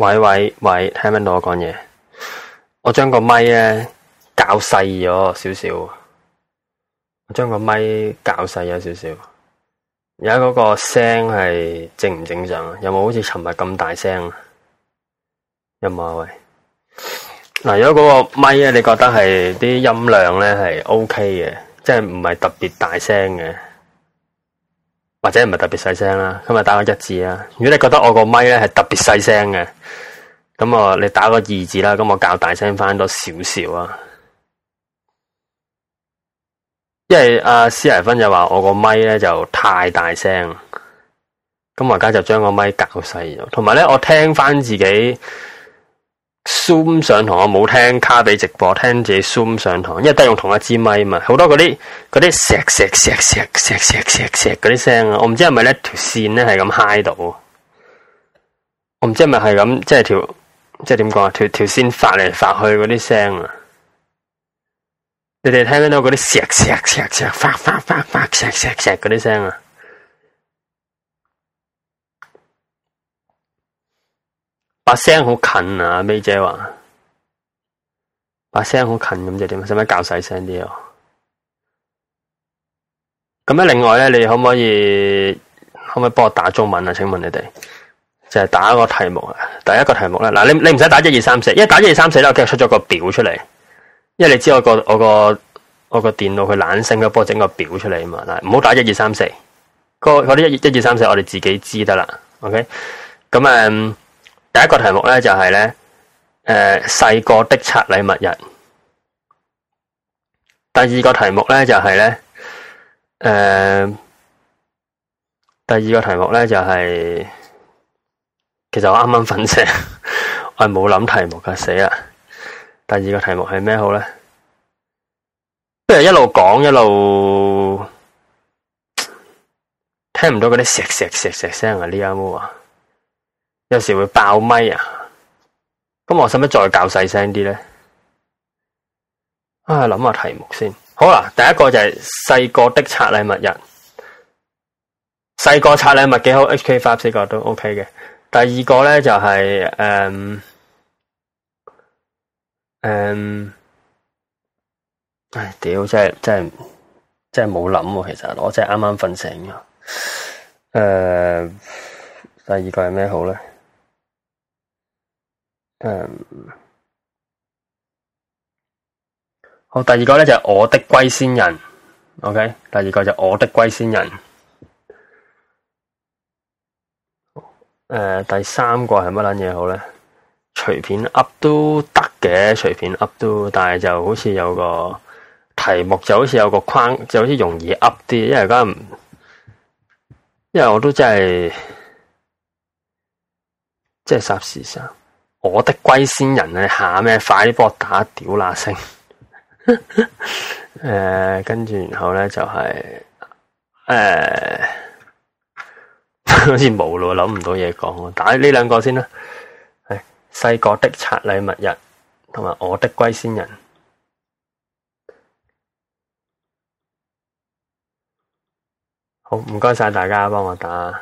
喂喂喂，聽唔聽到我講嘢？我將個咪咧搞細咗少少，我將個咪搞細咗少少。而家嗰個聲係正唔正常啊？有冇好似尋日咁大聲啊？有冇喂，嗱，如果嗰個咪咧，你覺得係啲音量咧係 O K 嘅，即係唔係特別大聲嘅？或者唔係特別細聲啦，咁日打個一字啦。如果你覺得我個咪咧係特別細聲嘅，咁啊，你打個二字啦。咁我搞大聲翻多少少啊。因為阿斯尼芬就話我個咪咧就太大聲，咁我而家就將個咪搞細咗。同埋咧，我聽翻自己。Zoom 上堂我冇聽卡比直播聽自己 Zoom 上堂。因為都係用同一支咪啊嘛，好多嗰啲嗰啲石石石石石石石石嗰啲聲啊，我唔知係咪咧條綫咧係咁嗨到，我唔知係咪係咁，即係條即係點講啊，條條綫發嚟發去嗰啲聲啊，你哋聽唔聽到嗰啲石石石石發發發發石石石嗰啲聲啊？把聲好近啊！美姐話把聲好近咁，就點使唔使較細聲啲咯？咁咧，另外咧，你可唔可以可唔可以幫我打中文啊？請問你哋就係、是、打一個題目啊，第一個題目啦嗱，你你唔使打一二三四，一打一二三四咧，我即係出咗個表出嚟，因為你知我個我個我個電腦佢懶性，嘅幫我整個表出嚟啊嘛，嗱唔好打一二三四，嗰啲一二一二三四我哋自己知得啦。OK，咁誒。第一個題目咧就係、是、咧，誒、呃，細個的拆禮物日。第二個題目咧就係、是、咧，誒、呃，第二個題目咧就係、是，其實我啱啱瞓醒， 我冇諗題目噶死啦。第二個題目係咩好咧？不如一路講一路，聽唔到嗰啲石石石石聲啊呢一毛啊！剛剛有時會爆咪啊！咁我使唔使再搞細聲啲咧？啊，諗下題目先。好啦，第一個就係細個的拆禮物日，細個拆禮物幾好，HK 5四個都 OK 嘅。第二個咧就係誒誒，唉、嗯、屌、嗯哎，真係真係真係冇諗喎！其實我真係啱啱瞓醒嘅。誒、嗯，第二個係咩好咧？嗯，um, 好，第二個咧就係，我的龜仙人，OK，第二個就我的龜仙人。誒、uh，第三個係乜捻嘢好咧？隨便噏都得嘅，隨便噏都，但係就好似有個題目就好似有個框，就好似容易噏啲，因為而家唔，因為我都真係即係霎時生。我的龜仙人，你喊咩？快啲幫我打屌喇星。誒、 呃，跟住然後咧就係、是、誒、呃，好似無咯，諗唔到嘢講。打呢兩個先啦，係細個的拆禮物日，同埋我的龜仙人。好，唔該晒大家幫我打。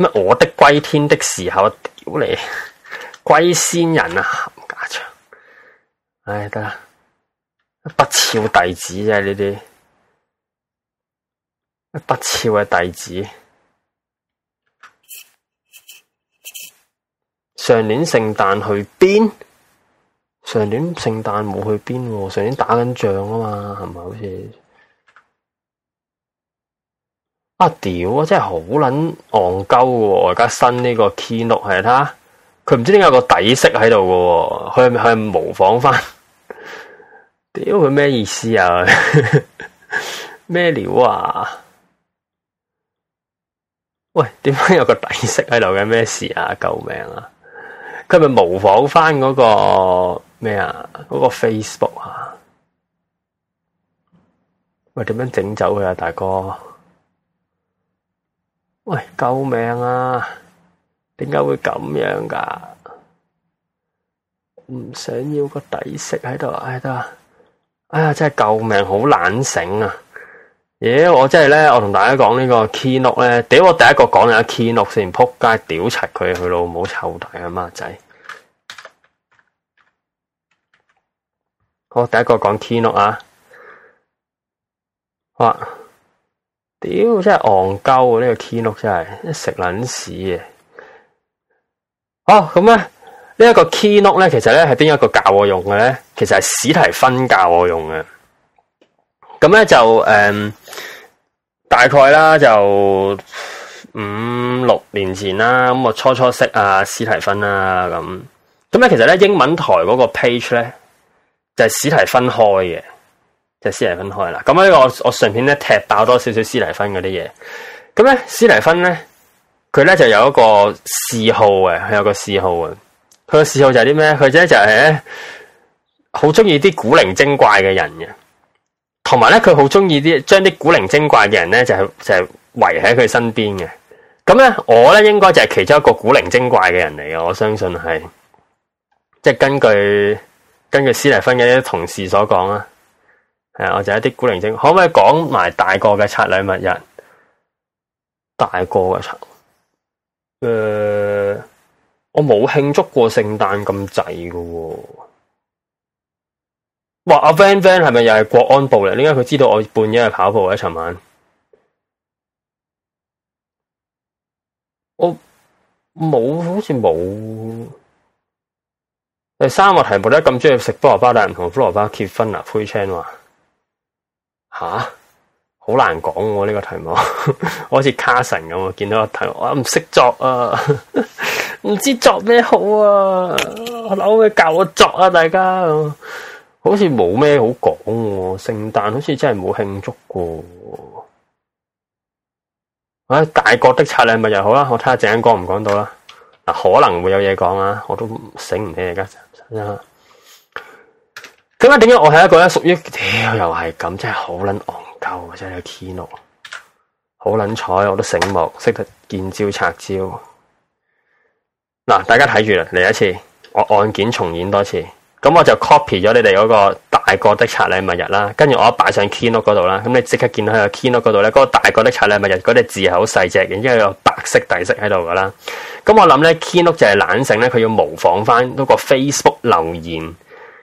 乜，我的歸天的時候，屌你，龜仙人啊，冚家祥，唉，得啦，不肖弟子，即呢啲，不肖嘅弟子。上年聖誕去邊？上年聖誕冇去邊。啊？上年打緊仗啊嘛，係咪？好似啊屌！真係好撚戇鳩喎。而家新呢個 Keynote 係咪？睇下，佢唔知點解有個底色喺度嘅，佢係佢係模仿翻。屌佢咩意思啊？咩 料啊？喂，點解有個底色喺度嘅？咩事啊？救命啊！佢係咪模仿翻嗰、嗰個咩啊？嗰、嗰個 Facebook 啊？喂，點樣整走佢啊，大哥？喂！救命啊！點解會咁樣噶？唔想要個底色喺度，哎得啦！哎呀，真係救命，好懶醒啊！耶！我真係咧，我同大家講呢個 Keynote 咧，屌我第一個講啦，Keynote 先扑街屌柒佢，佢老母臭大啊媽仔好！我第一個講 Keynote 啊，好！屌，真係戇鳩啊！啊呢、呢個 Keynote 真係一食撚屎嘅。哦，咁咧呢一個 Keynote 咧，其實咧係邊一個教我用嘅咧？其實係史提芬教我用嘅。咁咧就誒、嗯，大概啦就五六年前啦，咁我初初識啊史提芬啦、啊，咁咁咧其實咧英文台嗰個 page 咧就係、是、史提芬開嘅。就斯尼芬開啦，咁呢我我順便咧踢爆多少少斯尼芬嗰啲嘢。咁咧斯尼芬咧，佢咧就有一個嗜好嘅，佢有個嗜好嘅。佢個嗜好就係啲咩？佢咧就係咧好中意啲古靈精怪嘅人嘅，同埋咧佢好中意啲將啲古靈精怪嘅人咧就係就係圍喺佢身邊嘅。咁咧我咧應該就係其中一個古靈精怪嘅人嚟嘅，我相信係即係根據根據斯尼芬嘅同事所講啊。誒、啊，我就一啲古靈精，可唔可以講埋大個嘅拆禮物日？大個嘅拆，誒、呃，我冇慶祝過聖誕咁滯嘅喎。哇！阿、啊、Van Van 係咪又係國安部嚟？點解佢知道我半夜去跑步嘅？尋晚我冇，好似冇第三個題目咧，咁中意食菠蘿包，但係唔同菠蘿包結婚啊灰青話吓，好難講喎呢個題目， 我好似卡神咁，見到個題目，我唔識作啊，唔 知作咩好啊，扭、啊、佢教我作啊，大家好似冇咩好講、啊，聖誕好似真係冇慶祝過、啊。唉、哎，大個的拆禮物又好啦，我睇下鄭生講唔講到啦，嗱可能會有嘢講啊，我都醒唔起而家。啊啊點解點解我係一個咧屬於，屌又係咁，真係好捻戇鳩嘅，真係有 keynote 好捻彩，我都醒目，識得見招拆招。嗱，大家睇住啦，嚟一次，我案件重演多次，咁我就 copy 咗你哋嗰個大個的拆禮物日啦，跟住我擺上 keynote 嗰度啦，咁你即刻見到喺個 keynote 嗰度咧，嗰、那個大個的拆禮物日嗰啲、那個、字係好細隻，然之後有白色底色喺度噶啦。咁我諗咧 keynote 就係懶性咧，佢要模仿翻嗰個 Facebook 留言。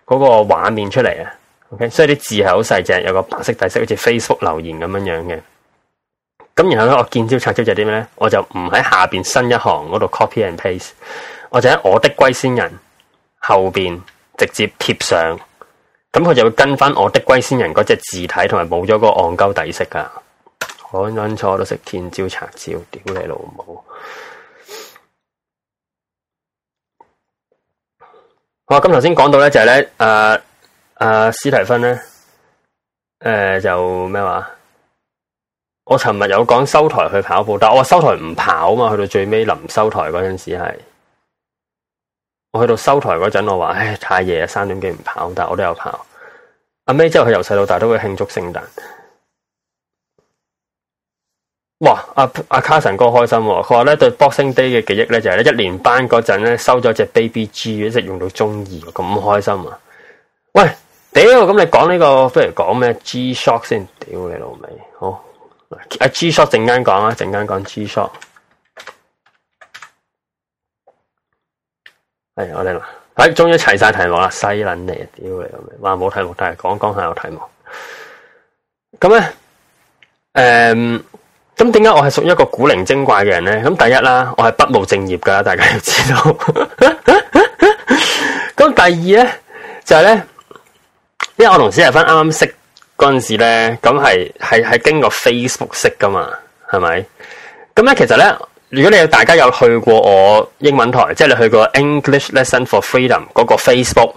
嗰個畫面出嚟啊，OK，所以啲字係好細隻，有個白色底色，好似 Facebook 留言咁樣樣嘅。咁然後咧，我見招拆招就係啲咩咧？我就唔喺下面新一行嗰度 copy and paste，我就喺我的龜仙人後面直接貼上，咁佢就會跟翻我的龜仙人嗰隻字體同埋冇咗個按鳩底色噶。我認錯都食「見招拆招，屌你老母！好啊，咁頭先講到咧就係、是、咧，誒、啊、誒、啊，史提芬咧，誒、啊、就咩話？我尋日有講收台去跑步，但係我話收台唔跑啊嘛，去到最尾臨收台嗰陣時係，我去到收台嗰陣，我話唉太夜啊三點幾唔跑，但係我都有跑。阿 May 之後佢由細到大都會慶祝聖誕。哇！阿、啊、阿、啊、卡神哥開心、啊，佢話咧對 boxing day 嘅記憶咧就係、是、咧一年班嗰陣咧收咗隻 baby G 一直用到中二，咁開心啊！喂，屌！咁你講呢、這個不如講咩 G shock 先？屌你老味！好，阿 G shock 陣間講啊，陣間講 G shock。係 Sho、哎、我哋啦，好、哎，終於齊晒題目啦，犀捻嚟屌你老味，話冇題目但係講講下有題目。咁咧，誒。咁點解我係屬於一個古靈精怪嘅人咧？咁第一啦，我係不務正業噶，大家要知道。咁 第二咧，就係、是、咧，因為我同史逸芬啱啱識嗰陣時咧，咁係係係經過 Facebook 識噶嘛，係咪？咁咧其實咧，如果你大家有去過我英文台，即係你去過 English Lesson for Freedom 嗰個 Facebook。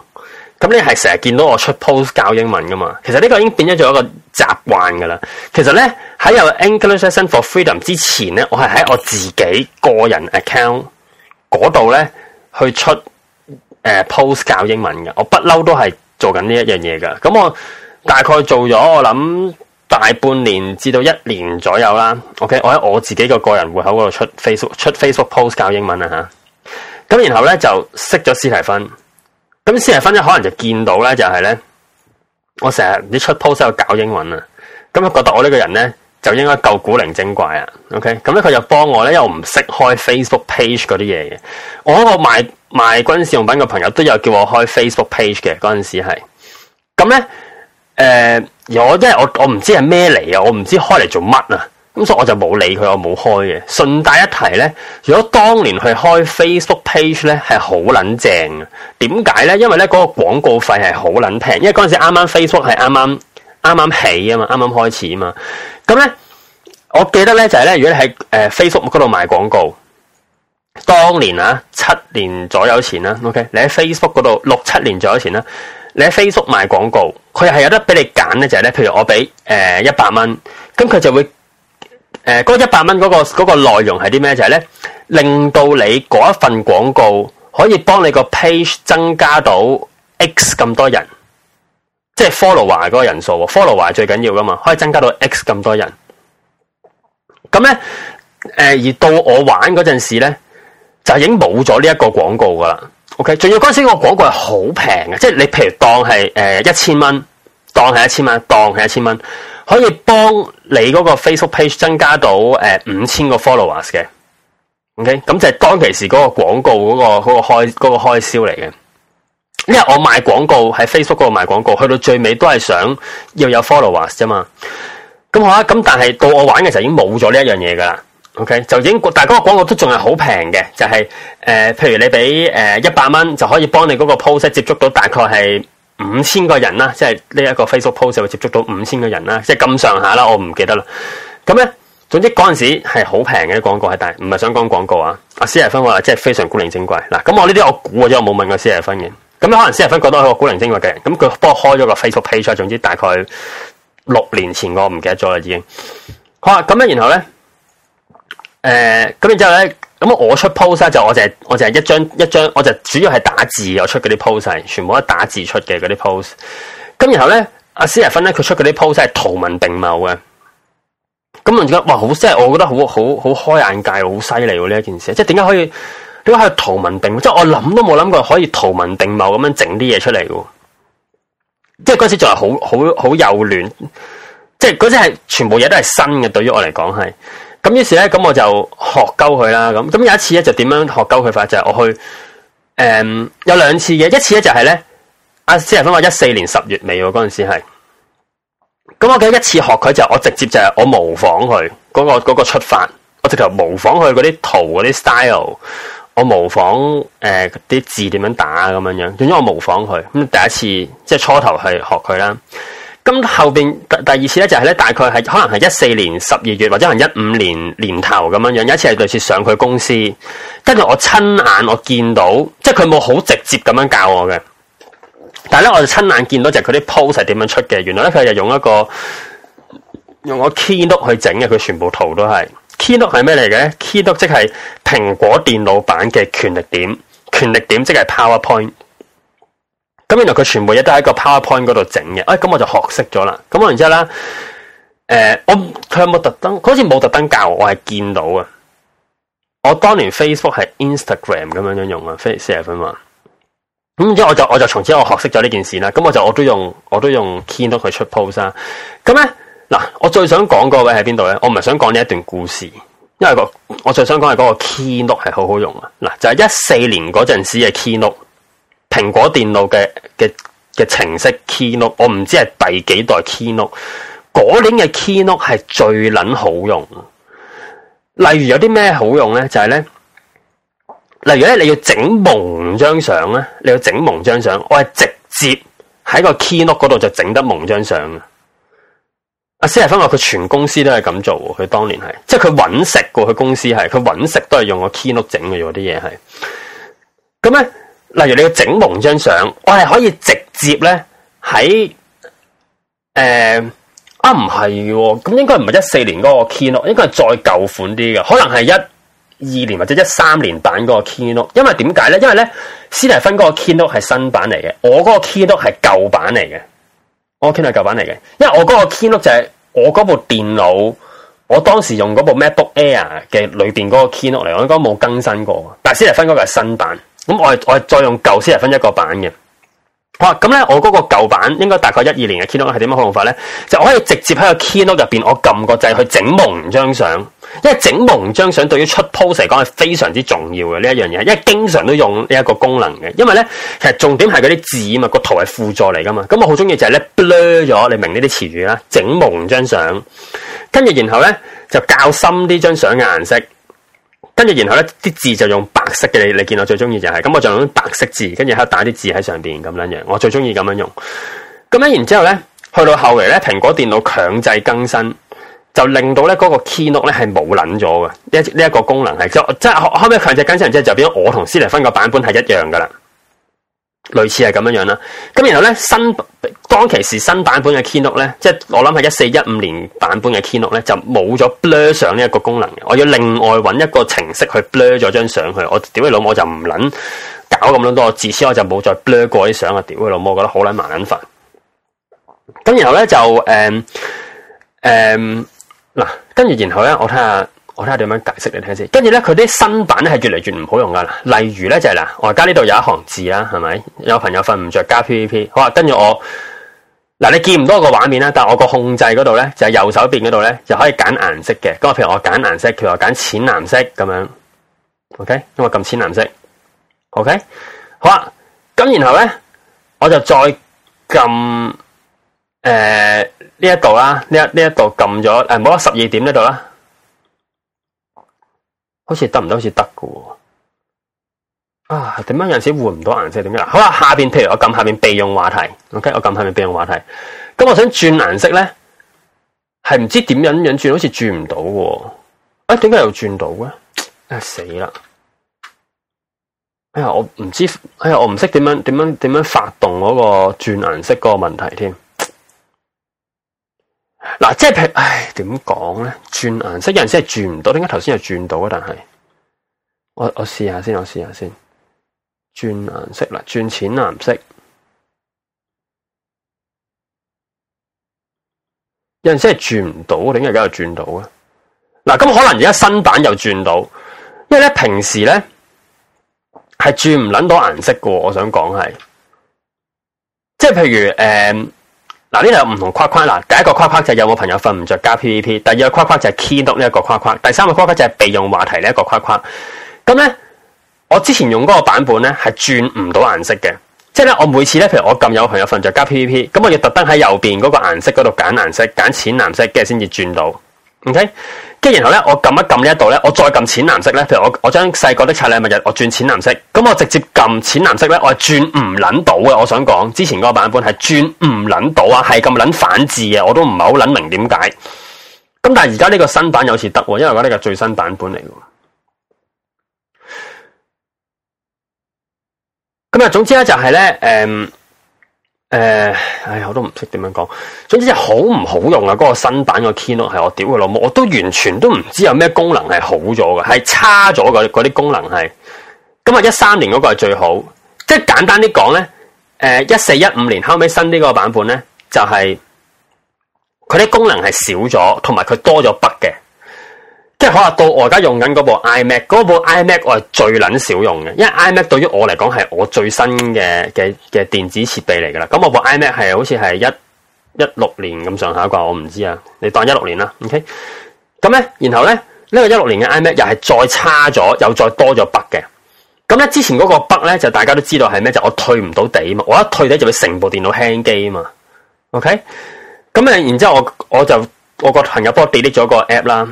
咁你係成日見到我出 post 教英文噶嘛？其實呢個已經變咗做一個習慣噶啦。其實咧，喺有 English Lesson for Freedom 之前咧，我係喺我自己個人 account 嗰度咧去出、呃、post 教英文嘅。我不嬲都係做緊呢一樣嘢噶。咁我大概做咗我諗大半年至到一年左右啦。OK，我喺我自己個個人戶口嗰度出 Facebook 出 Facebook post 教英文啊吓？咁然後咧就識咗斯提芬。咁先嚟分咗，可能就見到咧，就係、是、咧，我成日啲出 post 喺度搞英文啊。咁佢覺得我呢個人咧就應該夠古靈精怪啊。OK，咁咧佢就幫我咧又唔識開 Facebook page 嗰啲嘢嘅。我嗰個賣賣軍事用品嘅朋友都有叫我開 Facebook page 嘅嗰陣時係。咁咧，誒、呃，我即係我我唔知係咩嚟啊，我唔知開嚟做乜啊。咁所以我就冇理佢，我冇開嘅。順帶一提咧，如果當年去開 Facebook page 咧，係好撚正嘅。點解咧？因為咧嗰個廣告費係好撚平，因為嗰陣時啱啱 Facebook 係啱啱啱啱起啊嘛，啱啱開始啊嘛。咁咧，我記得咧就係、是、咧，如果你喺誒 Facebook 嗰度賣廣告，當年啊七年左右前啦、啊、，OK，你喺 Facebook 嗰度六七年左右前啦、啊，你喺 Facebook 賣廣告，佢係有得俾你揀咧，就係、是、咧，譬如我俾誒一百蚊，咁、呃、佢就會。誒嗰一百蚊嗰個嗰、那個那個、內容係啲咩？就係、是、咧，令到你嗰一份廣告可以幫你個 page 增加到 X 咁多人，即係 follower 嗰個人數喎。follower 最緊要㗎嘛，可以增加到 X 咁多人。咁咧誒，而到我玩嗰陣時咧，就已經冇咗呢一個廣告㗎喇。OK，仲要嗰陣時個廣告係好平嘅，即係你譬如當係誒一千蚊，當係一千蚊，當係一千蚊。可以幫你嗰個 Facebook page 增加到誒五千個 followers 嘅，OK？咁就係當其時嗰個廣告嗰個嗰個開嗰個開銷嚟嘅。因為我賣廣告喺 Facebook 嗰度賣廣告，去到最尾都係想要有 followers 啫嘛。咁啦，咁但係到我玩嘅時候已經冇咗呢一樣嘢噶啦，OK？就已經但係嗰個廣告都仲係好平嘅，就係、是、誒、呃，譬如你俾誒一百蚊就可以幫你嗰個 post 接觸到大概係。五千個人啦，即係呢一個 Facebook post 就會接觸到五千個人啦，即係咁上下啦，我唔記得啦。咁咧，總之嗰陣時係好平嘅廣告，但係唔係想講廣告啊。阿斯分話話即係非常古靈精怪。嗱，咁我呢啲我估咗，我冇問過 c 仁芬嘅。咁可能 c 仁芬覺得佢個古靈精怪嘅，咁佢幫我開咗個 Facebook page，總之大概六年前我唔記得咗啦已經了了。好啦咁呢，然後咧，誒咁然之後咧。咁我出 post 咧就我淨係我淨係一張一張，我就主要係打字，我出嗰啲 post 係全部都係打字出嘅嗰啲 post。咁然後咧，阿斯日芬咧佢出嗰啲 post 係圖文並茂嘅。咁啊，哇，好犀係，我覺得好好好開眼界，好犀利喎呢一件事，即係點解可以點解可以圖文並即係我諗都冇諗過可以圖文並茂咁樣整啲嘢出嚟嘅。即係嗰時仲係好好好幼嫩，即係嗰時係全部嘢都係新嘅，對於我嚟講係。咁於是咧，咁我就學鳩佢啦。咁咁有一次咧，就點樣學鳩佢法？就係我去誒、嗯、有兩次嘅，一次咧就係咧阿斯提芬話一四年十月尾嗰陣時係。咁我記得一次學佢就我直接就係我模仿佢嗰、嗰個嗰個出發，我直頭模仿佢嗰啲圖嗰啲 style，我模仿誒啲、呃、字點樣打咁樣樣，總之我模仿佢。咁第一次即係、就是、初頭係學佢啦。咁後面第二次咧就係、是、咧，大概係可能係一四年十二月或者可能一五年年頭咁樣樣，有一次係類似上佢公司，跟住我親眼我見到，即係佢冇好直接咁樣教我嘅。但係咧，我哋親眼見到就係佢啲 post 係點樣出嘅。原來咧佢就用一個用個 Keynote 去整嘅，佢全部圖都係 Keynote 係咩嚟嘅？Keynote 即係蘋果電腦版嘅權力點，權力點即係 PowerPoint。咁原來佢全部嘢都喺個 PowerPoint 嗰度整嘅，誒、哎，咁我就學識咗啦。咁然之後咧，誒、呃，我佢有冇特登？好似冇特登教我，我係見到啊。我當年 Facebook 係 Instagram 咁樣樣用啊，飛四廿分嘛。咁之後我就我就從此我學識咗呢件事啦。咁我就我都用我都用 Keynote 去出 post 啊。咁咧嗱，我最想講個位喺邊度咧？我唔係想講呢一段故事，因為個我最想講係嗰個 Keynote 係好好用啊。嗱，就係一四年嗰陣時嘅 Keynote。蘋果電腦嘅嘅嘅程式 Keynote，我唔知係第幾代 Keynote，嗰年嘅 Keynote 係最捻好用。例如有啲咩好用咧？就係咧，例如咧，你要整蒙張相咧，你要整蒙張相，我係直接喺個 Keynote 嗰度就整得蒙張相。阿薛日芬話佢全公司都係咁做，佢當年係，即係佢揾食過，佢公司係，佢揾食都係用個 Keynote 整嘅，啲嘢係。咁咧。例如你要整蒙張相，我係可以直接咧喺誒，啊唔係，咁應該唔係一四年嗰個 Keynote，應該係再舊款啲嘅，可能係一二年或者一三年版嗰個 Keynote。因為點解咧？因為咧，斯蒂芬嗰個 Keynote 係新版嚟嘅，我嗰個 Keynote 係舊版嚟嘅，我嗰個 Keynote 係舊版嚟嘅，因為我嗰個 Keynote 就係我嗰部電腦，我當時用嗰部 MacBook Air 嘅裏邊嗰個 Keynote 嚟，我應該冇更新過。但斯蒂芬嗰個係新版。咁我我再用舊先嚟分一個版嘅，好！咁咧我嗰個舊版應該大概一二年嘅 Keynote 係點樣好用法咧？就可以直接喺個 Keynote 入面我撳個掣去整蒙張相，因為整蒙張相對於出 post 嚟講係非常之重要嘅呢一樣嘢，因為經常都用呢一個功能嘅。因為咧其實重點係嗰啲字嘛，個圖係輔助嚟噶嘛。咁我好中意就係咧 blur 咗，你明呢啲詞語啦，整蒙張相，跟住然後咧就較深呢張相嘅顏色。跟住，然後咧，啲字就用白色嘅。你你見我最中意就係咁，我就用白色字，跟住喺度打啲字喺上邊咁樣樣。我最中意咁樣用。咁樣然之後咧，去到後嚟咧，蘋果電腦強制更新，就令到咧嗰個 Keynote 咧係冇撚咗嘅。呢呢一個功能係即即係後尾強制更新然之後，就變咗我同斯尼芬個版本係一樣噶啦。.類似係咁樣樣啦，咁然後咧，新當其時新版本嘅 Keynote 咧，即係我諗係一四一五年版本嘅 Keynote 咧，就冇咗 blur 上呢一個功能嘅，我要另外揾一個程式去 blur 咗張相去，我屌你老母，就唔捻搞咁樣多，自此我就冇再 blur 過啲相啊，屌你老母，我覺得好捻麻捻煩。咁然後咧就誒誒，嗱、嗯、跟、嗯、住然後咧，我睇下。我睇下點樣解釋你睇下先，跟住咧佢啲新版係越嚟越唔好用噶啦。例如咧就係啦，我而家呢度有一行字啦，係咪？有朋友瞓唔着加 PVP，好啦跟住我，嗱你見唔到個畫面啦，但係我個控制嗰度咧就係右手邊嗰度咧，就可以揀顏色嘅。咁啊，譬如我揀顏色，譬如我揀淺藍色咁樣，OK。咁啊，撳淺藍色，OK 好。好啦咁然後咧我就再撳誒呢一度啦，呢一呢一度撳咗誒，冇啊，十二點呢度啦。好似得唔得，好似得嘅喎。啊，點樣有陣時換唔到顏色？點樣？好啦，下邊，譬如我撳下面備用話題，OK，我撳下面備用話題。咁、OK？我，我想轉顏色咧，係唔知點樣樣轉，好似轉唔到。哎，點解又轉到咧？哎，死啦！哎呀，我唔知，哎呀，我唔識點樣點樣點樣發動嗰個轉顏色嗰個問題添。嗱、啊，即係譬如，唉，點講咧？轉顏色，有陣時係轉唔到，點解頭先又轉到啊？但係我我試下先，我試下先，轉顏色啦，轉淺藍色。有陣時係轉唔到，點解而家又轉到啊？嗱，咁可能而家新版又轉到，因為咧平時咧係轉唔捻到顏色噶，我想講係，即係譬如誒。嗯嗱，呢度有唔同框框。嗱，第一個框框就係有冇朋友瞓唔着加 P V P。第二個框框就係 keynote 呢一個框框。第三個框框就係備用話題呢一個框框。咁咧，我之前用嗰個版本咧係轉唔到顏色嘅，即係咧我每次咧，譬如我撳有朋友瞓着加 P V P，咁我要特登喺右邊嗰個顏色嗰度揀顏色，揀淺藍色，跟住先至轉到。OK，跟住然後咧，我撳一撳呢一度咧，我再撳淺藍色咧。譬如我我將細個的拆禮物日，我轉淺藍色。咁我直接撳淺藍色咧，我係轉唔捻到嘅。我想講之前嗰個版本係轉唔捻到啊，係咁捻反字嘅，我都唔係好捻明點解。咁但係而家呢個新版有時得，因為我呢個最新版本嚟嘅。咁啊，總之咧就係、是、咧，誒、嗯。誒，哎、呃、我都唔識點樣講。總之係好唔好用啊！嗰、那個新版個 Keynote 係我屌佢老母，我都完全都唔知有咩功能係好咗嘅，係差咗嗰啲功能係。咁啊，一三年嗰個係最好。即係簡單啲講咧，誒、呃，一四一五年後尾新呢個版本咧，就係佢啲功能係少咗，同埋佢多咗 bug 嘅。即係可能到我而家用緊嗰部 iMac，嗰部 iMac 我係最撚少用嘅，因為 iMac 對於我嚟講係我最新嘅嘅嘅電子設備嚟㗎啦。咁我部 iMac 係好似係一一六年咁上下啩，我唔知啊。你當一六年啦，OK？咁咧，然後咧呢、呢個一六年嘅 iMac 又係再差咗，又再多咗 bug 嘅。咁咧之前嗰個 bug 咧就大家都知道係咩？就是、我退唔到地啊嘛，我一退底就會成部電腦輕機啊嘛。OK？咁啊，然之後我我就我個朋友幫我 delete 咗個 app 啦。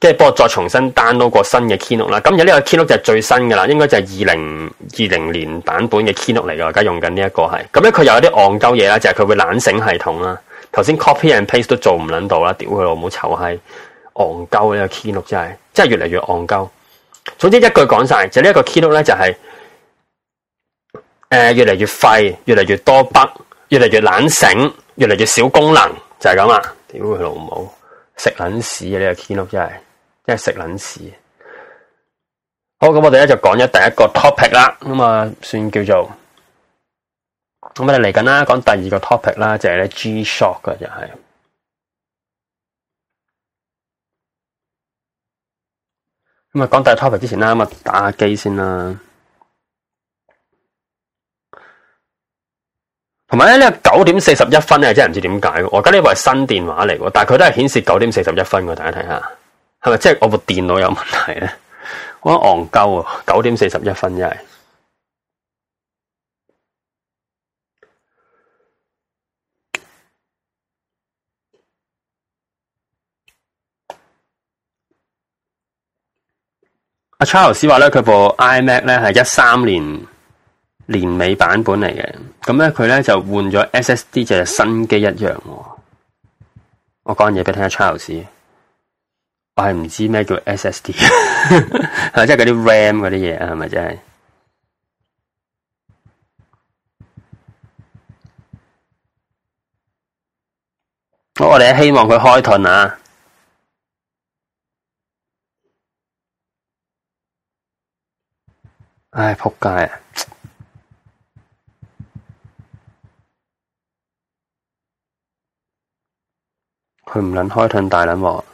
即係幫我再重新 download 個新嘅 Keynote 啦，咁而呢個 Keynote 就係最新噶啦，應該就係二零二零年版本嘅 Keynote 嚟嘅。而家用緊呢一個係，咁咧佢又有啲戇鳩嘢啦，就係、是、佢會懶醒系統啦，頭先 copy and paste 都做唔捻到啦，屌佢老母臭閪戇鳩呢個 Keynote 真係，真係越嚟越戇鳩。總之一句講晒，就呢、是、一個 Keynote 咧就係誒越嚟越廢，越嚟越，越，越多 bug，越嚟越懶醒，越嚟越少功能，就係咁啊！屌佢老母食撚屎啊！呢、這個 Keynote 真係～一食撚屎，好咁，我哋咧就講咗第一個 topic 啦，咁啊，算叫做咁我哋嚟緊啦，講第二個 topic 啦，就係、是、咧 G Shock 嘅，Sho 就係咁啊。講第二 topic 之前啦，咁啊，打下機先啦。同埋咧，呢個九點四十一分咧，真係唔知點解。我而家呢部係新電話嚟嘅，但係佢都係顯示九點四十一分嘅。大家睇下。即係我部電腦有問題咧？我戇鳩啊！九點四十一分真係。阿 Charles 話咧，佢部 iMac 咧係一三年年尾版本嚟嘅，咁咧佢咧就換咗 SSD，就係新機一樣、啊。我講嘢俾你聽下 Charles。我係唔知咩叫 SSD，即係嗰啲 RAM 嗰啲嘢啊，係咪真係？我哋希望佢開屯啊！唉，仆街！佢唔撚開屯，大撚喎。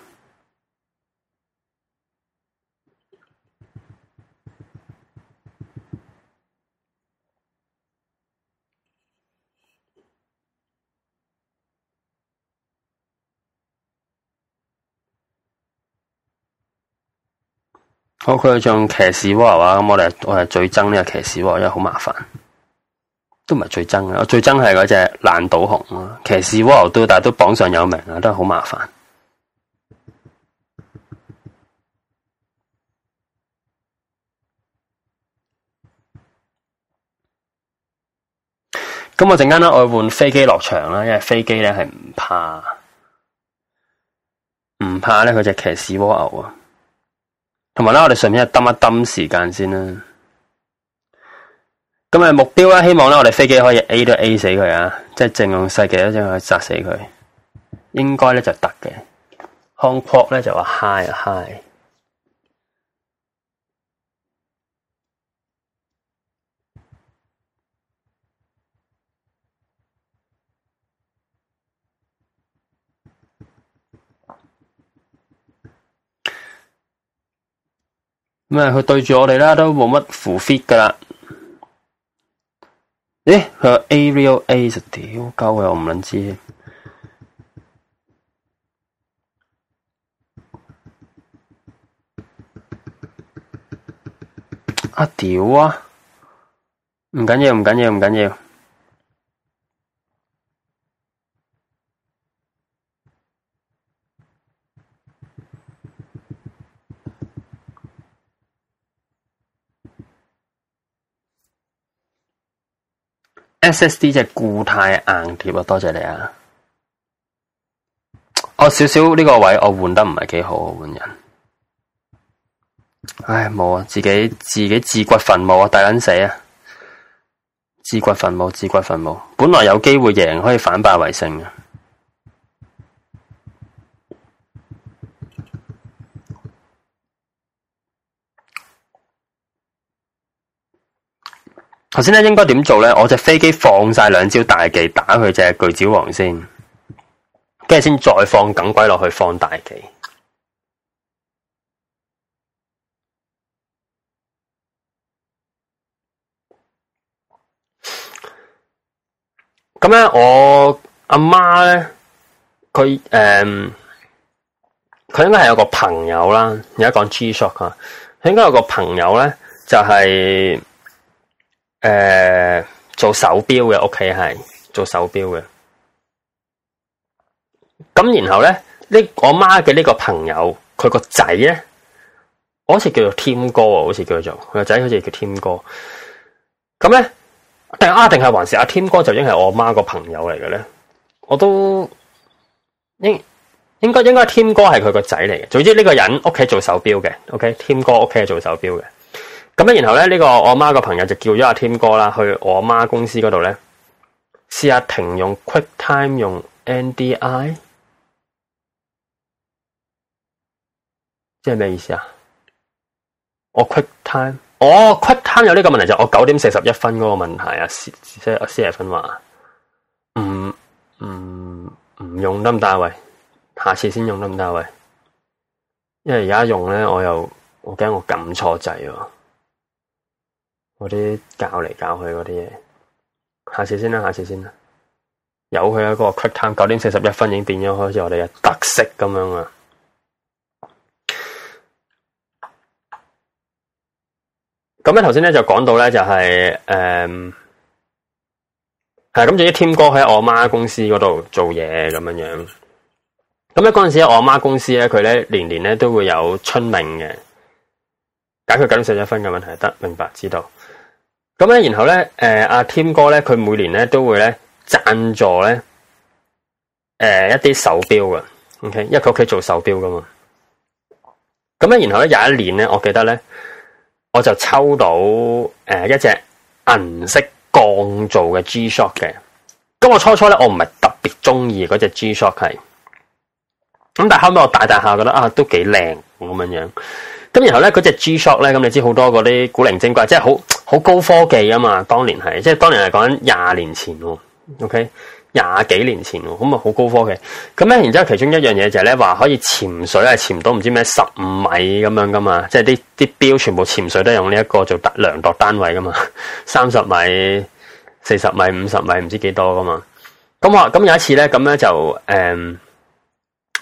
好，佢仲騎騎士蝸牛啊，咁我哋我係最憎呢個騎士蝸牛，因為好麻煩，都唔係最憎啊。我最憎係嗰隻爛導航啊。騎士蝸牛對大都榜上有名啊，都係好麻煩。咁我陣間咧，我換飛機落場啦，因為飛機咧係唔怕，唔怕咧佢隻騎士蝸牛啊。同埋咧，我哋順便打一掹一掹時間先啦。咁嘅目標咧，希望咧，我哋飛機可以 A 都 A 死佢啊！即係淨用細技都將去殺死佢，應該咧就得嘅。Hong Kong 咧就話 high 啊 high。咩？佢對住我哋啦，都冇乜 full fit 噶啦。咦？佢 Aerial A 就屌鳩，我又唔撚知。啊屌啊！唔緊要，唔緊要，唔緊要。SSD 隻固態硬碟啊！多謝你啊！哦少少呢個位我換，我換得唔係幾好，換人。唉，冇啊！自己自己自掘墳墓啊！大緊死啊！自掘墳墓，自掘墳墓。本來有機會贏，可以反敗為勝頭先咧，應該點做咧？我隻飛機放晒兩招大技打佢隻巨鳥王先，跟住先再放梗鬼落去放大技。咁咧，我阿媽咧，佢誒，佢、嗯、應該係有個朋友啦。而家講 G Shock 啊，佢應該有個朋友咧，就係、是。誒、嗯，做手表嘅屋企係做手表嘅。咁然後咧，呢我媽嘅呢個朋友，佢個仔咧，我好似叫做添哥，好似叫，叫做佢個仔，好似叫添哥。咁咧，定啊，定係還是阿添哥就應係我媽個朋友嚟嘅咧？我都應該應該應該添哥係佢個仔嚟嘅。總之呢個人屋企做手表嘅，OK，添哥屋企係做手表嘅。咁然後咧，呢、這個我媽個朋友就叫咗阿添哥啦，去我媽公司嗰度咧，試下停用 QuickTime 用 NDI，即係咩意思啊？我 QuickTime，哦、oh, QuickTime 有呢個問題就是、我九點四十一分嗰個問題啊，即係阿施爺芬話唔唔唔用得唔得喂，下次先用得唔得喂，因為而家用咧，我又我驚我撳錯掣喎。嗰啲教嚟教去嗰啲嘢，下次先啦，下次先啦，由佢啊！嗰個 QuickTime 九點四十一分已經變咗，好似我哋嘅特色咁樣啊！咁咧頭先咧就講到咧就係誒係咁，至、嗯、於添哥喺我媽公司嗰度做嘢咁樣樣，咁咧嗰陣時我媽公司咧佢咧年年咧都會有春茗嘅解決九點四十一分嘅問題得明白知道。咁咧、啊呃 okay?，然後咧，誒，阿添哥咧，佢每年咧都會咧贊助咧，誒，一啲手錶嘅，OK，因為佢屋企做手錶噶嘛。咁咧，然後咧，有一年咧，我記得咧，我就抽到誒、呃、一隻銀色鋼造嘅 G-Shock 嘅。咁我初初咧，我唔係特別中意嗰隻 G-Shock 係，咁但係後尾我大大下覺得啊，都幾靚咁樣樣。咁然後咧，嗰隻 G-Shock 咧，咁你知好多嗰啲古靈精怪，即係好好高科技啊嘛！當年係，即係當年係講緊廿年前，OK，廿幾年前，咁啊好高科技。咁咧，然之後其中一樣嘢就係咧，話可以潛水係潛到唔知咩十五米咁樣噶嘛，即係啲啲表全部潛水都用呢一個做量度單位噶嘛，三十米、四十米、五十米唔知幾多噶嘛。咁我咁有一次咧，咁咧就誒。嗯.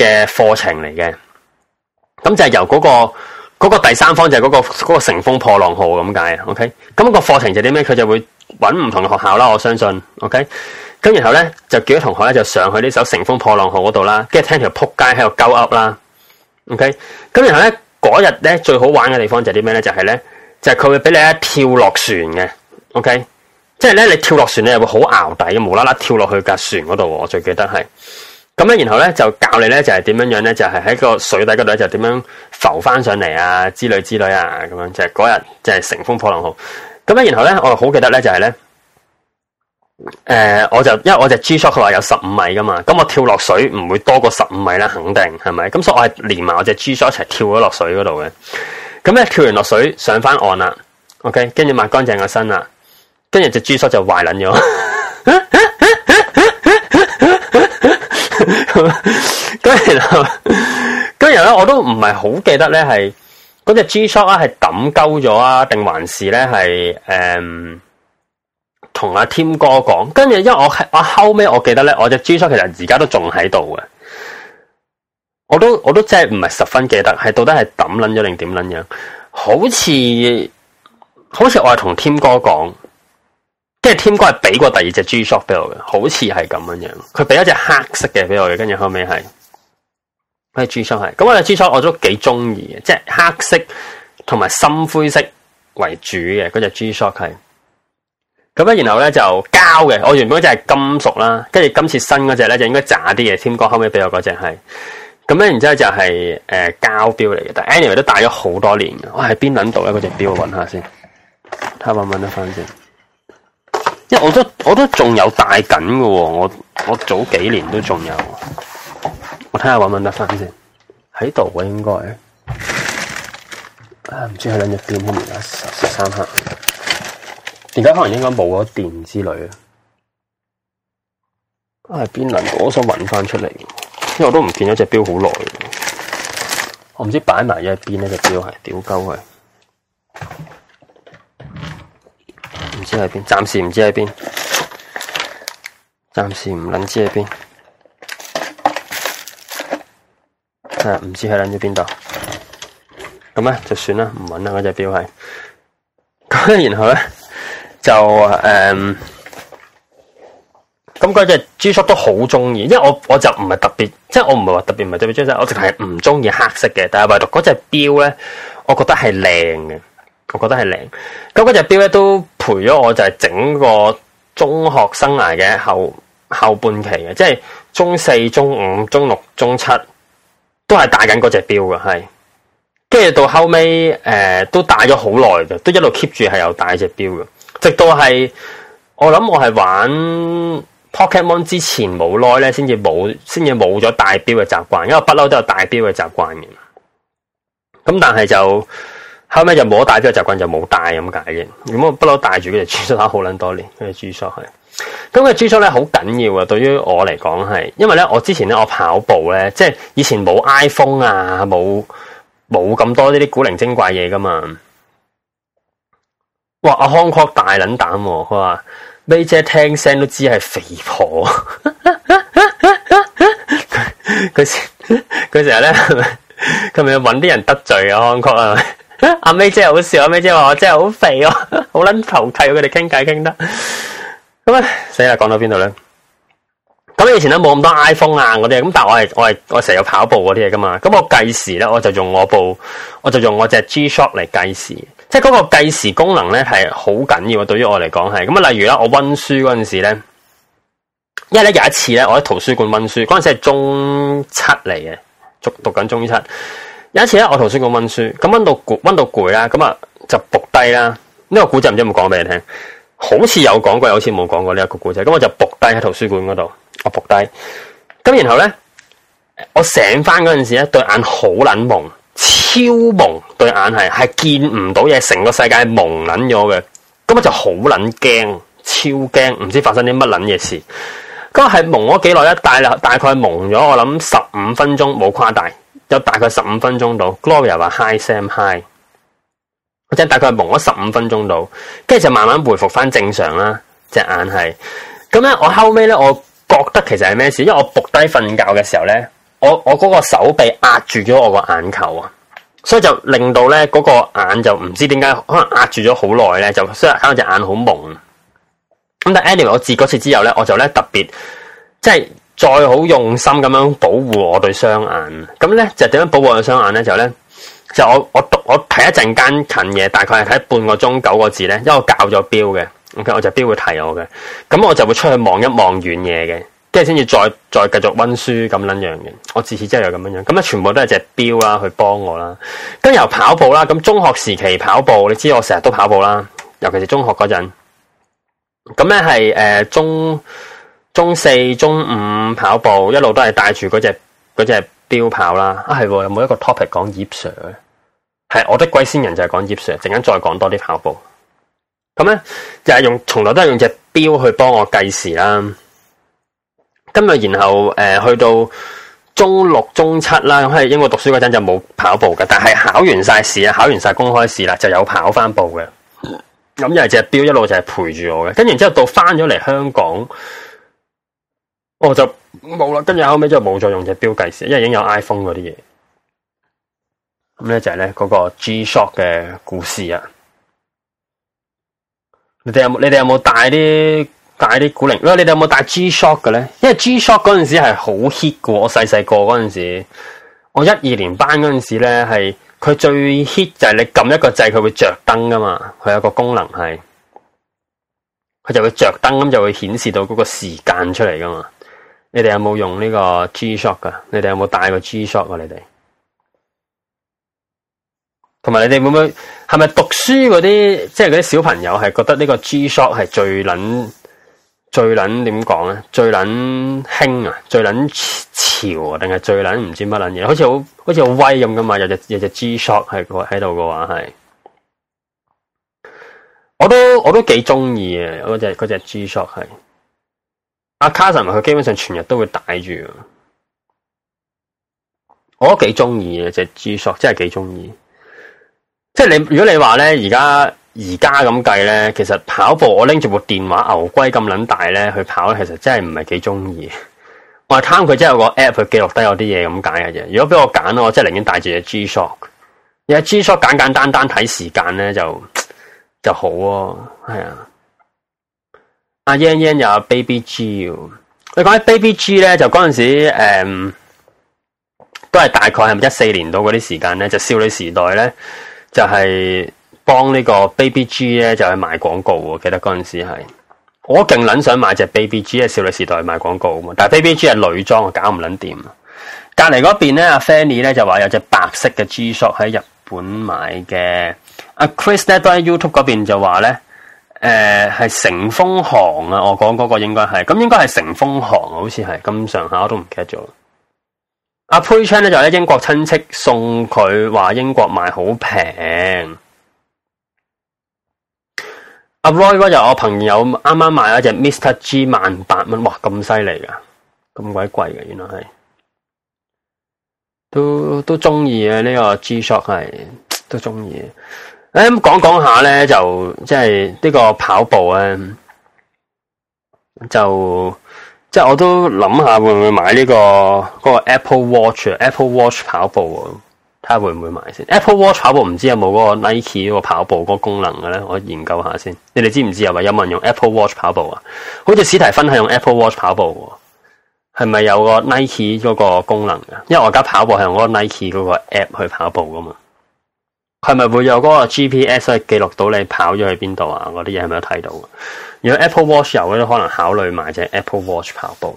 嘅課程嚟嘅，咁就係由嗰、嗰個、嗰個第三方就係嗰、嗰個、嗰個乘風破浪號咁解，OK？咁個課程就係啲咩？佢就會揾唔同嘅學校啦，我相信，OK？咁然後咧就叫啲同學咧就上去呢艘《乘風破浪號》嗰度啦，跟住聽條仆街喺度鳩噏啦，OK？咁然後咧嗰日咧最好玩嘅地方就係啲咩咧？就係、是、咧就係、是、佢會俾你啊跳落船嘅，OK？即係咧你跳落船你又會好淆底，無啦啦跳落去架船嗰度，我最記得係。咁咧，然後咧就教你咧就係點樣樣咧，就係喺個水底嗰度就點樣浮翻上嚟啊，之類之類啊咁樣，就係嗰日就係、是、乘風破浪號。咁咧，然後咧我好記得咧就係咧，誒，我就，、就是呃、我就因為我隻 G-Shock 佢話有十五米噶嘛，咁我跳落水唔會多過十五米啦，肯定係咪？咁所以我係連埋我隻 G-Shock 一齊跳咗落水嗰度嘅。咁咧跳完落水上翻岸啦，OK，跟住抹乾淨個身啦，跟住隻 G-Shock 就壞撚咗。 跟住，跟住咧，我都唔係好記得咧，係嗰隻 G-Shock 啊，係抌鳩咗啊，定還是咧係誒，同阿添哥講。跟住、啊，因為我我後尾我記得咧，我隻 G-Shock 其實而家都仲喺度嘅。我都我都真係唔係十分記得，係到底係抌捻咗定點捻樣？好似好似我係同添哥講。即係添哥係俾過第二隻 G Shock 俾我嘅，好似係咁樣樣。佢俾一隻黑色嘅俾我嘅，跟住後尾係嗰隻 G Shock 係。咁嗰隻 G Shock 我都幾中意嘅，即係黑色同埋深灰色為主嘅嗰隻 G Shock 係。咁咧，然後咧就膠嘅。我原本嗰隻係金屬啦，跟住今次新嗰隻咧就應該渣啲嘅。添哥後尾俾我嗰隻係。咁咧，然之後就係、是、誒、呃、膠錶嚟嘅，但 anyway 都戴咗好多年嘅、那個。我喺邊撚度咧？嗰隻錶我搵下先，睇下搵唔搵得翻先。因為我都我都仲有帶緊嘅，我我早幾年都仲有，我睇下搵唔搵得翻先，喺度應應該、啊、唔、啊、知係兩隻點嘅，而家十三克，而家可能應該冇咗電之類咯、啊、係、啊、邊輪過我想搵翻出嚟，因為我都唔見咗隻表好耐，我唔知擺埋一邊嘅表係屌鳩佢。這個暫知喺邊？暫時唔知喺邊，暫時唔捻知喺邊。係、啊、唔知喺捻咗邊度。咁咧就算啦，唔揾啦，嗰隻表係。咁然後咧就誒，咁嗰隻 G-Shock 都好中意，因為我我就唔係特別，即係我唔係話特別唔係特別中意，我淨係唔中意黑色嘅。但係唯獨嗰隻表咧，我覺得係靚嘅。我覺得係靚，咁、嗰個隻表咧都陪咗我，就係整個中學生涯嘅後後半期嘅，即係中四、中五、中六、中七，都係戴緊嗰隻表嘅，係。跟住到後尾，誒、呃，都戴咗好耐嘅，都一路 keep 住係有戴隻表嘅，直到係我諗我係玩 Pokémon 之前冇耐咧，先至冇，先至冇咗戴表嘅習慣，因為不嬲都有戴表嘅習慣嘅。咁但係就。後尾就冇帶嘅習慣就冇帶咁解嘅，咁我不嬲帶住佢豬叔好捻多年，佢豬叔係，咁嘅豬叔咧好緊要啊！對於我嚟講係，因為咧我之前咧我跑步咧，即係以前冇 iPhone 啊，冇冇咁多呢啲古靈精怪嘢噶嘛。哇！阿、啊、康哥大撚膽，佢話 May 姐聽聲都知係肥婆，佢佢成日咧，佢咪揾啲人得罪啊！康哥啊！阿 May 真係好笑，阿 May 即話我真係好肥喎，好卵投契，我佢哋傾偈傾得。咁啊，死啦，講到邊度咧？咁以前咧冇咁多 iPhone 啊，嗰啲咁，但係我係我係我成日跑步嗰啲嘢噶嘛。咁我計時咧，我就用我部，我就用我隻 G-Shock 嚟計時，即係嗰個計時功能咧係好緊要啊。對於我嚟講係咁啊，例如啦，我溫書嗰陣時咧，因為咧有一次咧，我喺圖書館溫書，嗰陣時係中七嚟嘅，讀讀緊中七。有一次咧、這個，我圖書館溫書，咁温到攰，溫到攰啦，咁啊就伏低啦。呢個古仔唔知有冇講俾你聽，好似有講過，又好似冇講過呢一個古仔。咁我就伏低喺圖書館嗰度，我伏低。咁然後咧，我醒翻嗰陣時咧，對眼好撚蒙，超蒙，對眼係係見唔到嘢，成個世界係蒙捻咗嘅。咁我就好撚驚，超驚，唔知發生啲乜捻嘢事。咁係蒙咗幾耐咧？大啦，大概蒙咗我諗十五分鐘，冇誇大。有大概十五分鐘到，Gloria 話 Hi，Sam Hi，即係大概蒙咗十五分鐘到，跟住就慢慢回復翻正常啦隻眼係，咁咧我後尾咧我覺得其實係咩事？因為我伏低瞓覺嘅時候咧，我我嗰個手臂壓住咗我個眼球啊，所以就令到咧嗰個眼就唔知點解可能壓住咗好耐咧，就所以搞到隻眼好蒙。咁但係 anyway 我自嗰次之後咧，我就咧特別即係。再好用心咁樣保護我對雙眼呢，咁咧就點樣保護我對雙眼咧就咧就我我讀我睇一陣間近嘢，大概係睇半個鐘九個字咧，因為我搞咗表嘅，OK，我隻表會提我嘅，咁我就會出去望一望遠嘢嘅，跟住先至再再繼續溫書咁樣樣嘅，我自此之後又咁樣樣，咁咧全部都係隻表啦去幫我啦，跟住又跑步啦，咁中學時期跑步，你知我成日都跑步啦，尤其是中學嗰陣，咁咧係誒中。中四、中五跑步，一路都係帶住嗰隻嗰隻表跑啦。啊，係有冇一個 topic 講 Yip Sir 係我的龜仙人就係講 Yip Sir。陣間再講多啲跑步。咁咧就係、是、用，從來都係用隻表去幫我計時啦。今日然後誒、呃、去到中六、中七啦，咁喺英國讀書嗰陣就冇跑步嘅，但係考完晒試啊，考完晒公開試啦，就有跑翻步嘅。咁又係隻表一路就係陪住我嘅，跟住然之後到翻咗嚟香港。我、哦、就冇啦，跟住後尾就冇再用隻表計時，因為已經有 iPhone 嗰啲嘢。咁咧就係咧嗰個 G-Shock 嘅故事啊！你哋有冇？你哋有冇帶啲帶啲古靈？你哋有冇帶 G-Shock 嘅咧？因為 G-Shock 嗰陣時係好 hit 嘅，我細細個嗰陣時，我一二年班嗰陣時咧，係佢最 hit 就係你撳一個掣，佢會着燈噶嘛，佢有個功能係，佢就會着燈咁就會顯示到嗰個時間出嚟噶嘛。你哋有冇用呢個 G Shock 啊？Sho 你哋有冇戴個 G Shock 啊？Sho 你哋同埋你哋會唔會係咪讀書嗰啲？即係嗰啲小朋友係覺得呢個 G Shock 係最捻最捻點講咧？最捻興啊！最捻潮啊！定係最捻唔知乜捻嘢？好似好好似好威咁，噶嘛！有隻有隻 G Shock 喺喺度嘅話係，我都我都幾中意嘅嗰隻只 G Shock 係。Sho ck, 阿卡神佢基本上全日都會戴住，我都幾中意嘅，隻 G Shock，真係幾中意。即係你如果你話咧，而家而家咁計咧，其實跑步我拎住部電話牛龜咁撚大咧去跑，其實真係唔係幾中意。我係貪佢真係有個 app 去記錄低有啲嘢咁解嘅啫。如果俾我揀，我真係寧願戴住隻 G Shock，而家 G Shock 簡簡單單睇時間咧就就好，係啊。阿 Yen Yen 有 Baby G 喎，你講起 Baby G 咧，就嗰陣時、嗯、都係大概係咪一四年度嗰啲時間咧？就少女時代咧，就係、係、幫個呢個 Baby G 咧，就去賣廣告喎。記得嗰陣時係我勁撚想買隻 Baby G 嘅少女時代去賣廣告啊嘛，但係 Baby G 係女裝，搞唔撚掂！隔離嗰邊咧，阿 Fanny 咧就話有隻白色嘅 G-Shock 喺日本買嘅，阿、啊、Chris 咧都喺 YouTube 嗰邊就話咧。誒，係乘風行啊！我講嗰個應該係，咁應該係乘風行、啊、好似係咁上下，我都唔記得咗、啊。阿佩昌咧就係、是、英國親戚送佢話英國賣好平。阿 roy 就我朋友啱啱買咗隻 Mr. G 萬八蚊，哇咁犀利噶，咁鬼貴嘅，原來係都都中意啊。呢、呢個 G-Shock、ok、係都中意。誒，咁講講下咧，就即係呢個跑步呢，就即係我都諗下會唔會買呢個嗰個 Apple Watch, Apple Watch，Apple Watch 跑步喎，睇下會唔會買先。Apple Watch 跑步唔知有冇嗰個 Nike 嗰個跑步嗰個功能嘅咧，我研究下先。你哋知唔知啊？話有冇人用 Apple Watch 跑步啊？好似史提芬係用 Apple Watch 跑步，係咪有個 Nike 嗰個功能啊？因為我而家跑步係用嗰個 Nike 嗰個 app 去跑步噶嘛。係咪會有嗰個 GPS 可以記錄到你跑咗去邊度啊？嗰啲嘢係咪有睇到？如果 Apple Watch 有嘅，都可能考慮埋，只 Apple Watch 跑步。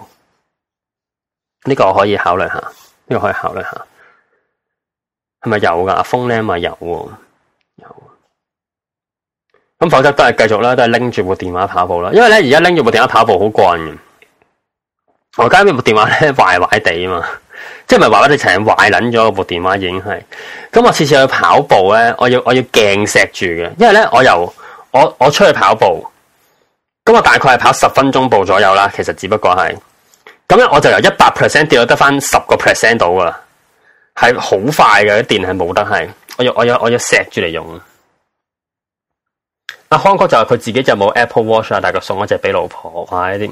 呢個可以考慮下，呢個可以考慮下。係咪有噶？阿峰咧，咪有？有。咁否則都係繼續啦，都係拎住部電話跑步啦。因為咧而家拎住部電話跑步好慣嘅，我而家呢部電話咧壞壞地吖嘛。即係咪係話俾你成日壞捻咗部電話已經係，咁我次次去跑步咧，我要我要鏡錫住嘅，因為咧我由我我出去跑步，咁我大概係跑十分鐘步左右啦，其實只不過係，咁咧我就由一百 percent 掉到得翻十個 percent 到噶啦，係好快嘅啲電係冇得係，我要我要我要錫住嚟用。阿康哥就係佢自己就冇 Apple Watch 啦，但佢送我一隻俾老婆，係啲。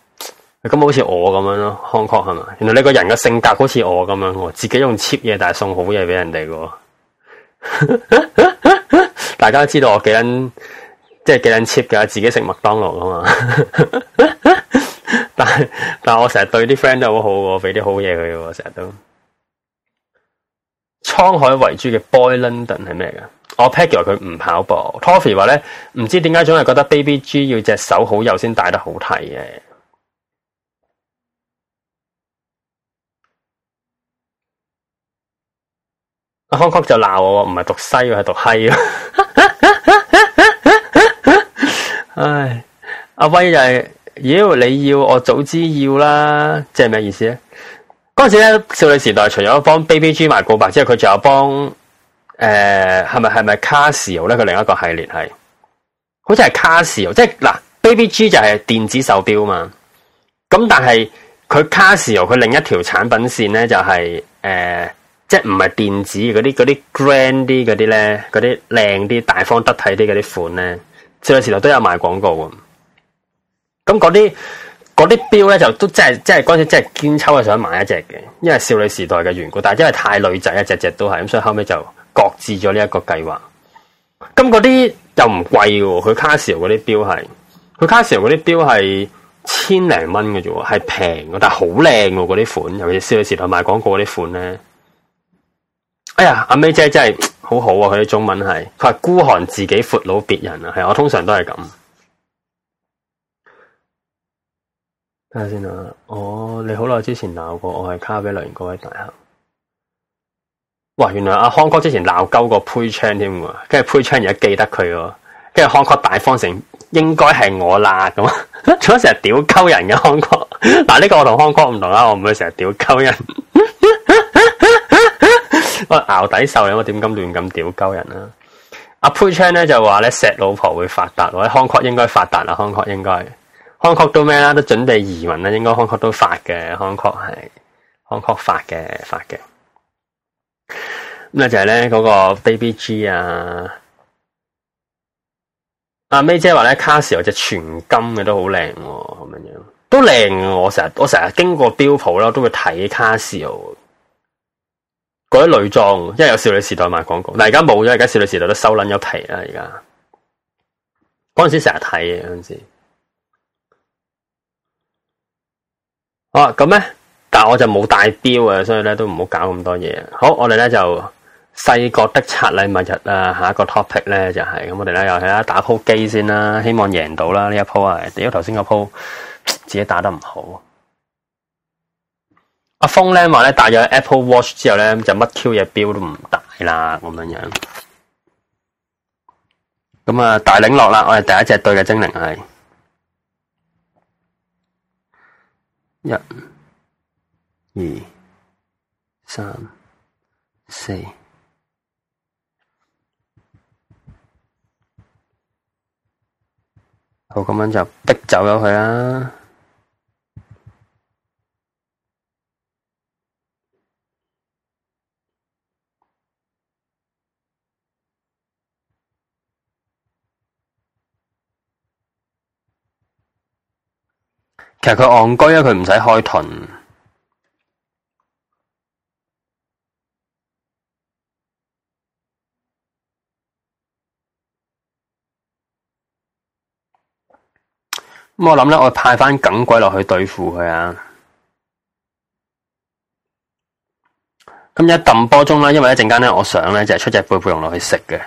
咁好似我咁樣咯，n g 係嘛？原來你個人嘅性格好似我咁樣，自己用 cheap 嘢，但係送好嘢俾人哋喎。 大家都知道我幾捻，即係幾捻 cheap 嘅，自己食麥當勞啊嘛。 但係但係我成日對啲 friend 都好好，喎，俾啲好嘢佢，我成日都。滄海為珠嘅 Boy London 係咩㗎？我 Pat 話佢唔跑步 t o f f e 話咧唔知點解總係覺得 Baby 豬要隻手好幼先戴得好睇嘅。康曲就鬧我，唔係讀西，係讀閪。 唉，阿威就係、是，妖你要我早知要啦，即係咩意思咧？嗰陣時咧，少女時代除咗幫 Baby G 賣告白之外，佢仲有幫誒，係咪係咪卡西歐咧？佢另一個系列係，好似係卡西歐，即係嗱，Baby G 就係電子手錶嘛。咁但係佢卡西歐佢另一條產品線咧就係、是、誒。呃即係唔係電子嗰啲嗰啲 grand 啲嗰啲咧，嗰啲靚啲大方得體啲嗰啲款咧，少女時代都有賣廣告嘅。咁嗰啲嗰啲錶咧就都即係即係嗰陣時真係堅抽啊，想買一隻嘅，因為少女時代嘅緣故。但係因為太女仔一隻隻都係，咁所以後尾就擱置咗呢一個計劃。咁嗰啲又唔貴嘅，佢卡西歐嗰啲錶係，佢卡西歐嗰啲錶係千零蚊嘅啫，係平嘅，但係好靚嘅嗰啲款，尤其少女時代賣廣告嗰啲款咧。哎呀，阿 May 姐真係好好啊！佢啲中文係，佢係孤寒自己闊佬別人啊，係我通常都係咁。睇下先啊，哦，你好耐之前鬧過，我係卡比留嗰位大客。哇，原來阿康哥之前鬧鳩個潘昌添喎，跟住潘昌而家記得佢喎，跟住康哥大方成應該係我啦咁，仲要成日屌鳩人嘅康哥。嗱，呢個我同康哥唔同啦，我唔會成日屌鳩人。我熬 底手，我點咁亂咁屌鳩人啦？阿、啊、p u c h a n 咧就話咧，錫老婆會發達，康確應該發達啊！康確應該，康確都咩啦？都準備移民啦，應該康確都發嘅，康確係康確發嘅，發嘅。咁咧就係咧嗰個 Baby-G 啊，阿、啊、May 姐話咧，Casio 隻全金嘅都好靚，啊，咁樣樣都靚喎。我成日我成日經過錶舖啦，都會睇 Casio 嗰啲女裝，因為有少女時代賣廣告，但而家冇咗，而家少女時代都收捻咗皮啦。而家嗰陣時成日睇嘅嗰陣時，好啊咁咧，但係我就冇帶錶啊，所以咧都唔好搞咁多嘢。好，我哋咧就細個的拆禮物日啦。下一個 topic 咧就係咁，我哋咧又係啦打鋪機先啦，希望贏到啦呢一鋪啊，因為頭先嗰鋪自己打得唔好。阿峰咧話咧帶咗 Apple Watch 之後咧就乜 Q 嘢表都唔戴啦，咁樣樣。咁啊，大領落啦，我哋第一隻對嘅精靈係一、二、三、四。好，咁樣就逼走咗佢啦。其實佢戇居啊，佢唔使開盾。咁我諗咧，我會派翻耿鬼落去對付佢啊。咁一揼波鐘啦，因為一陣間咧，我想咧就係出隻背背龍落去食嘅。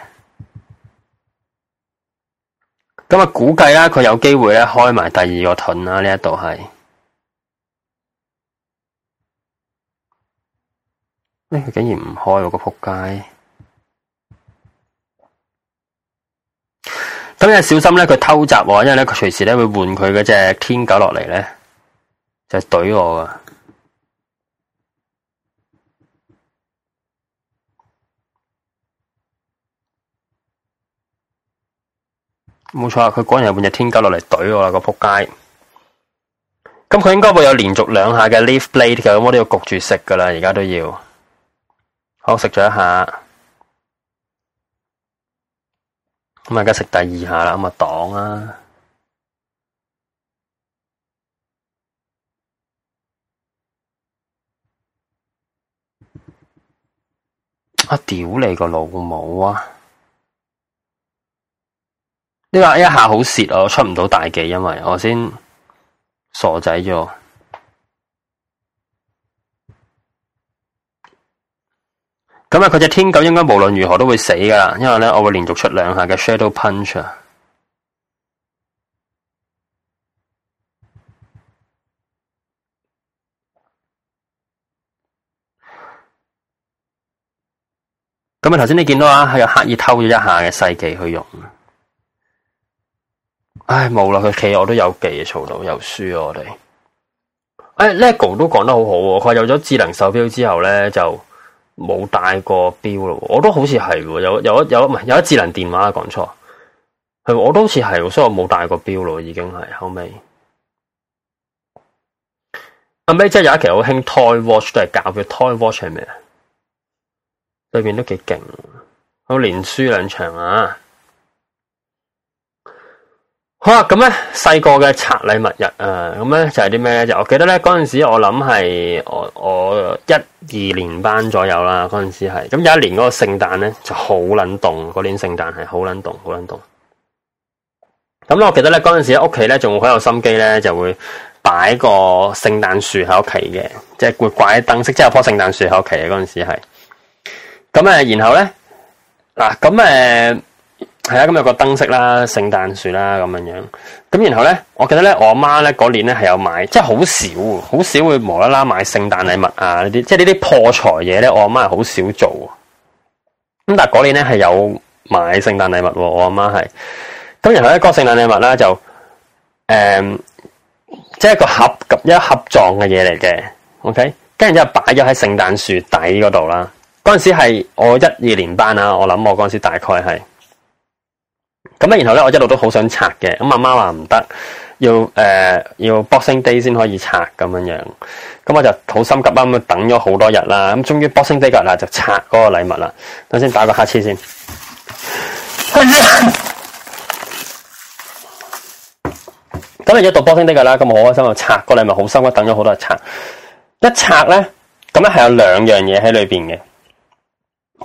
咁啊，估計啦，佢有機會咧開埋第二個盾啦，呢一度係，咩、欸、佢竟然唔開我個仆街！咁因小心咧，佢偷襲我，因為咧佢隨時咧會換佢嗰隻天狗落嚟咧，就懟、是、我㗎。冇錯，佢果然係半隻天狗落嚟懟我啦，個仆街！咁佢應該會有連續兩下嘅 leaf blade 嘅，我都要焗住食噶啦，而家都要。好，食咗一下，咁啊，而家食第二下啦，咁啊擋啊！啊屌你個老母啊！呢個一下好蝕，我出唔到大技，因為我先傻仔咗。咁啊，佢隻天狗應該無論如何都會死噶，因為咧我會連續出兩下嘅 Shadow Punch。咁啊，頭先你見到啊，係有刻意偷咗一下嘅細技去用。唉，無論佢企，我都有記，嘈到又輸我哋。誒、哎、，LEGO 都講得好好，佢有咗智能手錶之後咧，就冇戴過錶咯。我都好似係，有有一有唔係有一智能電話講錯。係我都好似係，所以我冇戴過錶咯，已經係後尾。後尾即係有一期好興 Toy Watch，都係教佢 Toy Watch 係咩啊？對面都幾勁，好連輸兩場啊！好啦，咁咧細個嘅拆禮物日啊，咁、呃、咧就係啲咩咧？就我記得咧嗰陣時我，我諗係我我一二年班左右啦，嗰陣時係咁有一年嗰個聖誕咧就好冷凍，嗰年聖誕係好冷凍，好冷凍。咁咧我記得咧嗰陣時屋企咧仲好有心機咧，就會擺個聖誕樹喺屋企嘅，即係會掛啲燈飾，即係有棵聖誕樹喺屋企嘅嗰陣時係。咁誒，然後咧嗱，咁誒。係啊，咁有個燈飾啦，聖誕樹啦咁樣樣。咁然後咧，我記得咧，我阿媽咧嗰年咧係有買，即係好少，好少會無啦啦買聖誕禮物啊呢啲，即係呢啲破財嘢咧，我阿媽係好少做。咁但係嗰年咧係有買聖誕禮物，我阿媽係。咁然後咧個聖誕禮物咧就，誒，即係一個盒及一盒狀嘅嘢嚟嘅，OK。跟住之後擺咗喺聖誕樹底嗰度啦。嗰陣時係我一二年班啦，我諗我嗰陣時大概係。咁然後咧，我一路都好想拆嘅，咁阿媽話唔得，要誒、呃、要 boxing day 先可以拆咁樣樣，咁我就好心急啦，咁等咗好多日啦，咁終於 boxing day 嚟啦，就拆嗰個禮物啦，等先打個乞嗤先。咁而家到 boxing day 啦，咁我好開心就拆個禮物好心急，等咗好多日拆，一拆咧，咁咧係有兩樣嘢喺裏邊嘅。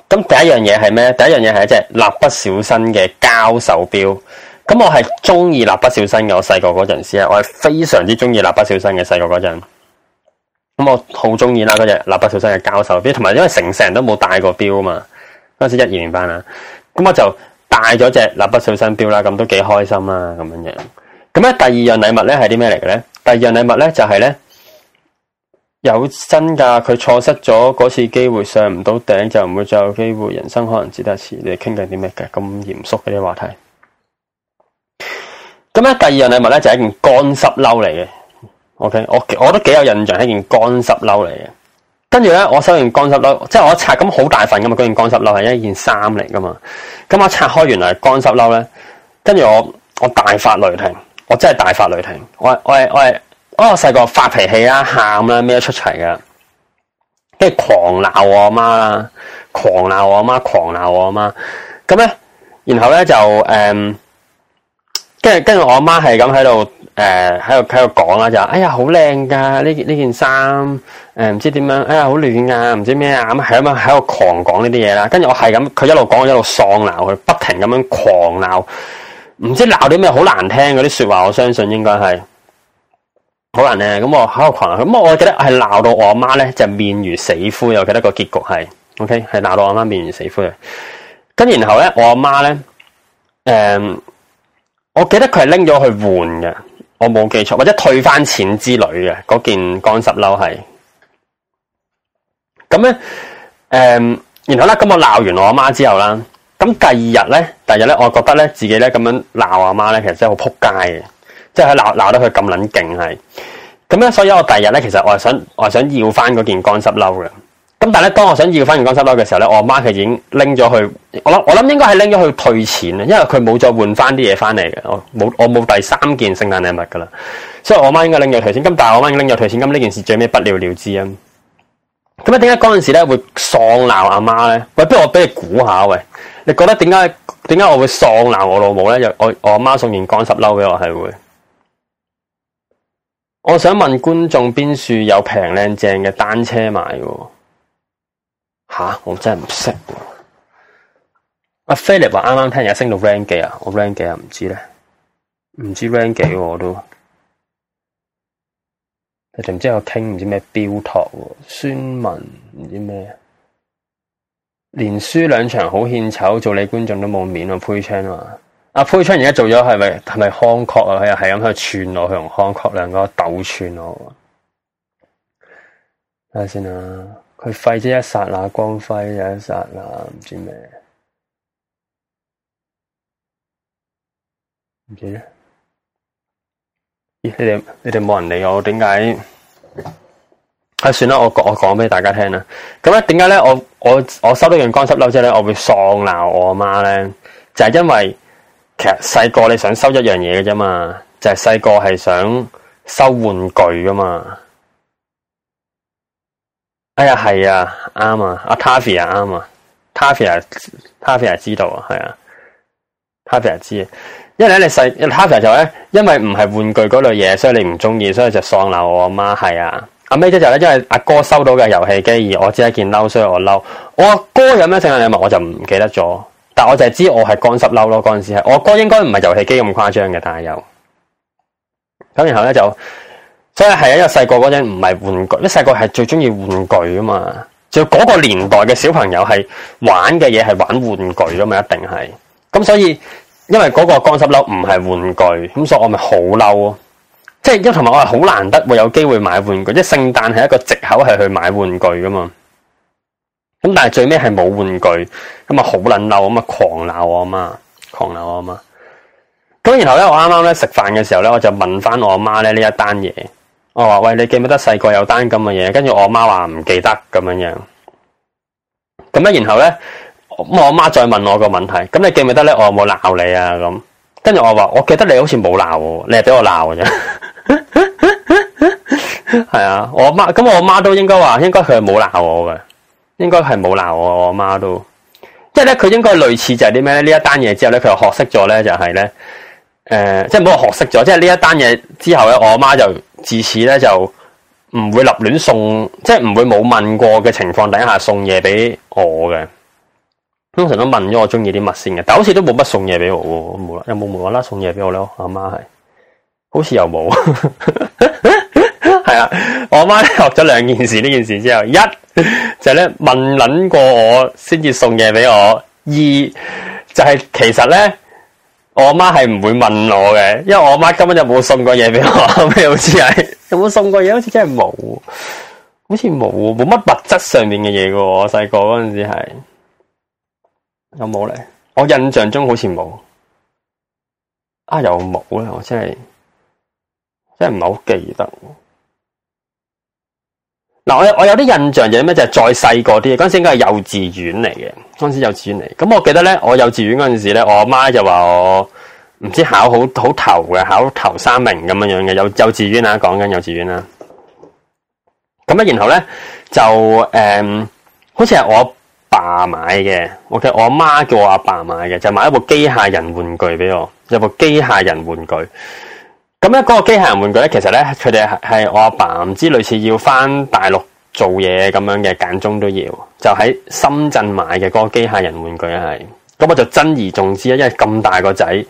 咁第一樣嘢係咩？第一樣嘢係一隻蠟筆小新嘅膠手表。咁我係中意蠟筆小新嘅，我細個嗰陣時咧，我係非常之中意蠟筆小新嘅。細個嗰陣，咁我好中意啦，嗰隻蠟筆小新嘅膠手表。同埋因為成成人都冇戴過表啊嘛，嗰陣時一二年班啦，咁我就戴咗隻蠟筆小新表啦，咁都幾開心啊，咁樣樣。咁咧第二樣禮物咧係啲咩嚟嘅咧？第二樣禮物咧就係咧。有真噶，佢錯失咗嗰次機會上，上唔到頂就唔會再有機會。人生可能只得一次。你傾緊啲咩嘅咁嚴肅嘅啲話題？咁咧，第二樣禮物咧就係一件乾濕褸嚟嘅。OK，我我都幾有印象係一件乾濕褸嚟嘅。跟住咧，我收完乾濕褸，即係我拆咁好大份噶嘛。嗰件乾濕褸係一件衫嚟噶嘛。咁我拆開，原來係乾濕褸咧。跟住我，我大發雷霆，我真係大發雷霆。我係我係我係。哦、我細個發脾氣啊，喊啦，咩、啊、都出齊噶，跟住狂鬧我阿媽啦，狂鬧我阿媽，狂鬧我阿媽。咁咧，然後咧就誒，跟住跟住我阿媽係咁喺度誒，喺度喺度講啦，就，嗯呃、就哎呀好靚噶呢呢件衫，誒、呃、唔知點樣，哎呀好暖㗎、啊，唔知咩啊咁，係咁樣喺度狂講呢啲嘢啦。跟住我係咁，佢一路講，一路喪鬧佢，不停咁樣狂鬧，唔知鬧啲咩好難聽嗰啲說話，我相信應該係。好難咧，咁我喺度群，咁我記得係鬧到我阿媽咧，就是、面如死灰。我記得個結局係，OK，係鬧到我阿媽面如死灰。跟然後咧，我阿媽咧，誒、嗯，我記得佢係拎咗去換嘅，我冇記錯，或者退翻錢之類嘅，嗰件乾濕褸係。咁咧，誒、嗯，然後咧，咁我鬧完我阿媽之後啦，咁第二日咧，第二日咧，我覺得咧，自己咧咁樣鬧我阿媽咧，其實真係好撲街嘅。即係佢鬧鬧得佢咁撚勁係咁咧，所以我第二日咧，其實我係想我係想要翻嗰件乾濕褸嘅。咁但係咧，當我想要翻件乾濕褸嘅時候咧，我媽其實已經拎咗去。我諗我諗應該係拎咗去退錢，因為佢冇再換翻啲嘢翻嚟嘅。我冇我冇第三件聖誕禮物噶啦，所以我媽應該拎咗退錢。咁但係我媽拎咗退錢，咁呢件事最尾不了了之啊。咁啊，點解嗰陣時咧會喪鬧阿媽咧？喂，不如我俾你估下喂，你覺得點解點解我會喪鬧我老母咧？我我阿媽送件乾濕褸俾我係會。我想問觀眾邊處有平靚正嘅單車買啊？吓，我真係唔識。阿、 啊、Philip 話，啱啱聽日升到 range 幾啊，我 range 幾啊唔知咧，唔知 range 我都。你仲知我傾唔知咩標托孫、啊、文唔知咩、啊？連輸兩場，好獻醜，做你觀眾都冇面啊，配槍啊！阿灰昌而家做咗係咪係咪康確啊？佢又係咁度串落去，同康確兩個鬥串落。睇下先啦。佢廢咗一剎那光輝，咗一剎那唔知咩唔知咧。咦？你哋你哋冇人理我，點解啊？算啦，我我講俾大家聽啦。咁咧，點解咧？我我我收到件乾濕褸之後，我會喪鬧我阿媽咧，就係因為。其實細個你想收一樣嘢嘅啫嘛，就係細個係想收玩具噶嘛。哎呀，係啊，啱啊，阿 Taffy 啊，啱啊，Taffy 啊，Taffy 知道啊，係啊，Taffy 啊知道。因為咧你細，Taffy 就咧，因為唔係玩具嗰類嘢，所以你唔中意，所以就喪留我阿媽。係啊，阿 May 姐就咧，因為阿哥，哥收到嘅遊戲機，而我只係一件嬲，所以我嬲。我阿哥有咩聖誕禮物，我就唔記得咗。但係我就係知我係乾濕褸咯。嗰陣時係，我哥應該唔係遊戲機咁誇張嘅，但係又咁然後咧就，所以係因為細個嗰陣唔係玩具，因為細個係最中意玩具啊嘛，就嗰個年代嘅小朋友係玩嘅嘢係玩玩具噶嘛，一定係，咁所以因為嗰個乾濕褸唔係玩具，咁所以我咪好嬲咯，即係因為，同埋我係好難得會有機會買玩具，即係聖誕係一個借口係去買玩具噶嘛。咁但係最尾係冇玩具，咁啊好捻嬲，咁啊狂鬧我啊嘛，狂鬧我啊嘛。咁然後咧，我啱啱咧食飯嘅時候咧，我就問翻我阿媽咧呢一單嘢。我話喂，你記唔記得細個有單咁嘅嘢？跟住我阿媽話唔記得咁樣樣。咁咧然後咧，我阿媽再問我個問題。咁你記唔記得咧？我有冇鬧你啊？咁跟住我話，我記得你好似冇鬧我，你係俾我鬧嘅啫。係 啊，我阿媽，咁我阿媽都應該話，應該佢係冇鬧我嘅。應該係冇鬧我，我媽都，即係咧佢應該類似就係啲咩咧？呢一單嘢之後咧，佢又學識咗咧、呃，就係咧，誒，即係唔好話學識咗，即係呢一單嘢之後咧，我阿媽就自此咧就唔會立亂送，即係唔會冇問過嘅情況底下送嘢俾我嘅。通常都問咗我中意啲乜先嘅，但好似都冇乜送嘢俾我喎，冇啦，有冇冇啦送嘢俾我咧？阿媽係，好似又冇。係啊，我媽咧學咗兩件事呢件事之後，一就係、是、咧問捻過我先至送嘢俾我；二就係、是、其實咧，我媽係唔會問我嘅，因為我媽根本就冇送過嘢俾我，咩好似係 有冇送過嘢？好似真係冇，好似冇，冇乜物質上面嘅嘢噶。我細個嗰陣時係有冇咧？我印象中好似冇啊，又冇咧，我真係真係唔係好記得。嗱，我我有啲印象就係咩？就係再細個啲，嗰陣時應該係幼稚園嚟嘅。嗰陣時幼稚園嚟，咁我記得咧，我幼稚園嗰陣時咧，我阿媽就話我唔知考好好頭嘅，考頭三名咁樣樣嘅。幼稚園啦講講幼稚園啊，講緊幼稚園啦。咁啊，然後咧就誒、嗯，好似係我阿爸,爸買嘅。ok，我阿媽叫我阿爸,爸買嘅，就買一部機械人玩具俾我，有部機械人玩具。咁咧，嗰個機械人玩具咧，其實咧，佢哋係我阿爸唔知類似要翻大陸做嘢咁樣嘅，間中都要就喺深圳買嘅嗰個機械人玩具係。咁我就珍而重之啊，因為咁大個仔，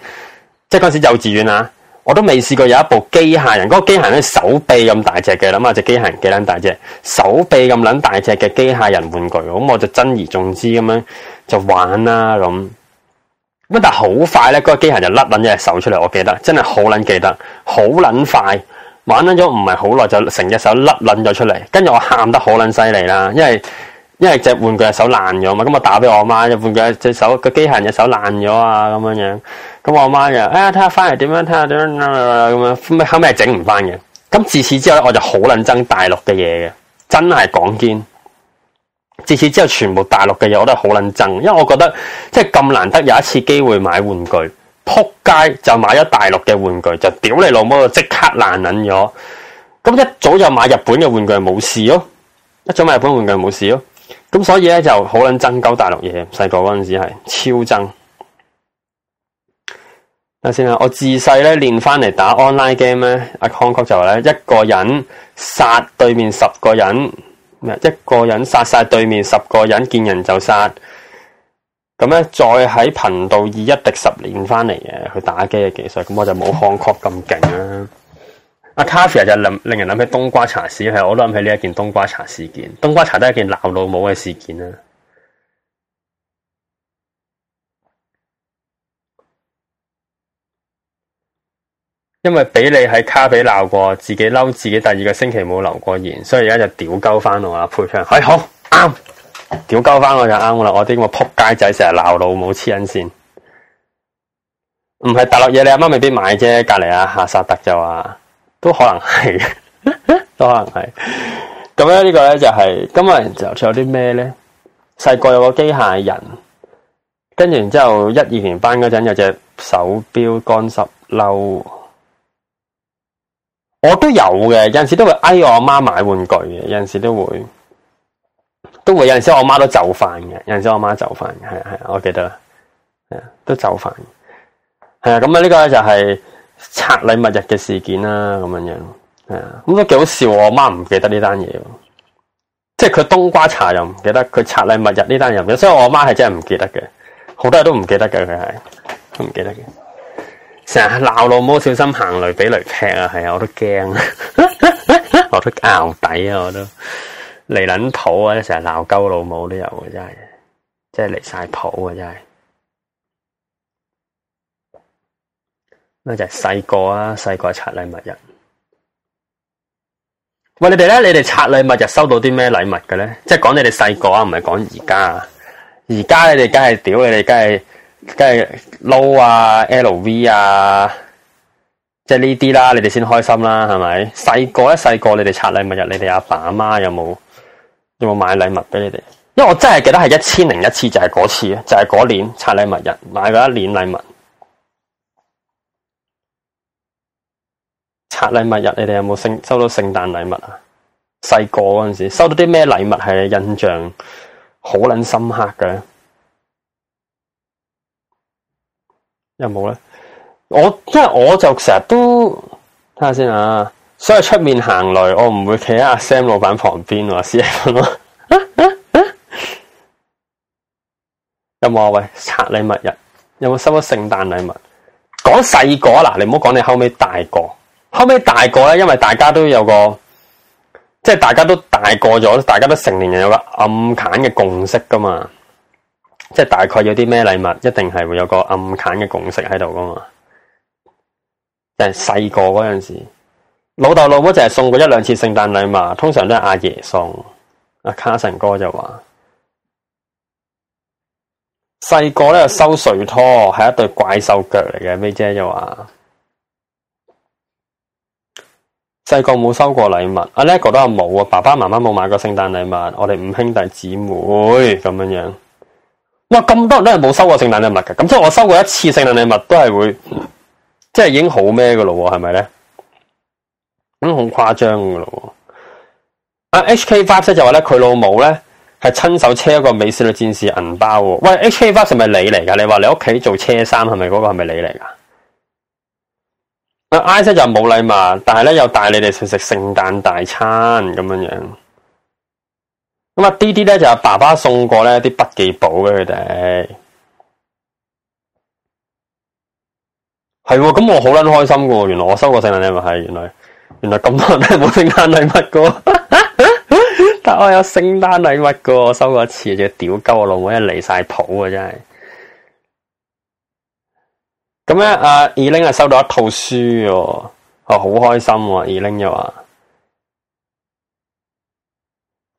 即係嗰時幼稚園啊，我都未試過有一部機械人，嗰個機械人咧手臂咁大隻嘅，諗下隻機械人幾撚大隻，手臂咁撚大隻嘅機械人玩具，咁我,我就珍而重之咁、那個、樣就玩啦咁。乜但係好快咧，嗰個機械人就甩捻隻手出嚟，我記得，真係好捻記得，好捻快，玩咗唔係好耐就成隻手甩捻咗出嚟，跟住我喊得好捻犀利啦，因為因為隻玩具手爛咗嘛，咁我打俾我媽，隻玩具隻手個機械人隻手爛咗啊，咁樣樣，咁我媽就啊睇下翻嚟點樣，睇下點樣咁樣，後尾係整唔翻嘅，咁自此之後咧，我就好捻憎大陸嘅嘢嘅，真係講堅。自此之後，全部大陸嘅嘢我都係好撚憎，因為我覺得即係咁難得有一次機會買玩具，撲街就買咗大陸嘅玩具就屌你老母就即刻爛撚咗。咁一早就買日本嘅玩具冇事咯，一早買日本玩具冇事咯。咁所以咧就好撚憎搞大陸嘢，細個嗰陣時係超憎。睇先啊，我自細咧練翻嚟打 online game 咧，阿 Conquer 就話咧一個人殺對面十個人。一個人殺晒對面十個人，見人就殺。咁咧，再喺頻道以一敵十年翻嚟嘅去打機嘅技術，咁我就冇康克咁勁啦。阿卡芙就令令人諗起冬瓜茶事係，我都諗起呢一件冬瓜茶事件。冬瓜茶都係一件鬧老母嘅事件啦。因為俾你喺卡比鬧過，自己嬲自己，第二個星期冇留過言，所以而家就屌鳩翻我啊，賠償。哎，好啱，屌鳩翻我就啱啦。我啲咁嘅撲街仔成日鬧老母黐緊線，唔係大陸嘢，你阿媽未必買啫。隔籬啊，夏薩特就話，都可能係， 都可能係。咁咧呢個咧就係，今日就仲有啲咩咧？細個有個機械人，跟住然之後一二年班嗰陣有隻手錶乾濕嬲。我都有嘅，有陣時都會嗌我阿媽買玩具嘅，有陣時都會，都會有陣時我阿媽都就飯嘅，有陣時我阿媽就飯嘅，係係，我記得，係啊都就飯嘅，係啊咁啊呢個就係拆禮物日嘅事件啦，咁樣樣，係啊咁都幾好笑，我阿媽唔記得呢單嘢，即係佢冬瓜茶又唔記得，佢拆禮物日呢單又唔記得，所以我阿媽係真係唔記得嘅，好多人都唔記得嘅佢係，都唔記得嘅。成日鬧老母，小心行雷俾雷劈啊！係啊，我都驚啊， 我都咬底啊，我都嚟撚譜啊！成日鬧鳩老母都有嘅，真係，真係嚟晒譜啊！真係，咁就係細個啊，細個拆禮物日。喂，你哋咧？你哋拆禮物日收到啲咩禮物嘅咧？即係講你哋細個啊，唔係講而家啊。而家你哋梗係屌，你哋梗係。梗係 low 啊，LV 啊，即係呢啲啦，你哋先開心啦，係咪？細個一細個，小你哋拆禮物日，你哋阿爸阿媽有冇有冇買禮物俾你哋？因為我真係記得係一千零一次，就係嗰次，就係、是、嗰年拆禮物日買咗一年禮物。拆禮物日，你哋有冇聖收到聖誕禮物啊？細個嗰陣時收到啲咩禮物係印象好捻深刻嘅？有冇咧？我因為我就成日都睇下先啊。所以出面行雷，我唔會企喺阿 Sam 老闆旁邊啊。試下，啊，啊有冇啊？喂，拆禮物日有冇收咗聖誕禮物？講細個嗱，你唔好講你後尾大個。後尾大個咧，因為大家都有個，即係大家都大個咗，大家都成年人有個暗坎嘅共識噶嘛。即係大概有啲咩禮物，一定係會有個暗砍嘅共識喺度噶嘛。就係細個嗰陣時，老豆老母淨係送過一兩次聖誕禮物，通常都係阿爺送。阿卡神哥就話細個咧收水拖，係一對怪獸腳嚟嘅。V 姐就話細個冇收過禮物，阿叻哥都話冇啊。爸爸媽媽冇買過聖誕禮物，我哋五兄弟姊妹咁樣樣。哇！咁多人都係冇收過聖誕禮物㗎。咁即係我收過一次聖誕禮物都係會，即係已經好咩喇咯？係咪咧？咁好誇張嘅咯？啊！HK Five 就話咧，佢老母咧係親手車一個美少女戰士銀包喎。喂，HK Five 係咪你嚟噶？你話你屋企做車衫係咪嗰個係咪你嚟噶？啊，I Five 就冇禮物，但係咧又帶你哋食食聖誕大餐咁樣樣。咁啊，啲啲咧就是、爸爸送過咧啲筆記簿嘅佢哋，係喎。咁我好捻開心噶，原來我收過聖誕禮物係，原來原來咁多人冇聖誕禮物噶， 但我有聖誕禮物噶，我收過一次，只屌鳩我老母，一係離晒譜啊，真、e、係。咁咧，阿二 l i 收到一套書哦，哦、啊、好開心喎，二、e、l 又話。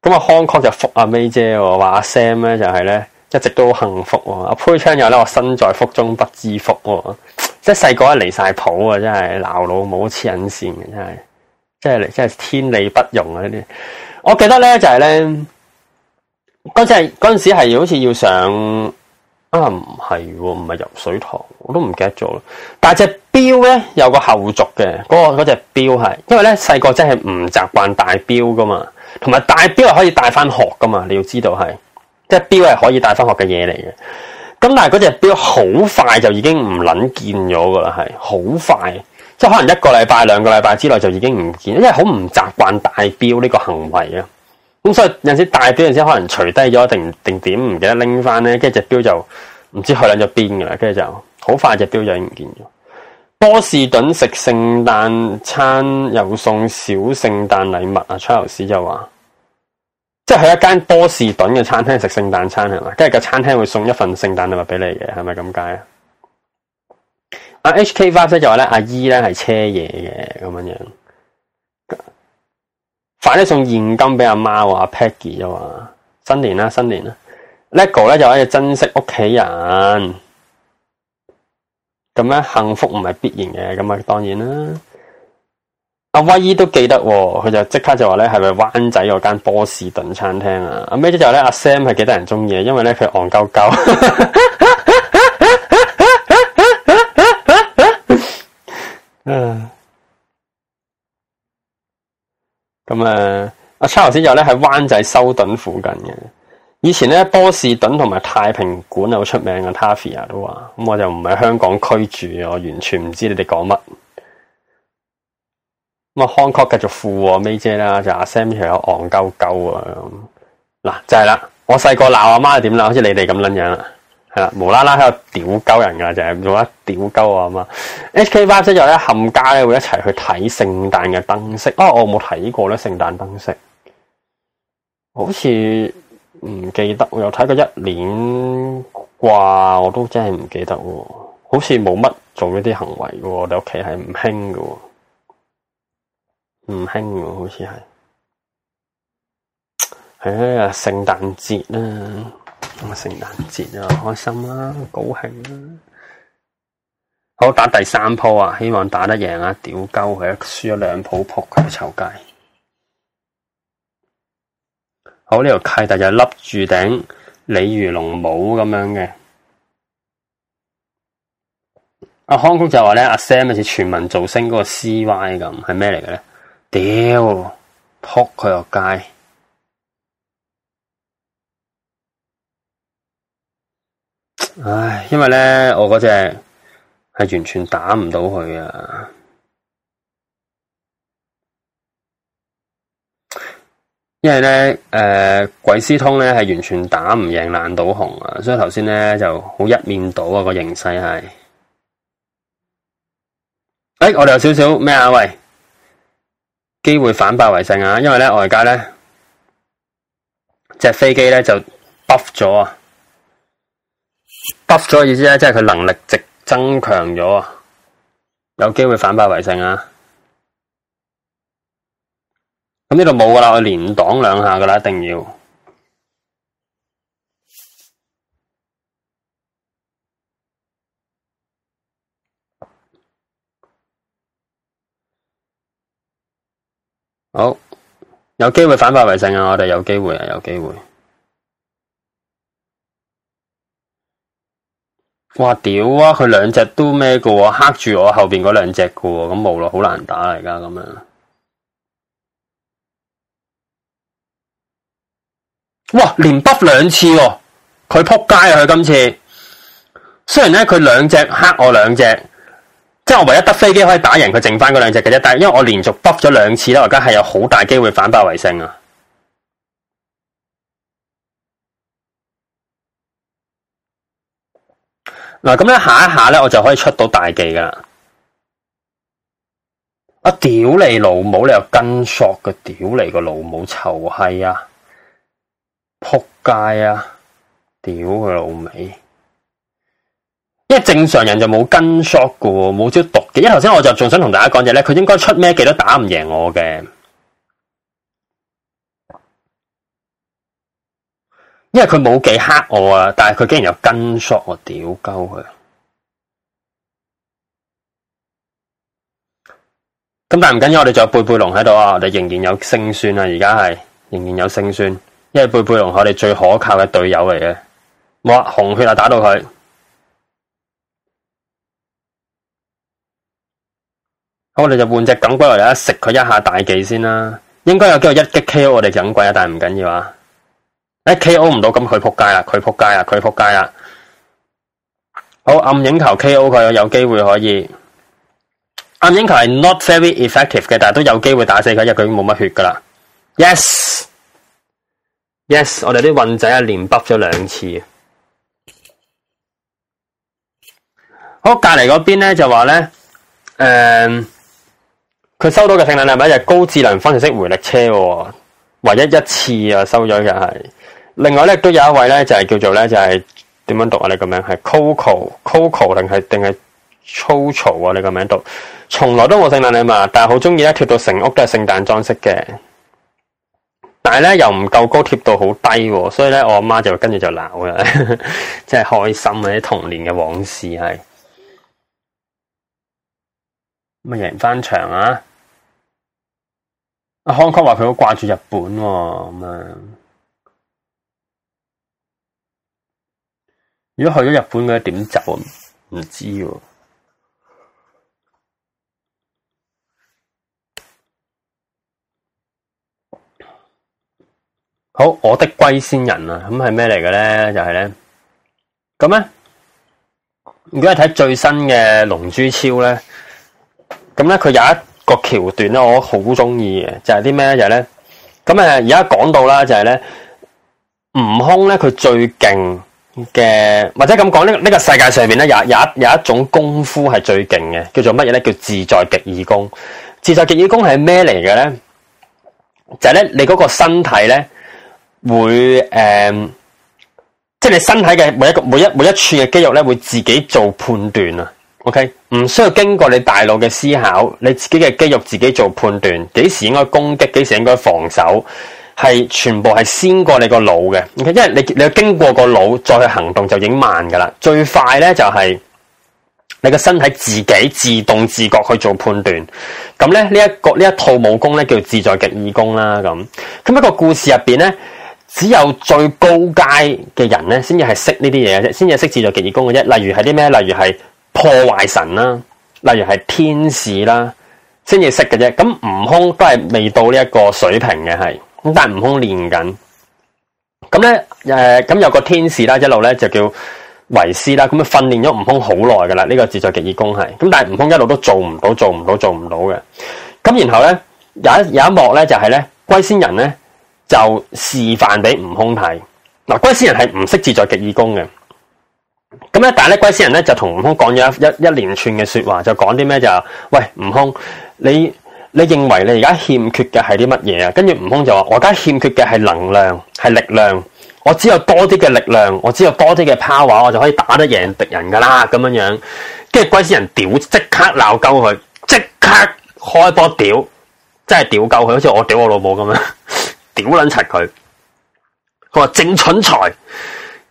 咁啊，康康就福阿 May 姐，話阿 Sam 咧就係咧，一直都好幸福喎、哦。阿 p u s h i n 又咧，我身在福中不知福喎、哦。即係細個咧離晒譜啊，真係鬧老母黐緊線嘅，真係，即係嚟真係天理不容啊！呢啲，我記得咧就係、是、咧，嗰隻嗰陣時係好似要上啊，唔係唔係游水堂，我都唔記得咗啦。但係隻表咧有個後續嘅，嗰、那個嗰隻表係，因為咧細個真係唔習慣戴錶噶嘛。同埋戴表係可以帶翻學噶嘛？你要知道係，即係表係可以帶翻學嘅嘢嚟嘅。咁但係嗰隻表好快就已經唔捻見咗噶啦，係好快，即係可能一個禮拜、兩個禮拜之內就已經唔見，因為好唔習慣戴表呢個行為啊。咁所以有陣時戴表，有陣時可能除低咗定定點唔記得拎翻咧，跟住隻表就唔知去捻咗邊噶啦，跟住就好快隻表就已經唔見咗。波士頓食聖誕餐又送小聖誕禮物啊 Charles 就話，即係去一間波士頓嘅餐廳食聖誕餐係嘛，即係個餐廳會送一份聖誕禮物俾你嘅，係咪咁解啊？阿 HK 花姐就話咧，阿姨咧係車嘢嘅咁樣樣，快啲送現金俾阿媽阿 Peggy 就話新年啦，新年啦，lego 咧就可以珍惜屋企人。咁咧幸福唔係必然嘅，咁啊當然啦。阿威姨都記得、喔，佢就即刻就話咧，係咪灣仔嗰間波士頓餐廳啊？阿咩之後咧，阿 Sam 係幾得人中意，因為咧佢憨鳩鳩。啊！咁啊，阿 Charles 咧喺灣仔修頓附近嘅。以前咧，波士頓同埋太平館有好出名嘅 Tavia 都話，咁我就唔喺香港區住，我完全唔知你哋講乜。咁啊 Hong Kong 繼續負啊 May 姐啦，就阿 Sam 有漢漢漢就媽媽又有昂鳩鳩啊。嗱，就係啦，我細個鬧阿媽係點啦？好似你哋咁捻樣啦，係啦，無啦啦喺度屌鳩人噶，就係做得屌鳩啊？阿媽，HK 巴即又咧冚家咧會一齊去睇聖誕嘅燈飾。哦，我冇睇過咧，聖誕燈飾，好似。唔記得，我有睇過一年啩，我都真係唔記得喎。好似冇乜做呢啲行為嘅，我哋屋企係唔興嘅，唔興嘅，好似係。係、哎、啊，聖誕節啦，聖誕節啊，開心啦、啊，高興啦、啊。好打第三鋪啊，希望打得贏啊！屌鳩佢，輸咗兩鋪仆佢臭街。好呢、哦、條契，但就笠住頂鯉魚龍帽咁樣嘅。阿、啊、康谷就話咧，阿 Sam 似全民造星嗰、那個 C Y 咁，係咩嚟嘅咧？屌，撲佢落街！唉，因為咧，我嗰隻係完全打唔到佢啊！因為咧，誒，鬼斯通咧係完全打唔贏爛賭熊啊，所以頭先咧就好一面倒啊個形勢係。誒，我哋有少少咩啊？喂，機會反敗為勝啊！因為咧，外加咧隻飛機咧就 buff 咗啊，buff 咗意思咧即係佢能力值增強咗啊，有機會反敗為勝啊！咁呢度冇噶啦，我連擋兩下噶啦，一定要好有機會反敗為勝啊！我哋有機會啊，有機會嘩！哇屌啊，佢兩隻都咩噶喎，黑住我後邊嗰兩隻噶喎，咁冇咯，好難打嚟而家咁樣。哇！連卜兩次、哦，佢扑街啊！佢今次雖然咧，佢兩隻黑我兩隻，即係我唯一得飛機可以打贏，佢剩翻嗰兩隻嘅啫。但係因為我連續卜咗兩次咧，而家係有好大機會反敗為勝啊！嗱，咁呢下一下咧，我就可以出到大忌噶啦！啊屌你老母！你又跟索嘅，屌你個老母臭閪啊！撲街啊！屌佢老味，因為正常人就冇跟 shot 噶喎，冇招毒嘅。因為頭先我就仲想同大家講嘢咧，佢應該出咩技都打唔贏我嘅，因為佢冇技克我啊。但係佢竟然有跟 shot，我屌鳩佢。咁但係唔緊要，我哋仲有貝貝龍喺度啊，我哋仍然有勝算啊！而家係仍然有勝算。因為貝貝龍係我哋最可靠嘅隊友嚟嘅，冇啊紅血啊打到佢，我哋就換隻耿鬼嚟啦，食佢一下大技先啦，應該有機會一擊 K.O 我哋耿鬼啊，但係唔緊要啊，一 K.O 唔到，咁佢扑街啊，佢扑街啊，佢扑街啊，街好暗影球 K.O 佢有機會可以，暗影球係 not very effective 嘅，但係都有機會打死佢，因為佢已經冇乜血噶啦，yes。Yes，我哋啲運仔啊，連卜咗兩次。好，隔離嗰邊咧就話咧，誒、嗯，佢收到嘅聖誕禮物係高智能分時式回力車喎，唯一一次啊收咗嘅係。另外咧都有一位咧就係叫做咧就係、是、點樣讀啊？你個名係 Coco、Coco 定係定係 Coco 啊？你個名讀，從來都冇聖誕禮物，但係好中意咧，貼到成屋都係聖誕裝飾嘅。但係咧又唔夠高貼度好低、哦，所以咧我阿媽就跟住就鬧啦，真係開心啊，啲童年嘅往事係咁啊贏翻場啊！阿康康話佢好掛住日本咁、哦、啊、嗯，如果去咗日本嘅點走唔知、啊？好，我的龜仙人啊，咁係咩嚟嘅咧？就係咧，咁咧，如果係睇最新嘅《龍珠超》咧，咁咧佢有一個橋段咧，我好中意嘅，就係啲咩就係咧，咁啊而家講到啦，就係咧，悟空咧佢最勁嘅，或者咁講呢呢個世界上面咧有有一有一種功夫係最勁嘅，叫做乜嘢咧？叫自在極意功。自在極意功係咩嚟嘅咧？就係咧，你嗰個身體咧。會誒、嗯，即係你身體嘅每一個每一每一處嘅肌肉咧，會自己做判斷啊。OK，唔需要經過你大腦嘅思考，你自己嘅肌肉自己做判斷，幾時應該攻擊，幾時應該防守，係全部係先過你個腦嘅。OK，因為你你要經過個腦再去行動就已經慢噶啦。最快咧就係、是、你個身體自己自動自覺去做判斷。咁咧呢這一個呢一套武功咧叫自在極意功啦。咁咁一個故事入邊咧，只有最高階嘅人咧，先至係識呢啲嘢嘅啫，先至識自在極意功嘅啫。例如係啲咩？例如係破壞神啦，例如係天使啦，先至識嘅啫。咁悟空都係未到呢一個水平嘅，係咁但係悟空練緊。咁咧，誒，咁有個天使啦，一路咧就叫維斯啦，咁訓練咗悟空好耐噶啦。呢個自在極意功係咁，但係悟空一路都做唔到，做唔到，做唔到嘅。咁然後咧有一有一幕咧就係咧龜仙人咧。就示範俾悟空睇，嗱，龜仙人係唔識自在極意功嘅。咁咧，但係咧龜仙人咧就同悟空講咗一一連串嘅說話，就講啲咩就是、喂，悟空你你認為你而家欠缺嘅係啲乜嘢啊？跟住悟空就話，我而家欠缺嘅係能量係力量，我只有多啲嘅力量，我只有多啲嘅 power，我就可以打得贏敵人噶啦咁樣樣。跟住龜仙人屌，即刻鬧鳩佢，即刻開波屌，真係屌鳩佢，好似我屌我老母咁樣。屌捻柒佢，佢話正蠢材，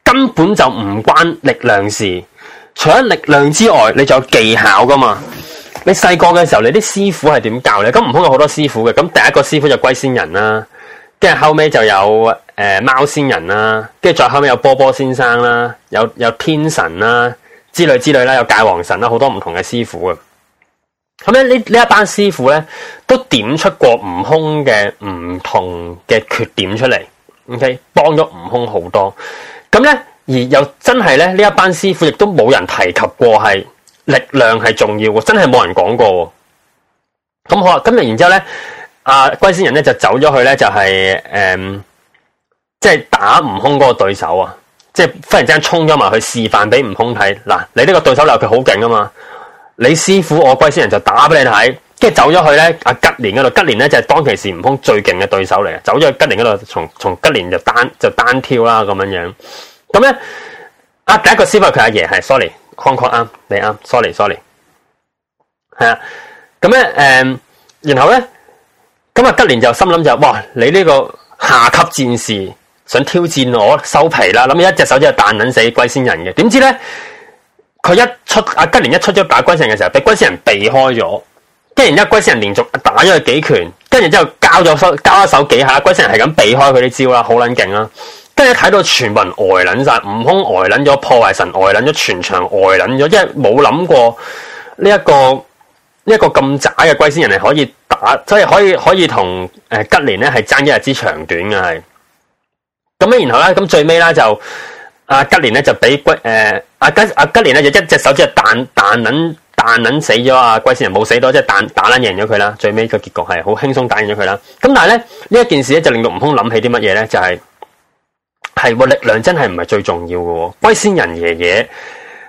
根本就唔關力量事。除咗力量之外，你仲有技巧噶嘛？你細個嘅時候，你啲師傅係點教咧？咁唔通有好多師傅嘅，咁第一個師傅就龜仙人啦，跟住後尾就有誒、呃、貓仙人啦，跟住再後尾有波波先生啦，有有天神啦之類之類啦，有界王神啦，好多唔同嘅師傅嘅。咁咧，呢呢一班師傅咧都點出過悟空嘅唔同嘅缺點出嚟，OK，幫咗悟空好多。咁咧而又真係咧，呢一班師傅亦都冇人提及過係力量係重要嘅，真係冇人講過。咁好啦，今日然之後咧，阿、啊、龜仙人咧就走咗去咧，就係、是、誒，即、嗯、係、就是、打悟空嗰個對手啊，即、就、係、是、忽然之間衝咗埋去示範俾悟空睇。嗱，你呢個對手留佢好勁啊嘛。你師父我龜仙人就打俾你睇，跟住走咗去咧，阿吉連嗰度，吉連咧就係當其時悟空最勁嘅對手嚟嘅，走咗去吉連嗰度，從從吉連就單就單挑啦咁樣樣，咁咧，啊第一個師傅佢阿爺係，sorry，框框啱你啱，sorry sorry，係啊，咁咧誒，然後咧，咁啊吉連就心諗就，哇，你呢個下級戰士想挑戰我收皮啦，諗住一隻手指就彈撚死龜仙人嘅，點知咧？佢一出啊吉連一出咗打龜仙人嘅時候，俾龜仙人避開咗。跟住，一龜仙人連續打咗佢幾拳，跟住之後交咗手，交咗手幾下，龜仙人係咁避開佢啲招啦，好捻勁啦。跟住睇到全民呆捻晒，悟空呆捻咗，破壞神呆捻咗，全場呆捻咗，因為冇諗過呢一個呢一個咁渣嘅龜仙人係可以打，即係可以可以同誒吉連咧係爭一日之長短嘅係。咁咧，然後咧，咁最尾咧就，啊、呃！吉連咧就俾龜誒，阿吉阿吉連咧就一隻手指彈彈捻彈捻死咗啊。龜仙人，冇死到，即係彈打捻贏咗佢啦。最尾個結局係好輕鬆打贏咗佢啦。咁但係咧，呢一件事咧就令到悟空諗起啲乜嘢咧？就係、係、係力量真係唔係最重要嘅。龜仙人爺爺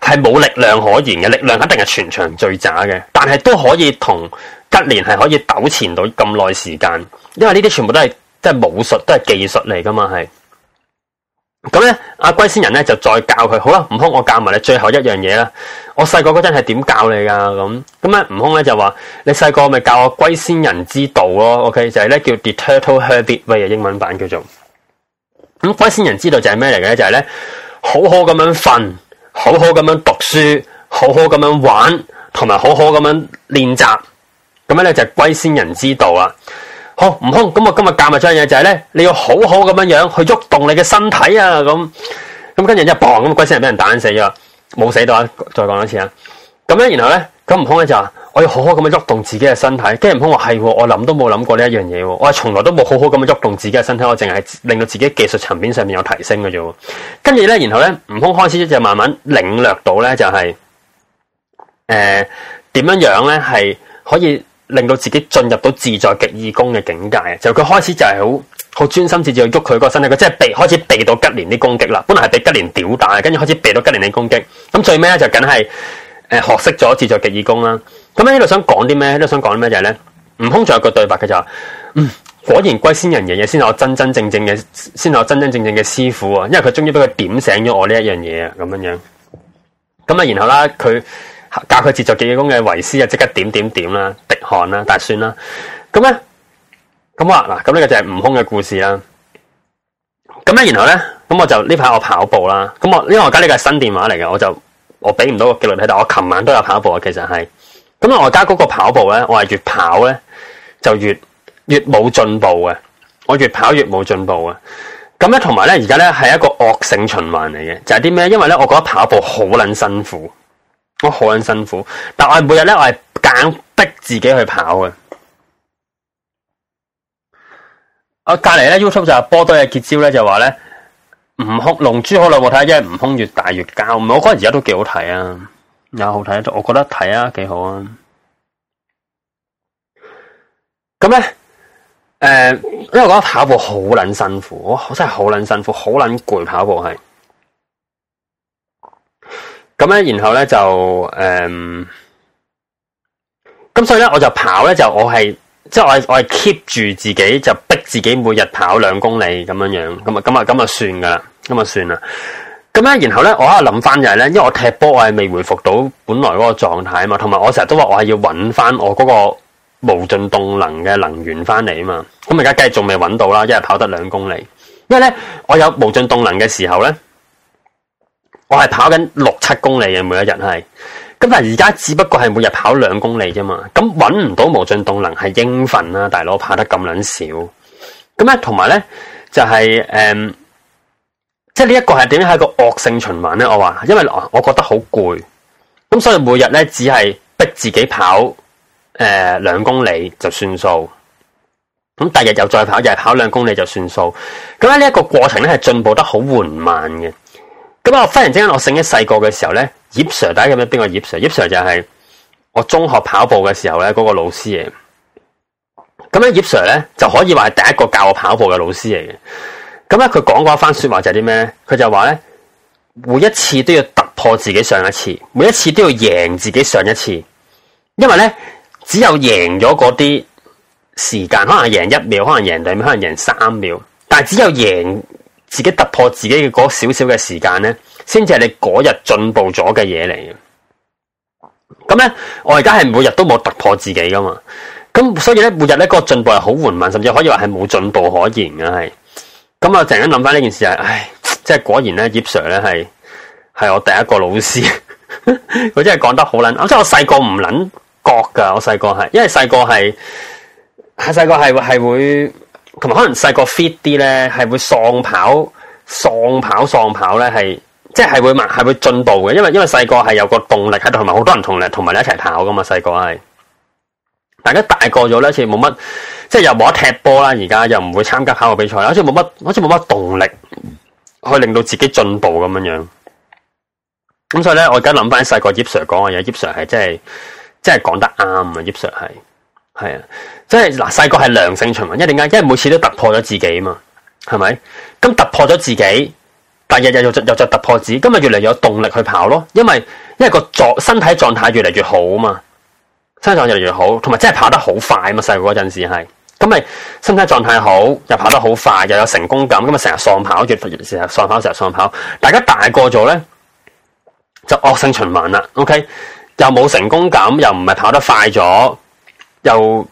係冇力量可言嘅，力量肯定係全場最渣嘅，但係都可以同吉連係可以糾纏到咁耐時間，因為呢啲全部都係即係武術，都係技術嚟噶嘛係。咁咧，阿龜、啊、仙人咧就再教佢，好啦，悟空，我教埋你最後一樣嘢啦。我細個嗰陣係點教你噶咁咁咧？悟空咧就話：你細個咪教我龜仙人之道咯、啊。OK，就係咧叫《The Turtle Hermit Way》英文版叫做。咁龜仙人之道就係咩嚟嘅咧？就係咧好好咁樣瞓，好好咁樣讀書，好好咁樣玩，同埋好好咁樣練習。咁樣咧就係龜仙人之道啊。好，悟空，咁我今日夾埋張嘢就係咧，你要好好咁樣樣去喐動你嘅身體啊，咁咁跟住一後，咁鬼死人俾人打死咗，冇死到啊！再講一次啊！咁咧，然後咧，咁悟空咧就話我要好好咁樣喐動自己嘅身體。跟住悟空話係，我諗都冇諗過呢一樣嘢，我從來都冇好好咁樣喐動自己嘅身體，我淨係令到自己技術層面上面有提升嘅啫。跟住咧，然後咧，悟空開始就慢慢領略到咧，就係誒點樣樣咧，係可以。令到自己進入到自在極意功嘅境界，就佢開始就係好好專心致志去喐佢個身體，佢即係避開始避到吉連啲攻擊啦。本來係被吉連吊打，跟住開始避到吉連啲攻擊。咁最尾咧就梗係誒學識咗自在極意功啦。咁喺呢度想講啲咩咧？呢度想講啲咩就係咧，悟空仲有個對白佢就話：嗯，果然龜仙人爺爺先係我真真正正嘅，先係我真真正正嘅師傅啊！因為佢終於俾佢點醒咗我呢一樣嘢啊！咁樣樣咁啊，然後啦佢。教佢接作記憶宮嘅維斯，啊，即刻點點點啦，滴汗啦，但算啦。咁咧，咁啊嗱，咁呢、呢個就係悟空嘅故事啦。咁咧，然後咧，咁我就呢排我跑步啦。咁我因為我家呢個係新電話嚟嘅，我就我俾唔到個記錄睇，但我琴晚都有跑步啊，其實係。咁啊，我而家嗰個跑步咧，我係越跑咧就越越冇進步嘅，我越跑越冇進步嘅。咁咧，同埋咧，而家咧係一個惡性循環嚟嘅，就係啲咩？因為咧，我覺得跑步好撚辛苦。我好捻辛苦，但我每日咧，我係硬逼自己去跑嘅。我隔籬咧，YouTube 就播多嘅結招，咧，就話咧，吳空龍珠好耐冇睇，因為吳空越大越膠，唔係，我覺得而家都幾好睇啊，有好睇，我覺得睇啊，幾好啊。咁咧，誒、呃，因為我覺得跑步好捻辛苦，我，我真係好捻辛苦，好捻攰，跑步係。咁咧，然後咧就嗯，咁所以咧我就跑咧，就我係即係我係我係 keep 住自己，就逼自己每日跑兩公里咁樣樣，咁啊咁啊咁啊算噶啦，咁啊算啦。咁咧，然後咧，我喺度諗翻就係咧，因為我踢波我係未回復到本來嗰個狀態啊嘛，同埋我成日都話我係要揾翻我嗰個無盡動能嘅能源翻嚟啊嘛，咁而家梗係仲未揾到啦，一日跑得兩公里，因為咧我有無盡動能嘅時候咧。我係跑緊六七公里嘅，每一日係，咁但係而家只不過係每日跑兩公里啫嘛，咁搵唔到無盡動能係應份啦，啊，大佬跑得咁撚少，咁咧同埋咧就係、是、誒，即係呢一個係點樣係一個惡性循環咧？我話因為我，我覺得好攰，咁所以每日咧只係逼自己跑誒，呃、兩公里就算數，咁第日又再跑，又係跑兩公里就算數，咁喺呢一個過程咧係進步得好緩慢嘅。咁我忽然之間我醒起細個嘅時候咧，葉 Sir，大家有冇邊個葉 Sir？葉 Sir 就係我中學跑步嘅時候咧，嗰個老師嚟。咁咧，葉 Sir 咧就可以話係第一個教我跑步嘅老師嚟嘅。咁咧，佢講過一番說話就係啲咩？佢就話咧，每一次都要突破自己上一次，每一次都要贏自己上一次。因為咧，只有贏咗嗰啲時間，可能贏一秒，可能贏兩秒，可能贏三秒，但係只有贏。自己突破自己嘅嗰少少嘅時間咧，先至係你嗰日進步咗嘅嘢嚟嘅。咁咧，我而家係每日都冇突破自己噶嘛。咁所以咧，每日咧，個進步係好緩慢，甚至可以話係冇進步可言嘅係。咁啊，我突然間諗翻呢件事係，唉，即係果然咧，葉 Sir 咧係係我第一個老師。 真 佢真係講得好捻，即係我細個唔捻覺噶，我細個係，因為細個係，喺細個係係會。同埋可能細個 fit 啲咧，係會喪跑、喪跑、喪跑咧，係即係會慢，係會進步嘅。因為因為細個係有個動力喺度，同埋好多人同力，同埋你一齊跑噶嘛。細個係大家大個咗咧，好似冇乜，即係又冇得踢波啦。而家又唔會參加跑步比賽，好似冇乜，好似冇乜動力去令到自己進步咁樣樣。咁所以咧，我而家諗翻細個葉 Sir 講嘅嘢，葉 Sir 係真係真係講得啱啊！葉 Sir 係。係啊，即係嗱，細個係良性循環，一定，點解？因為每次都突破咗自己嘛，係咪？咁突破咗自己，但日日又再又再突破自己，咁咪越嚟越有動力去跑咯，因為因為個狀身體狀態越嚟越好啊嘛，身體狀態越嚟越好，同埋真係跑得好快啊嘛，細個嗰陣時係，咁咪身體狀態好又跑得好快，又有成功感，咁咪成日喪跑，Olha, 越成日喪跑，成日喪跑。有有 lider, 大家大個咗咧，就惡性循環啦。OK，又冇成功感，又唔係跑得快咗。又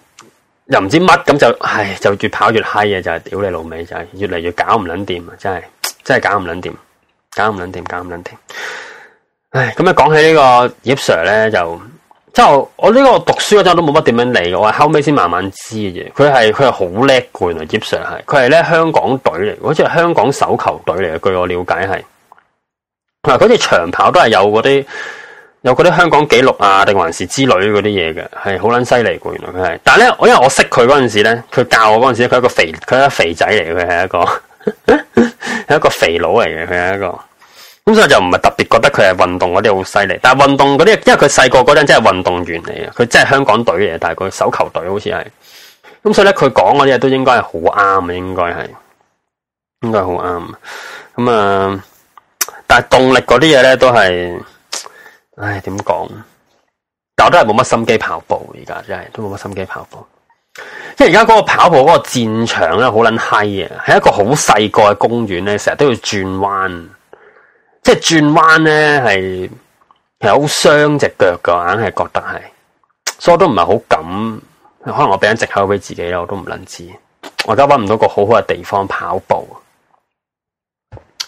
又唔知乜咁就，唉，就越跑越嗨嘢就係屌你老味，就係、就係、越嚟越搞唔捻掂啊！真係真係搞唔捻掂，搞唔捻掂，搞唔捻掂。唉，咁啊講起個呢個葉 Sir 咧，就即係我呢個讀書嗰陣都冇乜點樣嚟嘅，我後尾先慢慢知嘅啫。佢係佢係好叻嘅，原來葉 Sir 係，佢係咧香港隊嚟，好似係香港手球隊嚟嘅，據我了解係。嗱，嗰啲長跑都係有嗰啲。有嗰啲香港紀錄啊，定還是之類嗰啲嘢，嘅係好捻犀利嘅。原來佢係，但係咧，我因為我識佢嗰陣時咧，佢教我嗰陣時，佢係一個肥佢係一個肥仔嚟嘅，佢係一個，係 一個肥佬嚟嘅，佢係一個。咁所以就唔係特別覺得佢係運動嗰啲好犀利，但係運動嗰啲，因為佢細個嗰陣真係運動員嚟嘅，佢真係香港隊嚟嘅，但係佢手球隊好似係。咁所以咧，佢講嗰啲嘢都應該係好啱嘅，應該係，應該好啱。咁啊、呃，但係動力嗰啲嘢咧都係。唉，點講？但我都係冇乜心機跑步，而家真係都冇乜心機跑步。即係而家嗰個跑步嗰個戰場咧好撚嗨啊！係一個好細個嘅公園咧，成日都要轉彎，即係轉彎咧係係好傷隻腳噶，硬係覺得係，所以我都唔係好敢。可能我俾緊借口俾自己啦，我都唔捻知。我而家搵唔到個好好嘅地方跑步。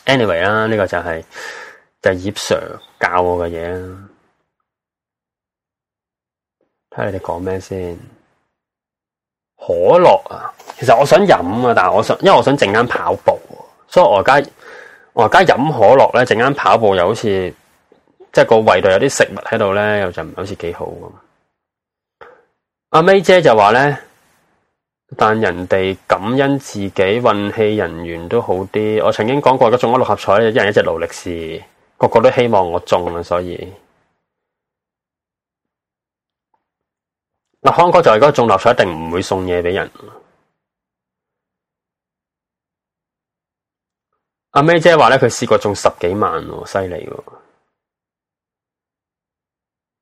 Anyway 啦，呢個就係、是。就係葉 Sir 教我嘅嘢啊！睇下你哋講咩先？可樂啊，其實我想飲啊，但係我想，因為我想陣間跑步，所以我而家我而家飲可樂咧，陣間跑步又好似即係個胃度有啲食物喺度咧，又就唔好似幾好啊。阿 May 姐就話咧，但人哋感恩自己運氣人緣都好啲。我曾經講過，中咗六合彩，一人一隻勞力士。個個都希望我中啊，所以嗱，康、啊、哥就係嗰個中六合彩，一定唔會送嘢俾人。阿、啊、May 姐話咧，佢試過中十幾萬，犀利喎。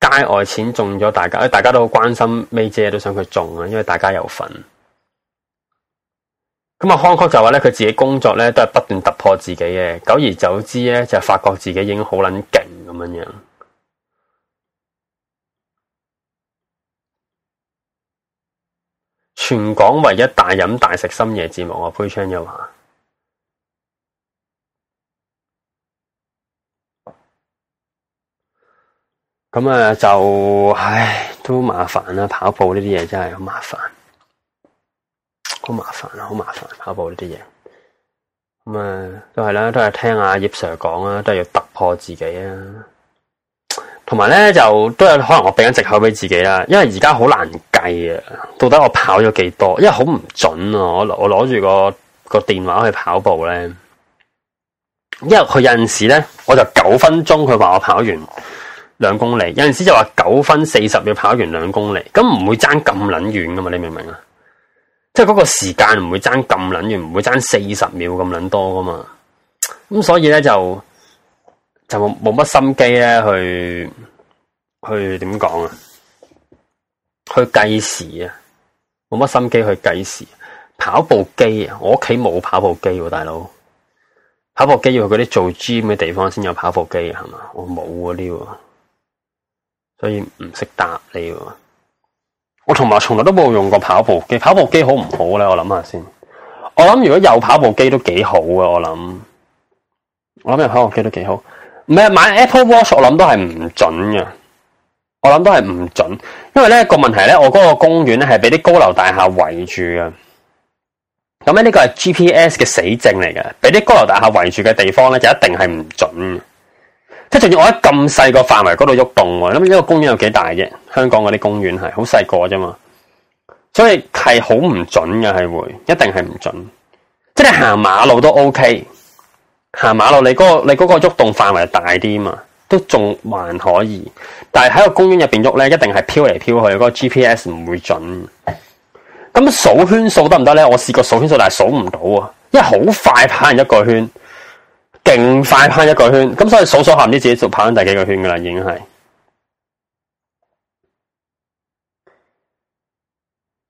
街外錢中咗，大家，誒，大家都好關心 May 姐，都想佢中啊，因為大家有份。咁啊，康就話咧，佢自己工作咧都係不斷突破自己嘅，久而久之咧就發覺自己已經好撚勁咁樣樣。全港唯一大飲大食深夜節目啊，配唱嘅話。咁啊，就唉，都麻煩啦，跑步呢啲嘢真係好麻煩。好麻煩啊，好麻煩跑步呢啲嘢。咁、嗯、啊，都係啦，都係聽阿葉 sir 講啦，都係要突破自己啊。同埋咧，就都有可能我俾緊借口俾自己啦。因為而家好難計啊，到底我跑咗幾多？因為好唔準啊。我我攞住個個電話去跑步咧，因為佢有陣時咧，我就九分鐘佢話我跑完兩公里，有陣時就話九分四十秒跑完兩公里，咁唔會爭咁撚遠噶嘛？你明唔明啊？即係嗰個時間唔會爭咁撚，唔會爭四十秒咁撚多㗎嘛。咁所以咧就就冇乜心機咧去去點講啊？去計時啊？冇乜心機去計時？跑步機啊？我屋企冇跑步機喎，大佬。跑步機要去嗰啲做 gym 嘅地方先有跑步機係嘛？我冇嗰啲喎，這個、所以唔識答你喎。這個我同埋從來都冇用過跑步機，跑步機好唔好咧？我諗下先。我諗如果有跑步機都幾好啊！我諗，我諗有跑步機都幾好。唔係買 Apple Watch，我諗都係唔準嘅。我諗都係唔準，因為咧個問題咧，我嗰個公園咧係俾啲高樓大廈圍住嘅。咁咧呢個係 GPS 嘅死症嚟嘅，俾啲高樓大廈圍住嘅地方咧就一定係唔準。即係仲要我喺咁細個範圍嗰度喐動，咁呢個公園有幾大啫。香港嗰啲公園係好細個啫嘛，所以係好唔準嘅，係會一定係唔準。即係行馬路都 OK，行馬路你嗰、嗰個你嗰喐動，動範圍大啲嘛，都仲還，還可以。但係喺個公園入邊喐咧，一定係飄嚟飄去，個 GPS 唔會準的。咁數圈數得唔得咧？我試過數圈數，但係數唔到啊，因為好快跑完一個圈，勁快跑一個圈。咁所以數數下唔知自己做跑緊第幾個圈噶啦，已經係。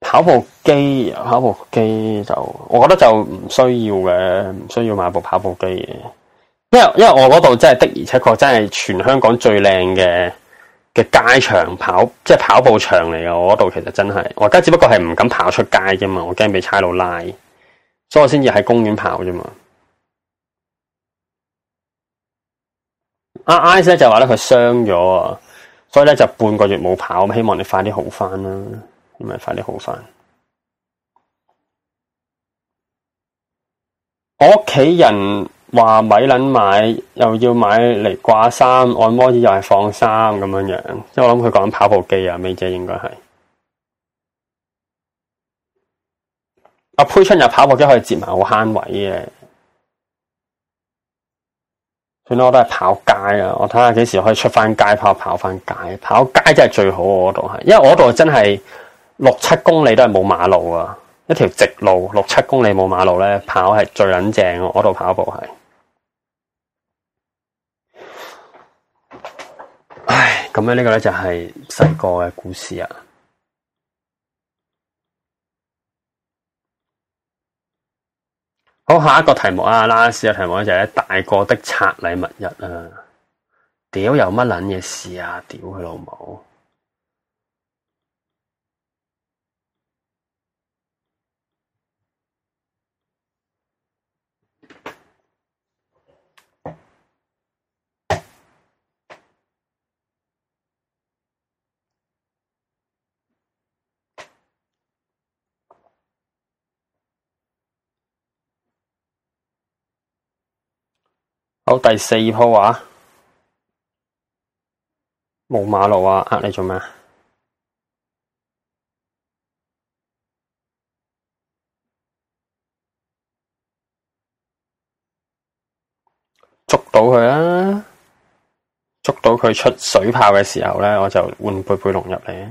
跑步機，跑步機就我覺得就唔需要嘅，唔需要買部跑步機嘅。因為因為我嗰度真係的而且確真係全香港最靚嘅嘅街場跑，即係跑步場嚟嘅。我嗰度其實真係，我而家只不過係唔敢跑出街嘅嘛，我驚俾差佬拉，所以我先至喺公園跑啫嘛。阿 Ice 咧就話咧佢傷咗啊，所以咧就半個月冇跑，希望你快啲好翻啦。咪快啲好翻！我屋企人話米捻買，又要買嚟掛衫，按摩椅又係放衫咁樣樣。即係我諗佢講緊跑步機啊，美姐應該係阿佩春又跑步機可以接埋我慳位嘅。算啦，我都係跑街啊！我睇下幾時可以出翻街跑，跑街，跑翻街跑街真係最好，啊、我度係，因為我度真係。六七公里都係冇馬路啊！一條直路，六七公里冇馬路咧，跑係最捻正，我度跑步係。唉，咁咧呢個咧就係細個嘅故事啊。好，下一個題目啊，last 嘅題目咧就係咧大個的拆禮物日啊！屌，有乜捻嘢事啊！屌佢老母！好，第四鋪啊，冇馬路啊，呃，你做咩啊？捉到佢啦，捉到佢出水泡嘅時候咧，我就換貝貝龍入嚟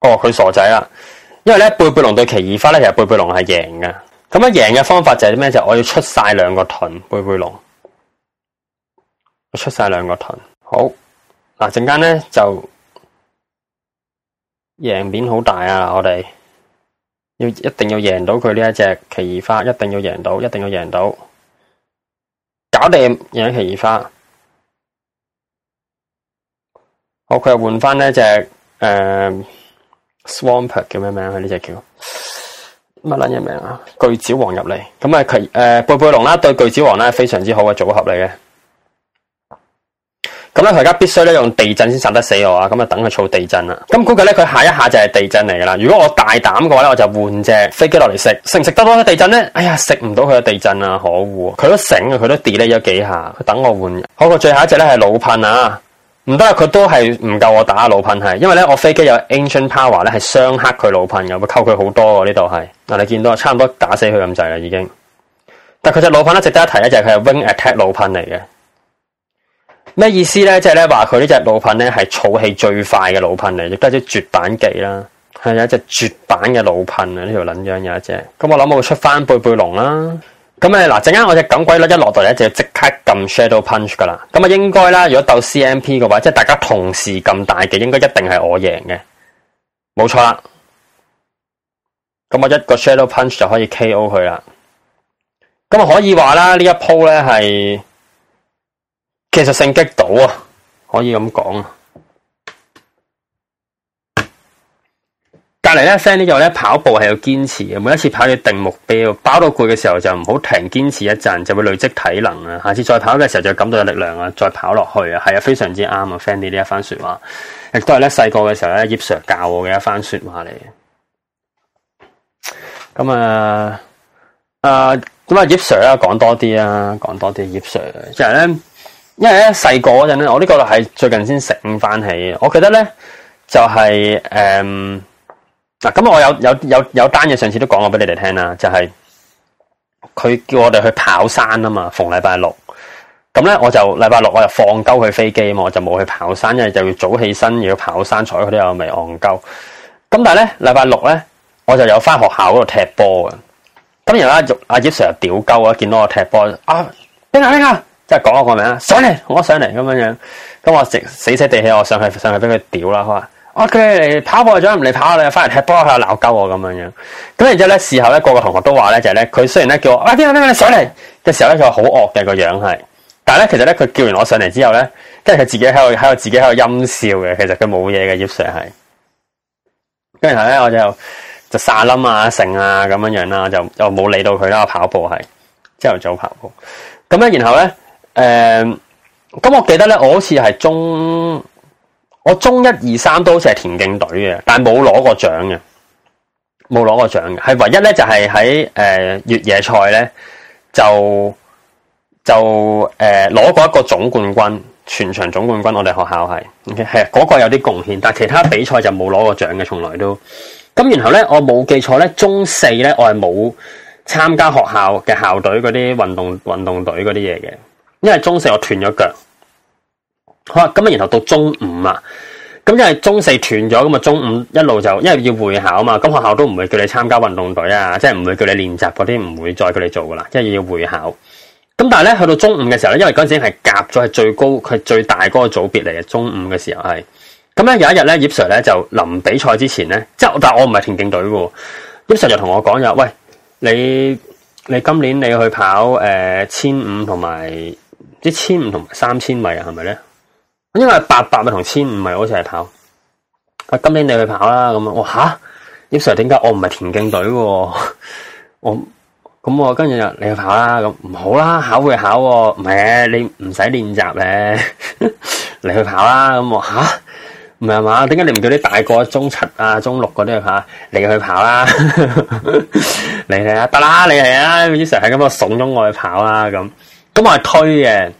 哦，佢傻仔啦、啊、～因為咧，貝貝龍對奇異花咧，其實貝貝龍係贏嘅。咁樣，贏嘅方法就係咩？就我要出晒兩個盾，貝貝龍，我出晒兩個盾。好，嗱陣間咧就贏面好大啊！我哋要一定要贏到佢呢一隻奇異花，一定要贏到，一定要贏到，搞掂贏奇異花。好，佢又換翻呢隻誒。呃 Swamp 叫咩名啊？呢隻叫乜撚嘢名啊？巨子王入嚟，咁啊其誒貝貝龍啦對巨子王咧非常之好嘅組合嚟嘅。咁咧佢而家必須咧用地震先殺得死我啊！咁啊等佢燥地震啦。咁估計咧佢下一下就係地震嚟噶啦。如果我大膽嘅話，我就換隻飛機落嚟食，食唔食得咯？地震咧，哎呀，食唔到佢嘅地震啊！可惡，佢都醒啊，佢都 delay 咗幾下，佢等我換。好過最後一隻咧係老噴啊！唔得啊！佢都係唔夠我打老噴，係因為咧我飛機有 Ancient Power 咧係雙克佢老噴嘅，會扣佢好多喎。呢度係。嗱、啊、你見到差唔多打死佢咁滯啦已經。但佢隻老噴咧值得一提一就係佢係 Wing Attack 老噴嚟嘅。咩意思咧？即係咧話佢呢隻老噴咧係儲氣最快嘅老噴嚟，亦都係隻絕版技啦。係有一隻絕版嘅老噴啊，呢條撚樣有一隻。咁我諗我會出翻貝貝龍啦。咁啊，嗱，陣間我隻梗鬼咧一落到嚟，就要即刻撳 shadow punch 噶啦。咁啊，應該啦，如果鬥 C M P 嘅話，即係大家同時撳大嘅，應該一定係我贏嘅，冇錯啦。咁我一個 shadow punch 就可以 K O 佢啦。咁啊，可以話啦，呢一鋪咧係，其實性激到啊，可以咁講啊。但嚟咧，Fendi 就咧跑步係要堅持嘅，每一次跑要定目標，跑到攰嘅時候就唔好停，堅持一陣就會累積體能啊！下次再跑嘅時候就感到有力量啊，再跑落去啊！係啊，非常之啱啊，Fendi 呢一番說話，亦都係咧細個嘅時候咧，葉 Sir 教我嘅一番說話嚟嘅。咁啊，誒，咁啊，葉 Sir 啊，講多啲啊，講多啲葉 Sir，因為咧，因為咧細個嗰陣咧，我呢個係最近先醒翻起，我記得咧就係、是、誒。嗯嗱，咁我有有有有單嘢，上次都講過俾你哋聽啦，就係、是、佢叫我哋去跑山啊嘛，逢禮拜六。咁咧，我就禮拜六我又放鳩佢飛機啊嘛，就冇去跑山，因為就要早起身，要跑山坐佢啲又咪戇鳩。咁、嗯、但係咧，禮拜六咧，我就有翻學校嗰度踢波嘅。咁然後阿阿傑 s 又屌鳩啊，見到我踢波啊，邊下邊下，即係講我個名啊，上嚟，我上嚟咁樣樣。咁我直死死地氣，我上去上去俾佢屌啦，佢話。佢、啊、跑步咗，唔嚟跑下啦，翻嚟踢波喺度鬧鳩我。咁樣樣咁。然之後咧，事後咧，個個同學都話咧，就咧佢雖然咧叫我啊，點啊點啊，啊，啊，啊上嚟嘅時候咧，佢好惡嘅個樣係，但係咧，其實咧佢叫完我上嚟之後咧，跟住佢自己喺度喺度自己喺度陰笑嘅，其實佢冇嘢嘅。葉 Sir 係跟住後咧、啊啊，我就就撒冧啊，剩啊，咁樣樣啦，就就冇理到佢啦。跑步係朝頭早跑步咁樣，然後咧誒，咁、嗯、我記得咧，我好似係中。我中一二三都好似係田徑隊嘅，但係冇攞過獎嘅，冇攞過獎嘅，係唯一咧就係喺誒越野賽咧就就誒攞，呃、過一個總冠軍，全場總冠軍。我哋學校係，ok 係啊，嗰個有啲貢獻，但係其他比賽就冇攞過獎嘅，從來都。咁然後咧，我冇記錯咧，中四咧我係冇參加學校嘅校隊嗰啲運動運動隊嗰啲嘢嘅，因為中四我斷咗腳。好啦咁啊，然後到中五啊，咁因為中四斷咗，咁啊，中五一路就因為要會考啊嘛，咁學校都唔會叫你參加運動隊啊，即係唔會叫你練習嗰啲，唔會再叫你做噶啦，即係要會考。咁但係咧，去到中五嘅時候咧，因為嗰陣係夾咗係最高，佢最大嗰個組別嚟嘅。中五嘅時候係咁咧，有一日咧，葉 Sir 咧就臨比賽之前咧，即係但係我唔係田徑隊嘅，咁 Sir 就同我講，喂，你你今年你去跑誒千五同埋一千五同埋三千米啊？係咪咧？因為八百咪同千五咪好似係跑，啊，今年你去跑啦，咁我吓，Joseph 點解我唔係田徑隊嘅？我咁我跟住就你去跑啦，咁唔好啦，考會考、啊，唔係你唔使練習咧， 你去跑啦，咁我吓，唔係嘛？點解你唔叫啲大個中七啊中六嗰啲去跑，你去跑啦， 你嚟啊，得啦了，你嚟啊，Joseph 係咁樣慫恿我去跑啦，咁，咁我係推嘅。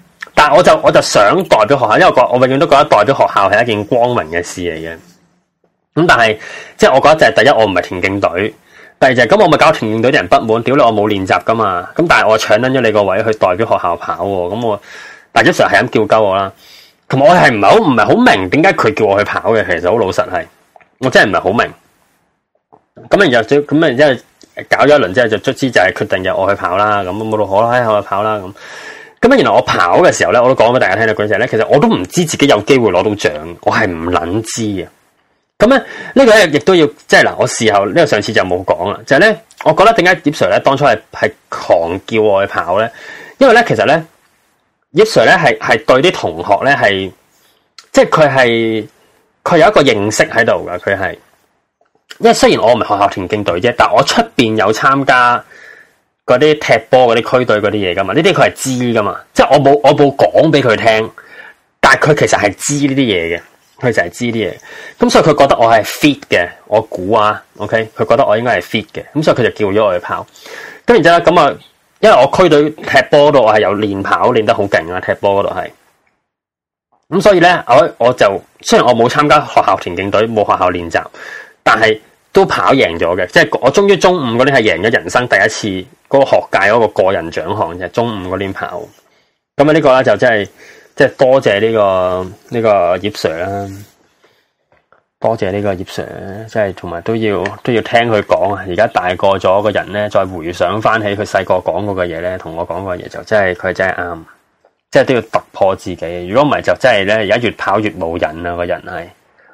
但我就我就想代表學校，因為我我永遠都覺得代表學校係一件光明嘅事嚟嘅。咁但係即係我覺得就係第一，我唔係田徑隊；第二就係、是、咁，我咪搞田徑隊啲人不滿，屌你，我冇練習噶嘛。咁但係我搶撚咗你個位去代表學校跑喎。咁我，但係 Joshua 係咁叫鳩我啦。同埋我係唔係好唔係好明點解佢叫我去跑嘅？其實好老實係，我真係唔係好明。咁咪又少咁咪即係搞咗一輪之後就卒之就係決定由我去跑啦。咁冇到可喺我去跑啦咁。咁原來我跑嘅時候咧，我都講俾大家聽到嗰陣咧，其實我都唔知自己有機會攞到獎，我係唔捻知啊。咁咧，呢個咧亦都要即係嗱，我事後呢個上次就冇講啦。就係咧，我覺得點解 Yip Sir 咧當初係係狂叫我去跑咧？因為咧，其實咧，Yip Sir 咧係係對啲同學咧係，即係佢係佢有一個認識喺度噶。佢係因為雖然我唔係學校田徑隊啫，但我出面有參加。嗰啲踢波嗰啲區隊嗰啲嘢噶嘛？呢啲佢係知噶嘛？即係我冇我冇講俾佢聽，但係佢其實係知呢啲嘢嘅，佢就係知啲嘢。咁所以佢覺得我係 fit 嘅，我估啊，OK，佢覺得我應該係 fit 嘅。咁所以佢就叫咗我去跑。咁然之後咧，咁啊，因為我區隊踢波度，我係有練跑練得好勁啊，踢波嗰度係。咁所以咧，我我就雖然我冇參加學校田徑隊冇學校練習，但係，都跑贏咗嘅，即、就、係、是、我終於中午嗰年係贏咗人生第一次嗰個學界嗰個個人獎項啫。就是、中午嗰年跑，咁啊呢個咧就真係即係多謝呢、這個呢、這個葉 Sir 啦、啊，多謝呢個葉 Sir，即係同埋都要都要聽佢講啊。而家大個咗個人咧，再回想翻起佢細個講嗰個嘢咧，同我講嗰個嘢就真係佢真係啱，即係都要突破自己。如果唔係就真係咧，而家越跑越冇癮啊！個人係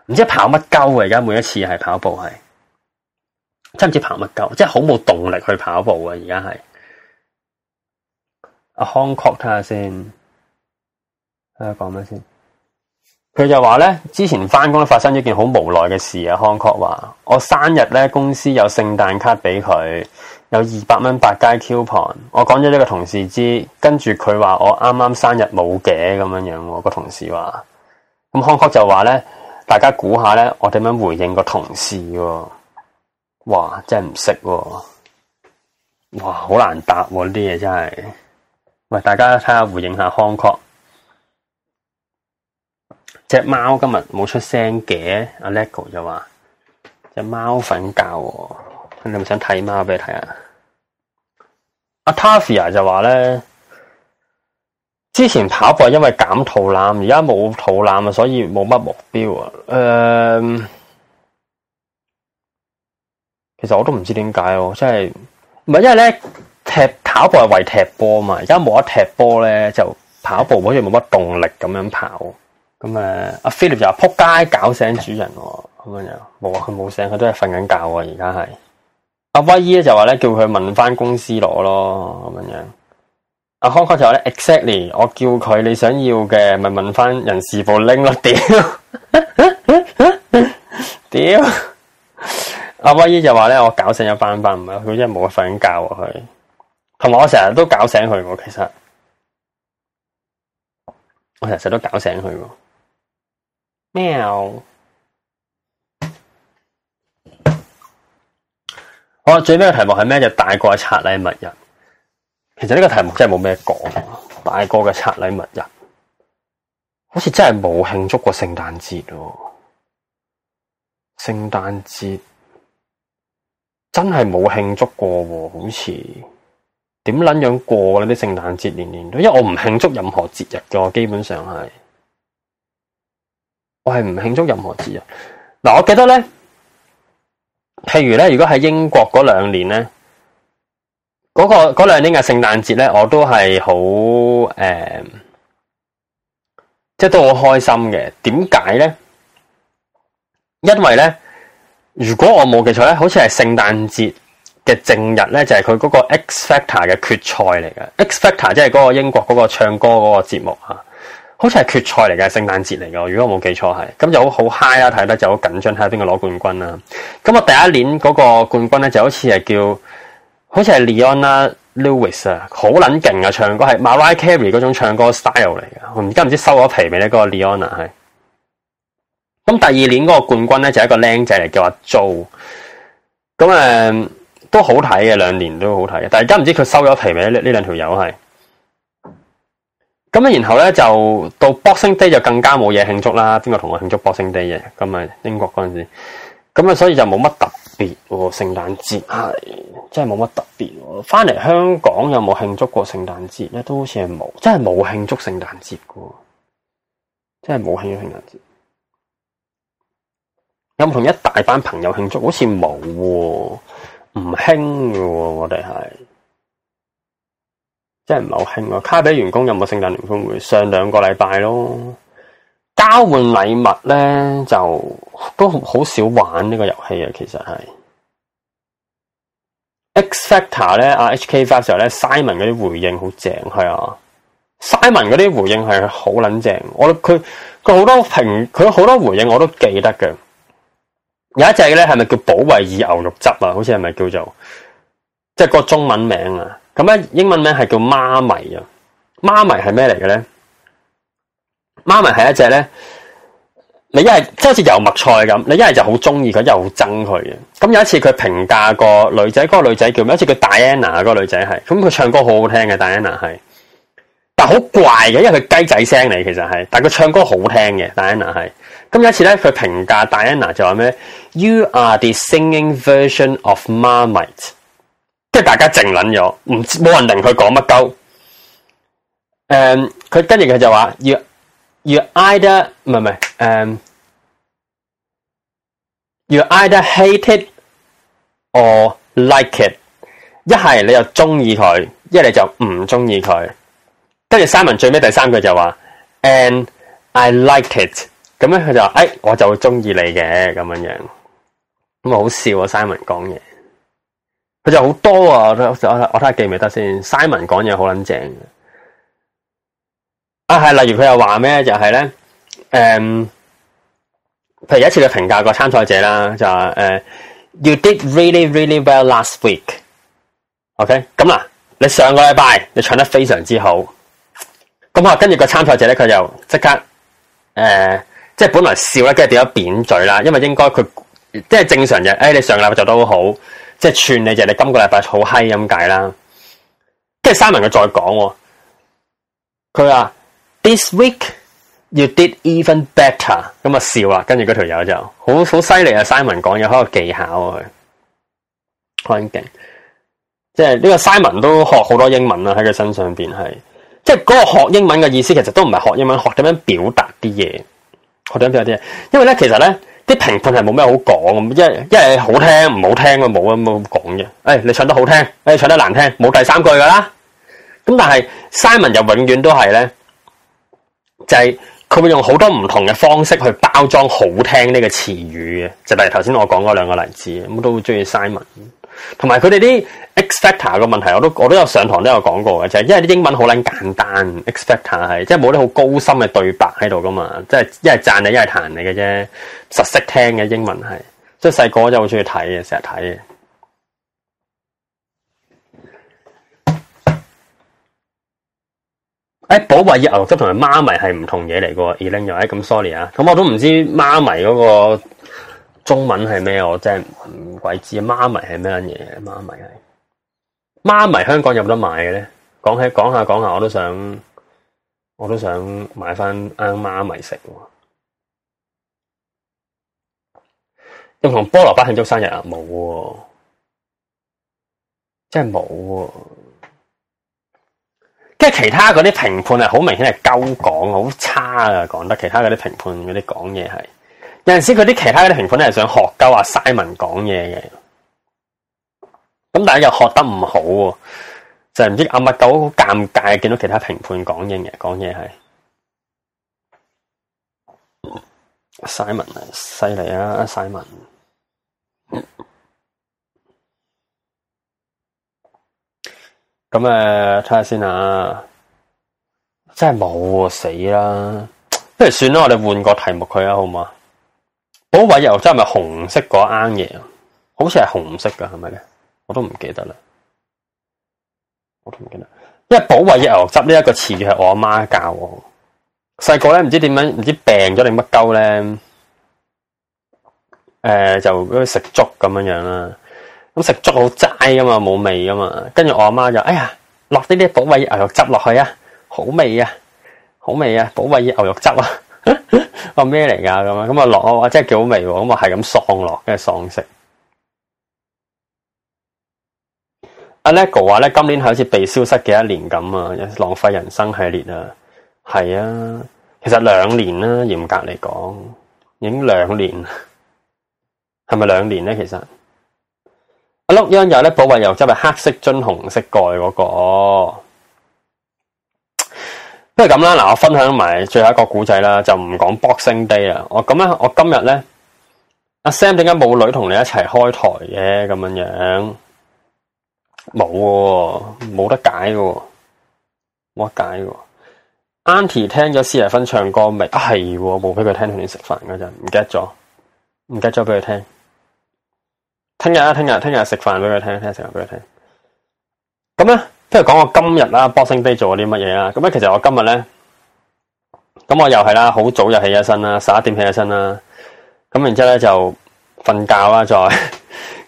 唔知跑乜鳩啊！而家每一次係跑步係。差唔多跑乜夠，即係好冇動力去跑步啊。而家係阿康確睇下先，睇下講咩先？佢就話咧，之前翻工咧發生咗件好無奈嘅事啊。康確話我生日咧，公司有聖誕卡俾佢，有二百蚊百佳 coupon。我講咗呢個同事知，跟住佢話我啱啱生日冇嘅咁樣、啊、樣。個同事話、啊，咁康確就話咧，大家估下咧，我點樣回應個同事？哇，真係唔識喎！哇，好難答喎，呢啲嘢真係。喂，大家睇下回應下康克隻貓今日冇出聲嘅。阿 lego 就話隻貓瞓覺、啊。你有冇想睇貓俾你睇啊？阿 tavia 就話咧，之前跑步係因為減肚腩，而家冇肚腩啊，所以冇乜目標啊。誒、呃。其實我都唔知點解喎，即係唔係因為咧踢跑步係為踢波嘛，而家冇得踢波咧就跑步好似冇乜動力咁樣跑，咁誒阿 Philip 就又扑街搞醒主人，哦，咁樣又冇啊，佢冇醒，佢都係瞓緊覺喎。而家係阿威姨咧就話咧叫佢問翻公司攞咯咁樣，阿康哥就話呢 Exactly，我叫佢你想要嘅咪問翻人事部拎咯，屌屌。 阿、啊、威姨就話咧：我搞醒一班班唔係，佢真係冇瞓緊覺佢、啊。同埋我成日都搞醒佢喎。其實我成日都搞醒佢。咩喵？好啦，最尾嘅題目係咩？就大個嘅拆禮物日。其實呢個題目真係冇咩講。大個嘅拆禮物日，好似真係冇慶祝過聖誕節喎。聖誕節。真係冇慶祝過喎，好似點捻樣過呢啲聖誕節年年都，因為我唔慶祝任何節日㗎，基本上係我係唔慶祝任何節日。嗱，我記得咧，譬如咧，如果喺英國嗰兩年咧，嗰個嗰兩年嘅聖誕節咧，我都係好誒，即係都好開心嘅。點解咧？因為咧。如果我冇記錯咧，好似係聖誕節嘅正日咧，就係佢嗰個 X Factor 嘅決賽嚟嘅。X Factor 即係嗰個英國嗰個唱歌嗰個節目啊，好似係決賽嚟嘅，聖誕節嚟嘅。如果我冇記錯係，咁就好好 high 啦，睇得就好緊張，睇下邊個攞冠軍啦、啊。咁我第一年嗰個冠軍咧，就好似係叫，好似係 Leona Lewis 啊，好捻勁啊，唱歌係 Mariah Carey 嗰種唱歌 style 嚟嘅。而家唔知收咗皮未咧？嗰、那個 Leona 係。咁第二年嗰個冠軍咧就係、一個僆仔嚟，叫阿 Joe，咁、嗯、誒都好睇嘅，兩年都好睇嘅。但係而家唔知佢收咗皮未咧？呢兩條友係，咁啊然後咧就到 Boxing Day 就更加冇嘢慶祝啦。邊個同我慶祝 Boxing Day 嘅？咁啊英國嗰陣時，咁啊所以就冇乜特別、啊、聖誕節係，真係冇乜特別、啊。翻嚟香港有冇慶祝過聖誕節咧？都好似係冇，真係冇慶祝聖誕節噶，真係冇慶祝聖誕節。咁同一大班朋友慶祝？好似冇喎，唔興喎。我哋係真係唔係好興喎。卡比員工有冇聖誕聯歡會上兩個禮拜咯？交換禮物咧，就都好少玩呢個遊戲啊。其實係 X Factor 咧，阿 H K 發時候咧 Simon 嗰啲回應好正，係啊。Simon 嗰啲回應係好撚正，我佢佢好多評，佢好多回應我都記得嘅。有一隻咧，係咪叫保衛爾牛肉汁啊？好似係咪叫做，即係個中文名啊？咁咧英文名係叫媽咪啊！媽咪係咩嚟嘅咧？媽咪係一隻咧，你一係即係好似油麥菜咁，你一係就好中意佢，一係好憎佢嘅。咁有一次佢評價過女仔，嗰個女仔叫咩？有一次叫戴安娜，嗰個女仔係，咁佢唱歌好好聽嘅，戴安娜係。但好怪嘅，因為佢雞仔聲嚟，其實係，但係佢唱歌好聽嘅。戴安娜係，咁有一次咧，佢評價戴安娜就話咩？You are the singing version of Marmite，即係大家靜捻咗，唔冇人令佢講乜鳩。誒、嗯，佢跟住佢就話，You you either 唔係唔係，誒，You either hate it or like it，一係你又中意佢，一係你就唔中意佢。跟住，Simon 最尾第三句就話：，And I like it。咁咧，佢就話，誒，我就會中意你嘅咁樣樣。咁啊，好笑啊！Simon 講嘢，佢就好多啊！我我睇下記唔記得先。Simon 講嘢好撚正啊，係例如佢又話咩？就係、是、咧，誒、嗯，譬如有一次佢評價個參賽者啦，就話：，誒、嗯、，You did really really well last week。OK，咁啦、啊，你上個禮拜你唱得非常之好。咁啊，跟住個參賽者咧，佢就即刻誒，即係本來笑啦，跟住變咗扁嘴啦。因為應該佢即係正常啫、哎。你上個禮拜做得好好，即係串你就是、你今個禮拜好閪咁解啦。跟住 Simon 佢再講，佢話 This week you did even better。咁啊，笑啦，跟住嗰條友就好好犀利啊。Simon 講嘢好有技巧啊，好勁。即係呢個 Simon 都學好多英文啦，喺佢身上面係。即係嗰個學英文嘅意思，其實都唔係學英文，學點樣表達啲嘢，學點樣表達啲嘢。因為咧，其實咧啲評判係冇咩好講，一係一係好聽，唔好聽，冇冇講啫。誒、哎，你唱得好聽，誒、哎，你唱得難聽，冇第三句噶啦。咁但係 Simon 又永遠都係咧，就係、是、佢會用好多唔同嘅方式去包裝好聽呢個詞語嘅，就例如頭先我講嗰兩個例子，咁都好中意 Simon。同埋佢哋啲 expecter 個問題，我都也在、哎哎嗯、我都有上堂都有講過嘅，就係因為啲英文好撚簡單，expecter 係即係冇啲好高深嘅對白喺度噶嘛，即係一係讚你一係彈你嘅啫，實識聽嘅英文係，即係細個真係好中意睇嘅，成日睇嘅。誒，保衛爾牛汁同埋媽咪係唔同嘢嚟嘅喎，二零又係咁 sorry 啊，咁我都唔知媽咪嗰個。中文係咩？我真係唔鬼知啊！媽咪係咩嘢？媽咪係媽咪，香港有冇得買嘅咧。講起講下講下，我都想我都想買翻啱媽咪食。用同菠蘿包慶祝生日啊？冇啊，真係冇啊。跟住其他嗰啲評判係好明顯係鳩講，好差啊！講得其他嗰啲評判嗰啲講嘢係。有陣時佢啲其他嗰啲評判咧係想學鳩阿 Simon 講嘢嘅，咁但係又學得唔好喎，就唔、是、知道阿乜鳩好尷尬，見到其他評判講嘢嘅，講嘢係 Simon 啊，犀利啊 Simon！咁誒、睇、嗯、下、嗯、先啊，真係冇死啦，不如算啦，我哋換個題目佢啊，好嘛？保衛牛肉汁係咪紅色嗰啱嘢啊？好似係紅色噶，係咪咧？我都唔記得啦，我都唔記得。因為保衛牛肉汁呢一個詞語係我阿媽教我，細個咧唔知點樣，唔知病咗定乜鳩咧，誒、呃、就嗰食粥咁樣樣啦。咁食粥好齋噶嘛，冇味噶嘛。跟住我阿媽就哎呀，落啲啲保衛牛肉汁落去啊，好味啊，好味啊，保衛牛肉汁啊！哦，咩嚟噶？咁樣咁啊落，啊，真係幾好味喎，咁啊係咁喪落，跟住喪食。阿 leggo 話咧，今年係好似被消失嘅一年咁啊，浪費人生系列啊，係啊，其實兩年啦，嚴格嚟講，已經兩年，係咪兩年咧？其實阿 lock young 有咧，保衛油汁係黑色樽紅色蓋嗰個。即係咁啦，嗱，我分享埋最後一個古仔啦，就唔講 Boxing Day 啦，我咁咧，我今日咧，阿 Sam 點解冇女同你一齊開台嘅咁樣樣？冇、哦，冇得解嘅，冇得解嘅。Aunty 聽咗思藝芬唱歌咪啊係，冇俾佢聽同你食飯嗰陣，唔記得咗，唔記得咗俾佢聽。聽日啊，聽日，聽日食飯俾佢聽，聽日食飯俾佢聽。咁咧。不如講我今日啦，Boxing Day 做咗啲乜嘢啊？咁咧，其實我今日咧，咁我又係啦，好早就起咗身啦，十一點起咗身啦。咁然之後咧就瞓覺啦，再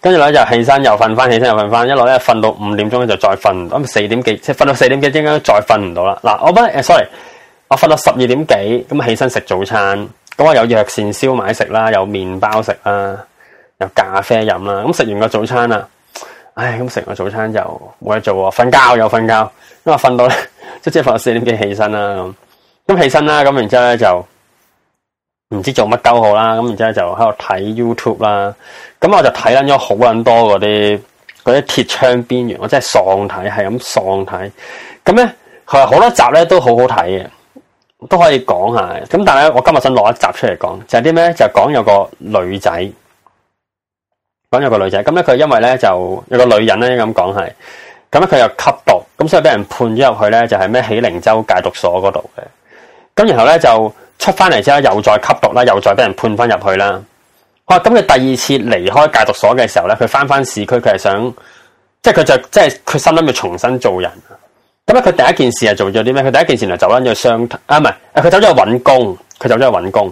跟住咧就起身又瞓翻，起身又瞓翻，一路咧瞓到五點鐘咧就再瞓，咁四點幾即係瞓到四點幾點間再瞓唔到啦。嗱，我不，sorry，我瞓到十二點幾，咁起身食早餐，咁我有藥膳燒賣食啦，有麵包食啦，有咖啡飲啦，咁食完個早餐啦。唉，咁食完個早餐就冇嘢做喎，瞓覺又瞓覺，咁啊瞓到即即係瞓到四點幾起身啦咁，咁起身啦，咁然之後咧就唔知做乜鳩好啦，咁然之後就喺度睇 YouTube 啦，咁我就睇捻咗好捻多嗰啲嗰啲鐵窗邊緣，我真係喪睇，係咁喪睇，咁咧佢係好多集咧都好好睇嘅，都可以講下，咁但係我今日想攞一集出嚟講，就係啲咩？就係、是、講有個女仔。咁有個女仔，咁咧佢因為咧就有個女人咧咁講係，咁咧佢又吸毒，咁所以俾人判咗入去咧就係、是、咩喜靈洲戒毒所嗰度嘅，咁然後咧就出翻嚟之後又再吸毒啦，又再俾人判翻入去啦。哇！咁佢第二次離開戒毒所嘅時候咧，佢翻翻市區，佢係想，即係佢就即係佢心諗要重新做人。咁咧佢第一件事係做咗啲咩？佢第一件事就、啊、走咗去商，啊唔係，佢走咗去搵工，佢走咗去搵工。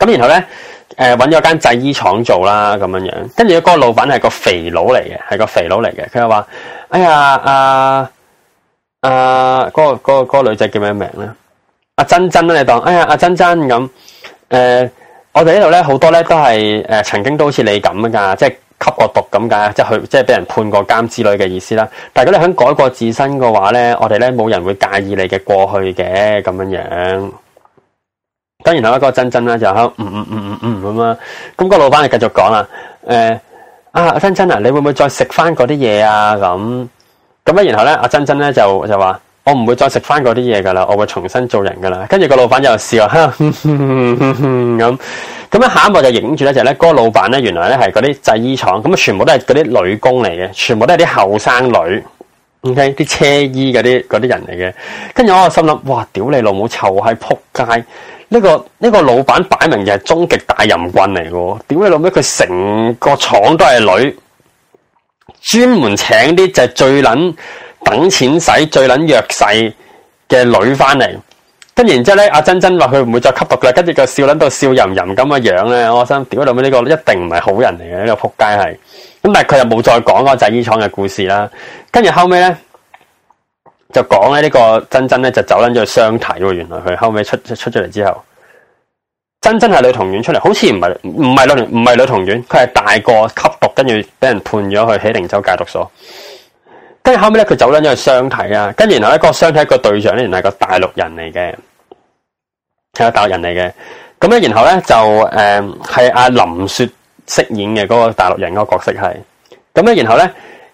咁然後咧。誒，搵咗間製衣廠做啦，咁樣樣，跟住嗰個老闆係個肥佬嚟嘅，係個肥佬嚟嘅。佢又話哎呀，阿阿嗰個嗰個嗰個女仔叫咩名咧？阿珍珍啦，你當，哎呀，阿珍珍咁，誒、呃，我哋呢度咧好多咧都係誒、呃，曾經都好似你咁噶，即係吸過毒咁噶，即係去即係俾人判過監之類嘅意思啦。但係如果你肯改過自身嘅話咧，我哋咧冇人會介意你嘅過去嘅，咁樣樣。跟然後咧，個珍珍咧就響嗯，嗯，嗯，嗯，嗯咁啦。咁、嗯嗯、個老闆就繼續講啦，誒、呃、啊，阿珍珍啊，你會唔會再食翻嗰啲嘢啊？咁咁咧，然後咧，阿、啊、珍珍咧就就話我唔會再食翻嗰啲嘢噶啦，我會重新做人噶啦。跟住個老闆又笑啊，咁咁咧，下一步就影住咧就咧、是，嗰、那個老闆咧原來咧係嗰啲製衣廠咁啊，全部都係嗰啲女工嚟嘅，全部都係啲後生女，OK 啲、嗯、車衣嗰啲嗰啲人嚟嘅。跟住我個心諗，哇，屌你老母臭閪撲街！呢、這個呢、這個老闆擺明嘅係終極大淫棍嚟嘅，點解諗尾佢成個廠都係女，專門請啲就係最捻等錢使、最捻弱勢嘅女翻嚟，跟住然之後咧，阿珍珍話佢唔會再吸毒啦，跟住個笑捻到笑吟吟咁嘅樣咧，我心諗，點解諗尾呢個一定唔係好人嚟嘅，呢、這個仆街係，咁但係佢又冇再講個製衣廠嘅故事啦，跟住後尾。就講咧呢、這個珍珍咧就走甩咗去雙體喎。原來佢後尾出出出咗嚟之後，珍珍係女童院出嚟，好似唔係唔係女童唔係女童院，佢係大個吸毒，跟住俾人判咗去喜靈洲戒毒所。跟住後尾咧，佢走甩咗去雙體啊。跟住然後咧，相後呢那個雙體個對象咧，原來係個大陸人嚟嘅，係個大陸人嚟嘅。咁咧，然後咧就誒係阿林雪飾演嘅嗰、那個大陸人嗰個角色係咁咧。然後咧，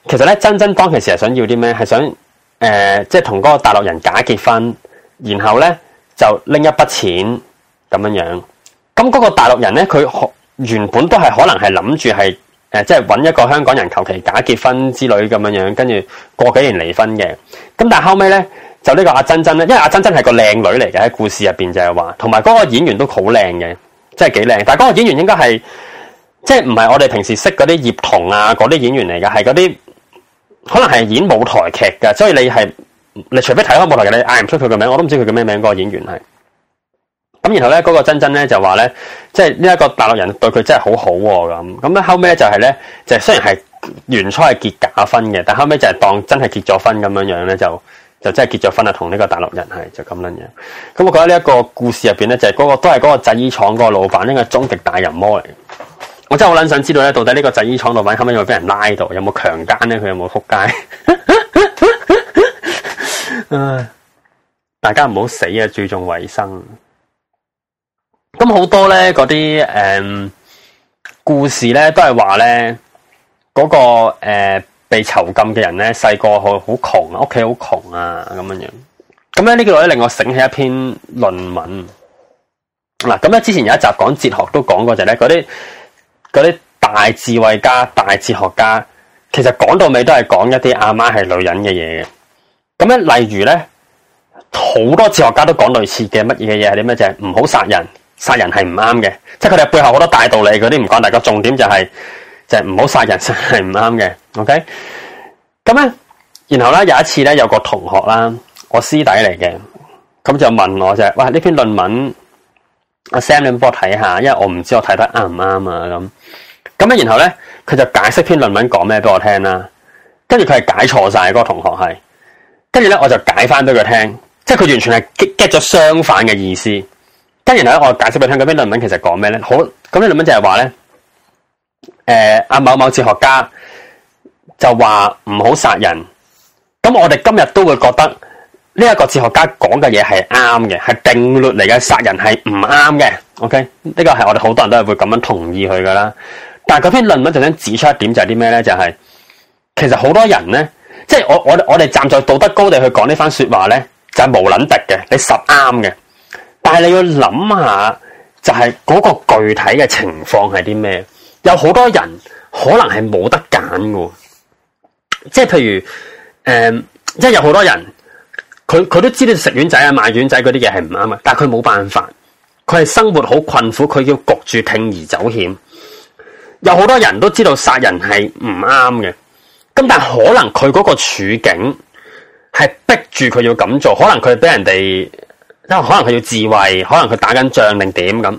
其實咧珍珍當其時係想要啲咩，係想。誒、呃，即係同嗰個大陸人假結婚，然後咧就拎一筆錢咁樣樣。咁嗰個大陸人咧，佢原本都係可能係諗住係誒，即係搵一個香港人求其假結婚之類咁樣樣，跟住過幾年離婚嘅。咁但係後尾咧，就呢個阿珍珍咧，因為阿珍珍係個靚女嚟嘅，喺故事入邊就係話，同埋嗰個演員都好靚嘅，即係幾靚。但係嗰個演員應該係即係唔係我哋平時識嗰啲葉童啊嗰啲演員嚟嘅，係嗰啲。可能係演舞台劇嘅，所以你係，你除非睇開舞台劇，你嗌唔出佢嘅名，我都唔知佢叫咩名，嗰、那個演員係。咁然後咧，嗰、那個珍珍咧就話咧，即係呢一個大陸人對佢真係好好、啊、咁。咁咧後尾就係咧，就雖然係原初係結假婚嘅，但後尾就係當真係結咗婚咁樣樣咧，就就真係結咗婚啊，同呢個大陸人係就咁樣樣。咁我覺得呢一個故事入邊咧，就係、是、嗰、那個都係嗰個製衣廠嗰個老闆，呢個終極大淫魔嚟。我真係好捻想知道咧，到底呢個製衣廠老闆可唔可以俾人拉到？有冇強姦咧？佢有冇撲街？唉， 大家唔好死啊！注重衛生。咁好多咧，嗰啲誒故事咧，都係話咧，嗰、那個誒、呃、被囚禁嘅人咧，細個去好窮，屋企好窮啊，咁樣樣。咁咧呢個咧令我醒起一篇論文。嗱，咁咧之前有一集講哲學都講過就係咧，嗰啲。嗰啲大智慧家、大哲學家，其實講到尾都係講一啲阿媽係女人嘅嘢嘅。咁樣，例如咧，好多哲學家都講類似嘅乜嘢嘅嘢，係啲咩？就係唔好殺人，殺人係唔啱嘅。即係佢哋背後好多大道理，嗰啲唔講，但個重點就係、是、就係唔好殺人，係唔啱嘅。OK。咁咧，然後咧有一次咧，有個同學啦，我師弟嚟嘅，咁就問我就係，哇，呢篇論文。阿 Sam，你幫我睇下，因為我唔知我睇得啱唔啱啊，咁。咁咧，然後咧，佢就解釋篇論文講咩俾我聽啦。跟住佢係解錯晒，嗰個同學係。跟住咧，我就解翻俾佢聽，即係佢完全係激咗相反嘅意思。跟然後咧，我解釋俾佢聽嗰篇論文其實講咩咧？好，咁呢論文就係話咧，誒，阿某某哲學家就話唔好殺人。咁我哋今日都會覺得。呢一個哲學家講嘅嘢係啱嘅，係定律嚟嘅，殺人係唔啱嘅。OK，呢個係我哋好多人都係會咁樣同意佢㗎啦。但係嗰篇論文就想指出一點就係啲咩咧？就係、是、其實好多人咧，即係我我我哋站在道德高地去講呢番說話咧，就係、是、無諗敵嘅，你實啱嘅。但係你要諗下，就係、是、嗰個具體嘅情況係啲咩？有好多人可能係冇得揀嘅，即係譬如誒、嗯，即係有好多人。佢佢都知道食丸仔啊、賣丸仔嗰啲嘢係唔啱啊，但係佢冇辦法，佢係生活好困苦，佢要焗住鋌而走險。有好多人都知道殺人係唔啱嘅，咁但可能佢嗰個處境係逼住佢要咁做，可能佢俾人哋，可能佢要自衛可能佢打緊仗定點咁。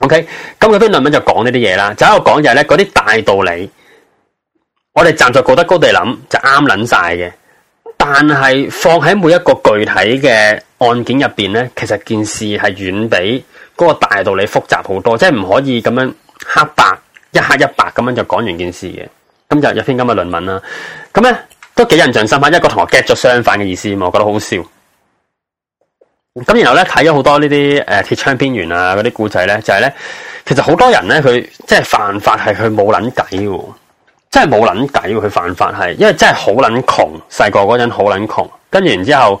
OK，咁嗰篇論文就講呢啲嘢啦，就喺度講就係咧嗰啲大道理，我哋站在道德高地諗就啱諗晒嘅。但係放喺每一個具體嘅案件入邊咧，其實件事係遠比嗰個大道理複雜好多，即係唔可以咁樣黑白一黑一白咁樣就講完件事嘅。咁就有篇咁嘅論文啦。咁咧都幾印象深刻，一個同學 get 咗相反嘅意思，嘛，我覺得好笑。咁然後咧睇咗好多這些，呃鐵啊，些呢啲誒鐵窗邊緣啊嗰啲故仔咧，就係、是、咧其實好多人咧佢即係犯法係佢冇捻計。真係冇捻解，佢犯法係，因為真係好捻窮，細個嗰陣好捻窮，跟住然之後，誒、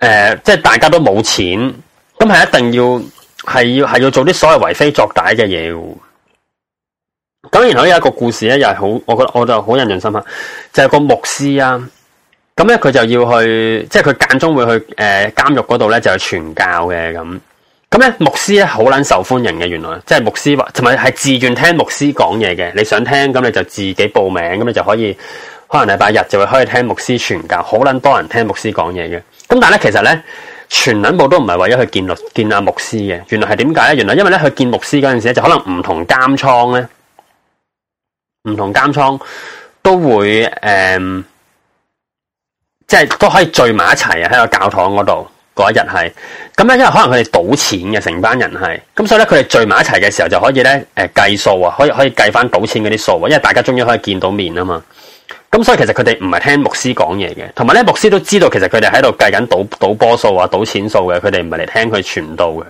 呃，即係大家都冇錢，咁係一定要係要係要做啲所謂為非作歹嘅嘢。咁然後有一個故事咧，又係好，我覺得我就好印象深刻，就係、是、個牧師啊。咁咧佢就要去，即係佢間中會去誒監獄嗰度咧，呃、就係傳教嘅咁。咁咧，牧師咧好捻受歡迎嘅，原來即係牧師話，同埋係自願聽牧師講嘢嘅。你想聽，咁你就自己報名，咁你就可以，可能禮拜日就會可以聽牧師傳教，好捻多人聽牧師講嘢嘅。咁但係咧，其實咧，全捻部都唔係為咗去見律見阿牧師嘅。原來係點解咧？原來因為咧，去見牧師嗰陣時咧，就可能唔同監倉咧，唔同監倉都會誒，即係都可以聚埋一齊啊，喺個教堂嗰度。嗰一日係，咁咧，因為可能佢哋賭錢嘅成班人係，咁所以咧，佢哋聚埋一齊嘅時候就可以咧，誒計數啊，可以可以計翻賭錢嗰啲數啊，因為大家終於可以見到面啊嘛。咁所以其實佢哋唔係聽牧師講嘢嘅，同埋咧牧師都知道，其實佢哋喺度計緊賭賭波數啊，賭錢數嘅，佢哋唔係嚟聽佢傳道嘅。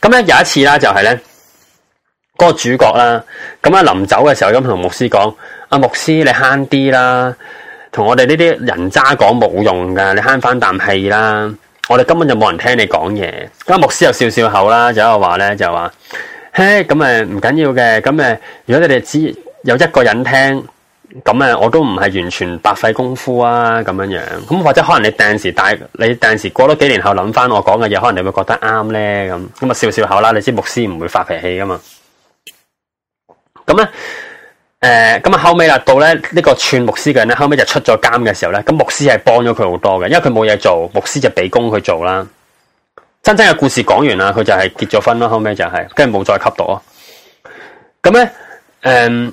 咁咧有一次啦，就係，就係咧，嗰個主角啦，咁啊臨走嘅時候咁同牧師講，啊牧師，你慳啲啦，同我哋呢啲人渣講冇用噶，你慳翻啖氣啦。我哋根本就冇人聽你講嘢，咁牧師又笑笑口啦，就喺度話咧就話，嘿，咁誒唔緊要嘅，咁誒，如果你哋只有一個人聽，咁誒我都唔係完全白費功夫啊，咁樣樣，咁或者可能你定時大，你定時過多幾年後諗翻我講嘅嘢，可能你會覺得啱咧，咁咁啊笑笑口啦，你知牧師唔會發脾氣噶嘛，咁咧。誒，咁啊、嗯、後尾啦到咧呢個串牧師嘅人咧，後尾就出咗監嘅時候咧，咁牧師係幫咗佢好多嘅，因為佢冇嘢做，牧師就俾工佢做啦。真正嘅故事講完啦，佢就係結咗婚啦，後尾就係跟住冇再吸毒。咁咧，誒、嗯，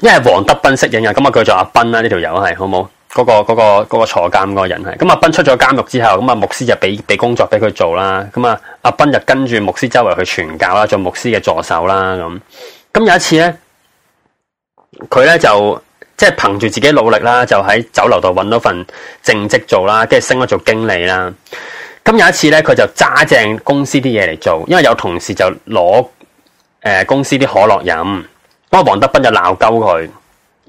因為黃德斌飾演嘅，咁啊叫做阿斌啦，呢條友係好冇，嗰、嗰個、嗰個、嗰個坐監嗰個人係，咁、嗯、阿斌出咗監獄之後，咁啊牧師就俾俾工作俾佢做啦，咁、嗯、啊阿斌就跟住牧師周圍去傳教啦，做牧師嘅助手啦咁。嗯咁有一次咧，佢咧就即係憑住自己努力啦，就喺酒樓度搵到份正職做啦，跟住升咗做經理啦。咁有一次咧，佢就揸正公司啲嘢嚟做，因為有同事就攞誒、呃、公司啲可樂飲，咁啊黃德斌就鬧鳩佢，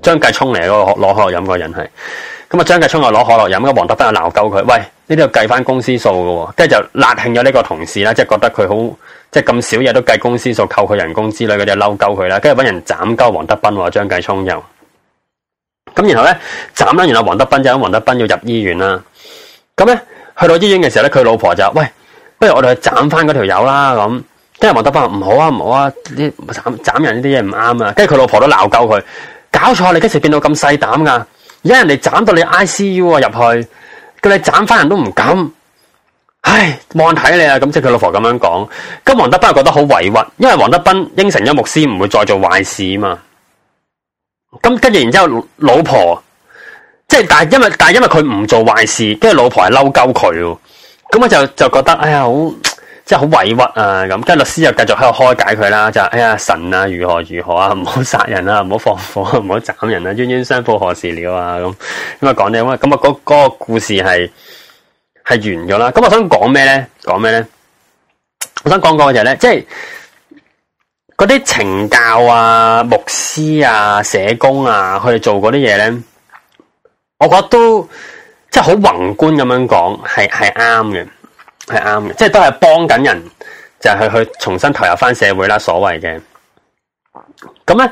張繼聰嚟嗰個攞可樂飲嗰人係，咁啊張繼聰又攞可樂飲，咁啊黃德斌又鬧鳩佢，喂。呢度又計翻公司數嘅，跟住就勒興咗呢個同事啦，即係覺得佢好，即係咁少嘢，都計公司數扣佢人工之類的，嗰啲就嬲鳩佢啦。跟住搵人斬鳩黃德斌，張繼聰又，咁然後咧斬啦，然後黃德斌就黃德斌要入醫院啦。咁咧去到醫院嘅時候咧，佢老婆就喂，不如我哋去斬翻嗰條友啦咁。跟住黃德斌話唔好啊唔好啊，啲斬斬人呢啲嘢唔啱啊。跟住佢老婆都鬧鳩佢，搞錯你時變得麼，跟住變到咁細膽噶，而家人哋斬到你 I C U 啊入去。叫你斬翻人都唔敢，唉望睇你啊！咁即係佢老婆咁樣講，咁黃德斌覺得好委屈，因為黃德斌應承咗牧師唔會再做壞事嘛。咁跟住然之後老婆，即係但係因為但係因為佢唔做壞事，跟住老婆係嬲鳩佢，咁我就就覺得哎呀好。即係好委屈啊！咁，跟住律師又繼續喺度開解佢啦，就：哎呀，神啊，如何如何啊，唔好殺人啊，唔好放火啊，唔好斬人啊，冤冤相報何時了啊？咁咁啊，講啲咁啊，咁啊，嗰、嗰個嗰個故事係係完咗啦。咁我想講咩咧？講咩咧？我想講嘅就係、是、咧，即係嗰啲懲教啊、牧師啊、社工啊，佢哋做嗰啲嘢咧，我覺得都即係好宏觀咁樣講，係係啱嘅。係啱嘅，即係都係幫緊人，就係去、去重新投入翻社會啦。所謂嘅，咁咧，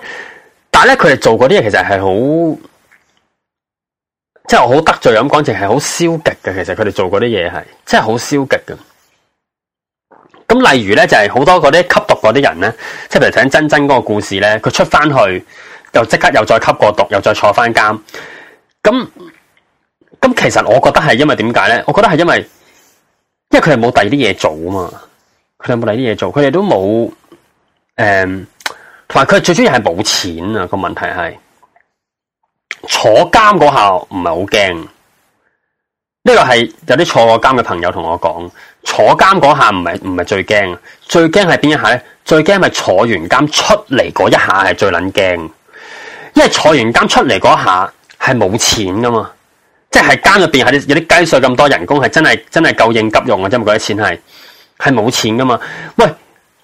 但係咧，佢哋做嗰啲嘢，其實係好，即係好得罪咁講，淨係好消極嘅。其實佢哋做嗰啲嘢係，即係好消極嘅。咁例如咧，就係好多嗰啲吸毒嗰啲人咧，即係譬如請珍珍嗰個故事咧，佢出翻去，又即刻又再吸過毒，又再坐翻監。咁咁，其實我覺得係因為點解咧？我覺得係因為。因為佢係冇第二啲嘢做啊嘛，佢哋冇第二啲嘢做？佢哋都冇誒，同埋佢最主要係冇錢啊個問題係坐監嗰下唔係好驚，呢個係有啲坐過監嘅朋友同我講，坐監嗰下唔係唔係最驚，最驚係邊一下咧？最驚係坐完監出嚟嗰一下係最捻驚，因為坐完監出嚟嗰下係冇錢噶嘛。即係監入邊啲有啲雞碎咁多人工，係真係真係夠應急用啊！即係嗰啲錢係係冇錢噶嘛？喂，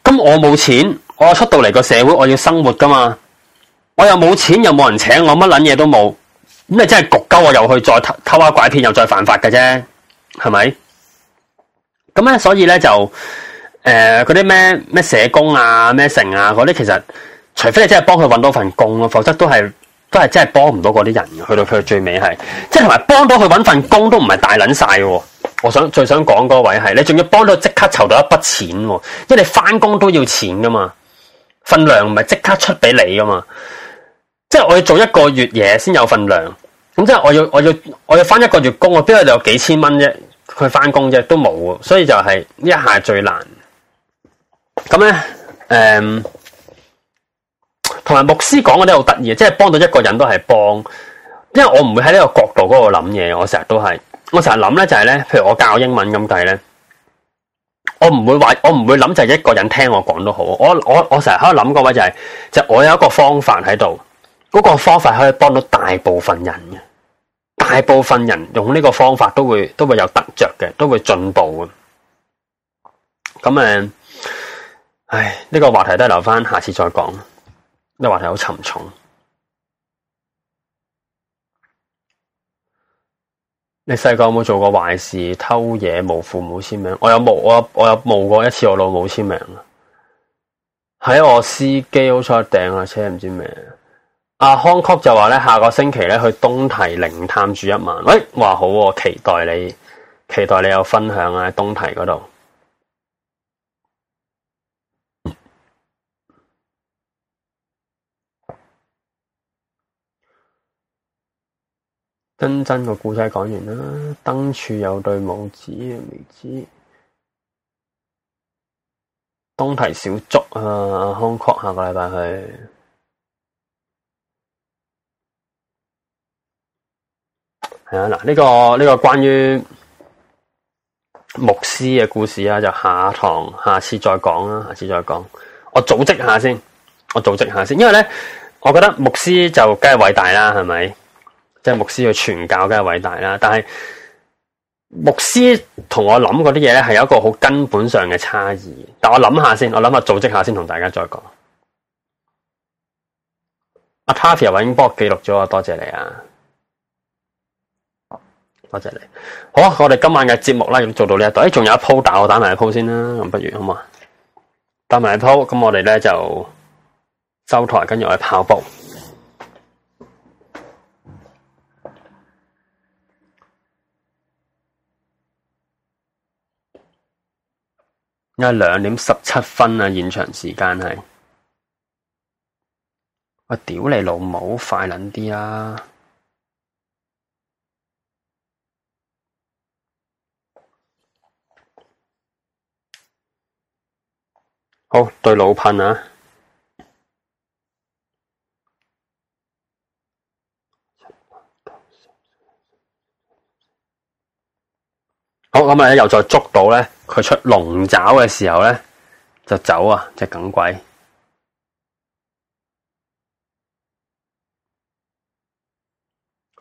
咁我冇錢，我出到嚟個社會，我要生活噶嘛？我又冇錢，又冇人請我，乜捻嘢都冇，咁你真係焗鳩我又去再偷下啊拐騙又再犯法嘅啫，係咪？咁咧，所以咧就誒嗰啲咩咩社工啊咩成啊嗰啲，其實除非你真係幫佢搵到份工咯，否則都係。都係真係幫唔到嗰啲人去到佢最尾係，即係同埋幫到佢揾份工都唔係大捻晒喎。我想最想講嗰位係，你仲要幫到即刻籌到一筆錢，因為你翻工都要錢噶嘛，份量唔係即刻出俾你噶嘛，即係我要做一個月嘢先有份量，咁即係我要我要我要翻一個月工，我邊度有幾千蚊啫？佢翻工啫都冇，所以就係呢一下最難。咁咧，誒、嗯。同埋牧師講嘅都好得意，即係幫到一個人都係幫，因為我唔會喺呢個角度嗰度諗嘢，我成日都係，我成日諗咧就係咧，譬如我教英文咁計咧，我唔會話，我唔會諗就係一個人聽我講都好，我我我成日喺度諗嘅位就係，就我有一個方法喺度，嗰個方法可以幫到大部分人嘅，大部分人用呢個方法都會都會有得着嘅，都會進步嘅，咁誒，唉，呢個話題都係留翻下次再講。你話題好沉重。你細個有冇做過壞事？偷嘢冇父母簽名？我有冇？我有我有冇過一次我老母簽名、哎、啊？喺我司機好彩訂架車唔知咩？阿康曲就話咧，下個星期咧去東堤嶺探住一晚。喂、哎，話好、哦，期待你，期待你有分享啊！東堤嗰度。真真個故仔講完啦，燈柱有對母子啊，未知。東堤小築啊，阿康確下個禮拜去。係啊，嗱、呢、呢個呢、呢個關於牧師嘅故事啊，就下堂下次再講啦，下次再講。我組織一下先，我組織一下先，因為咧，我覺得牧師就梗係偉大啦，係咪？即係牧師去傳教，梗係偉大啦。但係牧師同我諗嗰啲嘢咧，係有一個好根本上嘅差異。但我諗下先，我諗下組織下先，同大家再講。阿 Tavia 永博記錄咗啊，多謝你啊，多謝你。好，我哋今晚嘅節目啦，咁做到呢一度，誒，仲有一鋪打，我打埋一鋪先啦，咁不如好嘛，打埋一鋪。咁我哋咧就收台，跟住去跑步。而家兩點十七分啊，現場時間係我、啊、屌你老母，快撚啲啦！好對老噴啊！好，咁啊，又再捉到咧～佢出龍爪嘅時候咧，就走啊！隻耿鬼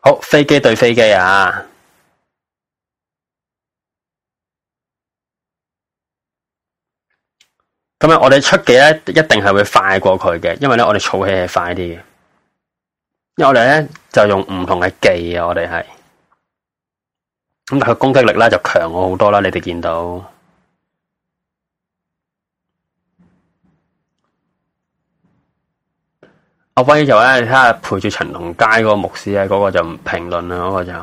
好，好飛機對飛機啊！咁啊，我哋出技咧一定係會快過佢嘅，因為咧我哋儲起係快啲嘅，因為我哋咧就用唔同嘅技啊，我哋係咁，但係佢攻擊力咧就強咗好多啦，你哋見到。我翻起就咧，睇下陪住陳龍街嗰個牧師啊，嗰、那個就唔評論啊，嗰、那個就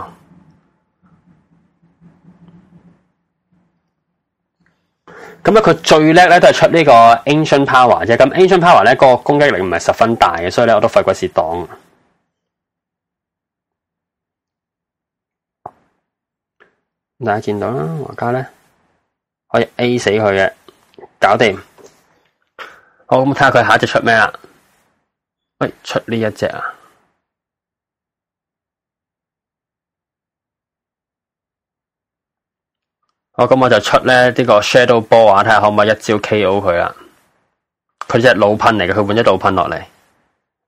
咁，佢最叻咧都係出呢、這個 Ancient Power 啫。咁 Ancient Power 咧，個攻擊力唔係十分大嘅，所以咧我都費鬼事擋。大家見到啦，我家咧可以 A 死佢嘅，搞掂。好咁，睇下佢下一隻出咩啦。喂，出呢一隻啊！好，咁我就出咧呢個 Shadow Ball 啊，睇下可唔可以一招 KO 佢啊？佢隻老噴嚟嘅，佢換咗老噴落嚟。一、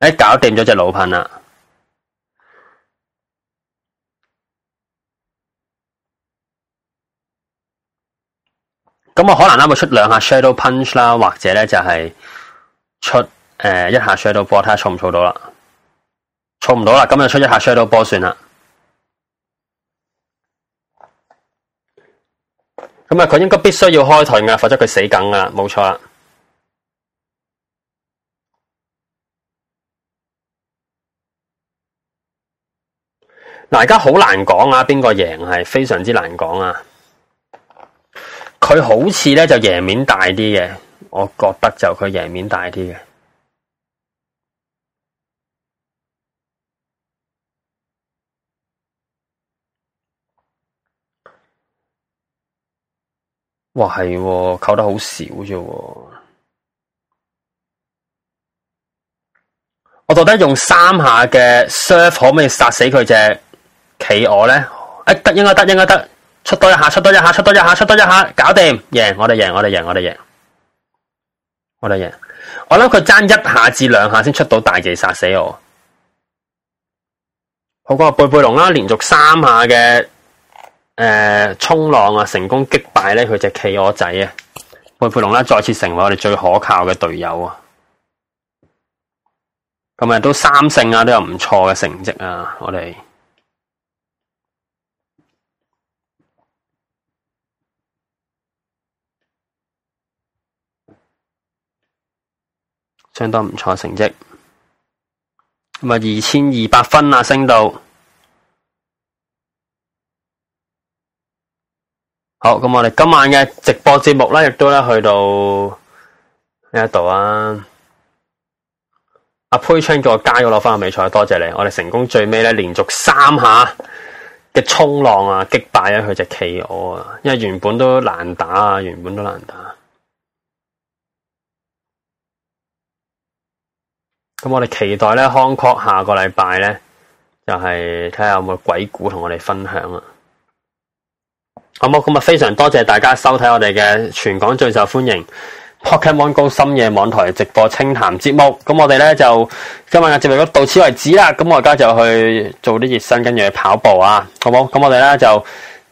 欸、搞掂咗隻老噴啦。咁我可能啱好出兩下 Shadow Punch 啦，或者咧就係出。誒，一下 share 到波，睇下錯唔錯到啦？錯唔到啦，咁就出一下 share 到波算啦。咁啊，佢應該必須要開盾噶，否則佢死梗啊，冇錯啦。嗱，而家好難講啊，邊個贏係非常之難講啊。佢好似咧就贏面大啲嘅，我覺得就佢贏面大啲嘅。哇係、啊，扣得好少啫！我覺得用三下嘅 serve 可唔可以殺死佢隻企鵝咧？誒、哎、得應該得應該得，出多一下出多一下出多一下出多一下，搞掂贏我哋贏我哋贏我哋贏我哋贏！我諗佢爭一下至兩下先出到大技殺死我。好、啊，嗰個貝貝龍啦，連續三下嘅。誒，衝浪啊，成功擊敗咧佢隻企鵝仔啊，佩佩龍啦，再次成為我哋最可靠嘅隊友啊！今日都三勝啊，都有唔錯嘅成績啊，我哋相當唔錯嘅成績，咁啊，二千二百分啊，升到。好，咁我哋今晚嘅直播節目咧，亦都咧去到呢一度啊！阿 p 昌個街 i 加攞翻個美彩，多謝你！我哋成功最尾咧，連續三下嘅衝浪啊，擊敗咗佢隻企鵝啊！因為原本都難打啊，原本都難打啊。咁我哋期待咧，康拓下個禮拜咧，就係睇下有冇鬼故同我哋分享啊！好，冇咁啊，非常多謝大家收睇我哋嘅全港最受歡迎 Pokemon Go 深夜網台直播清談節目。咁我哋咧就今日嘅節目到此為止啦。咁我而家就去做啲熱身，跟住去跑步啊，好冇，咁我哋咧就誒、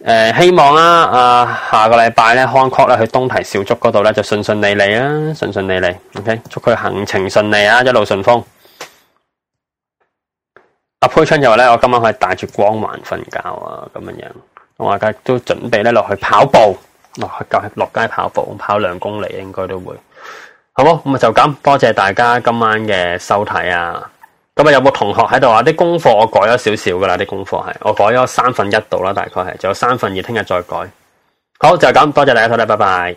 呃，希望啦，啊，下個禮拜咧，康克咧去東堤小竹嗰度咧，就順順利利啦，啊，順順利利。OK，祝佢行程順利啊，一路順風。阿、啊、佩春就話咧，我今晚可以帶住光環瞓覺啊，咁樣。我而家都準備咧落去跑步，落去，落街跑步，跑兩公里應該都會，好唔好？咁啊就咁，多謝大家今晚嘅收睇啊！咁啊有冇同學喺度啊？啲功課我改咗少少噶啦，啲功課係我改咗三分一度啦，大概係，仲有三分二聽日再改。好就咁，多謝大家睇啦，拜拜。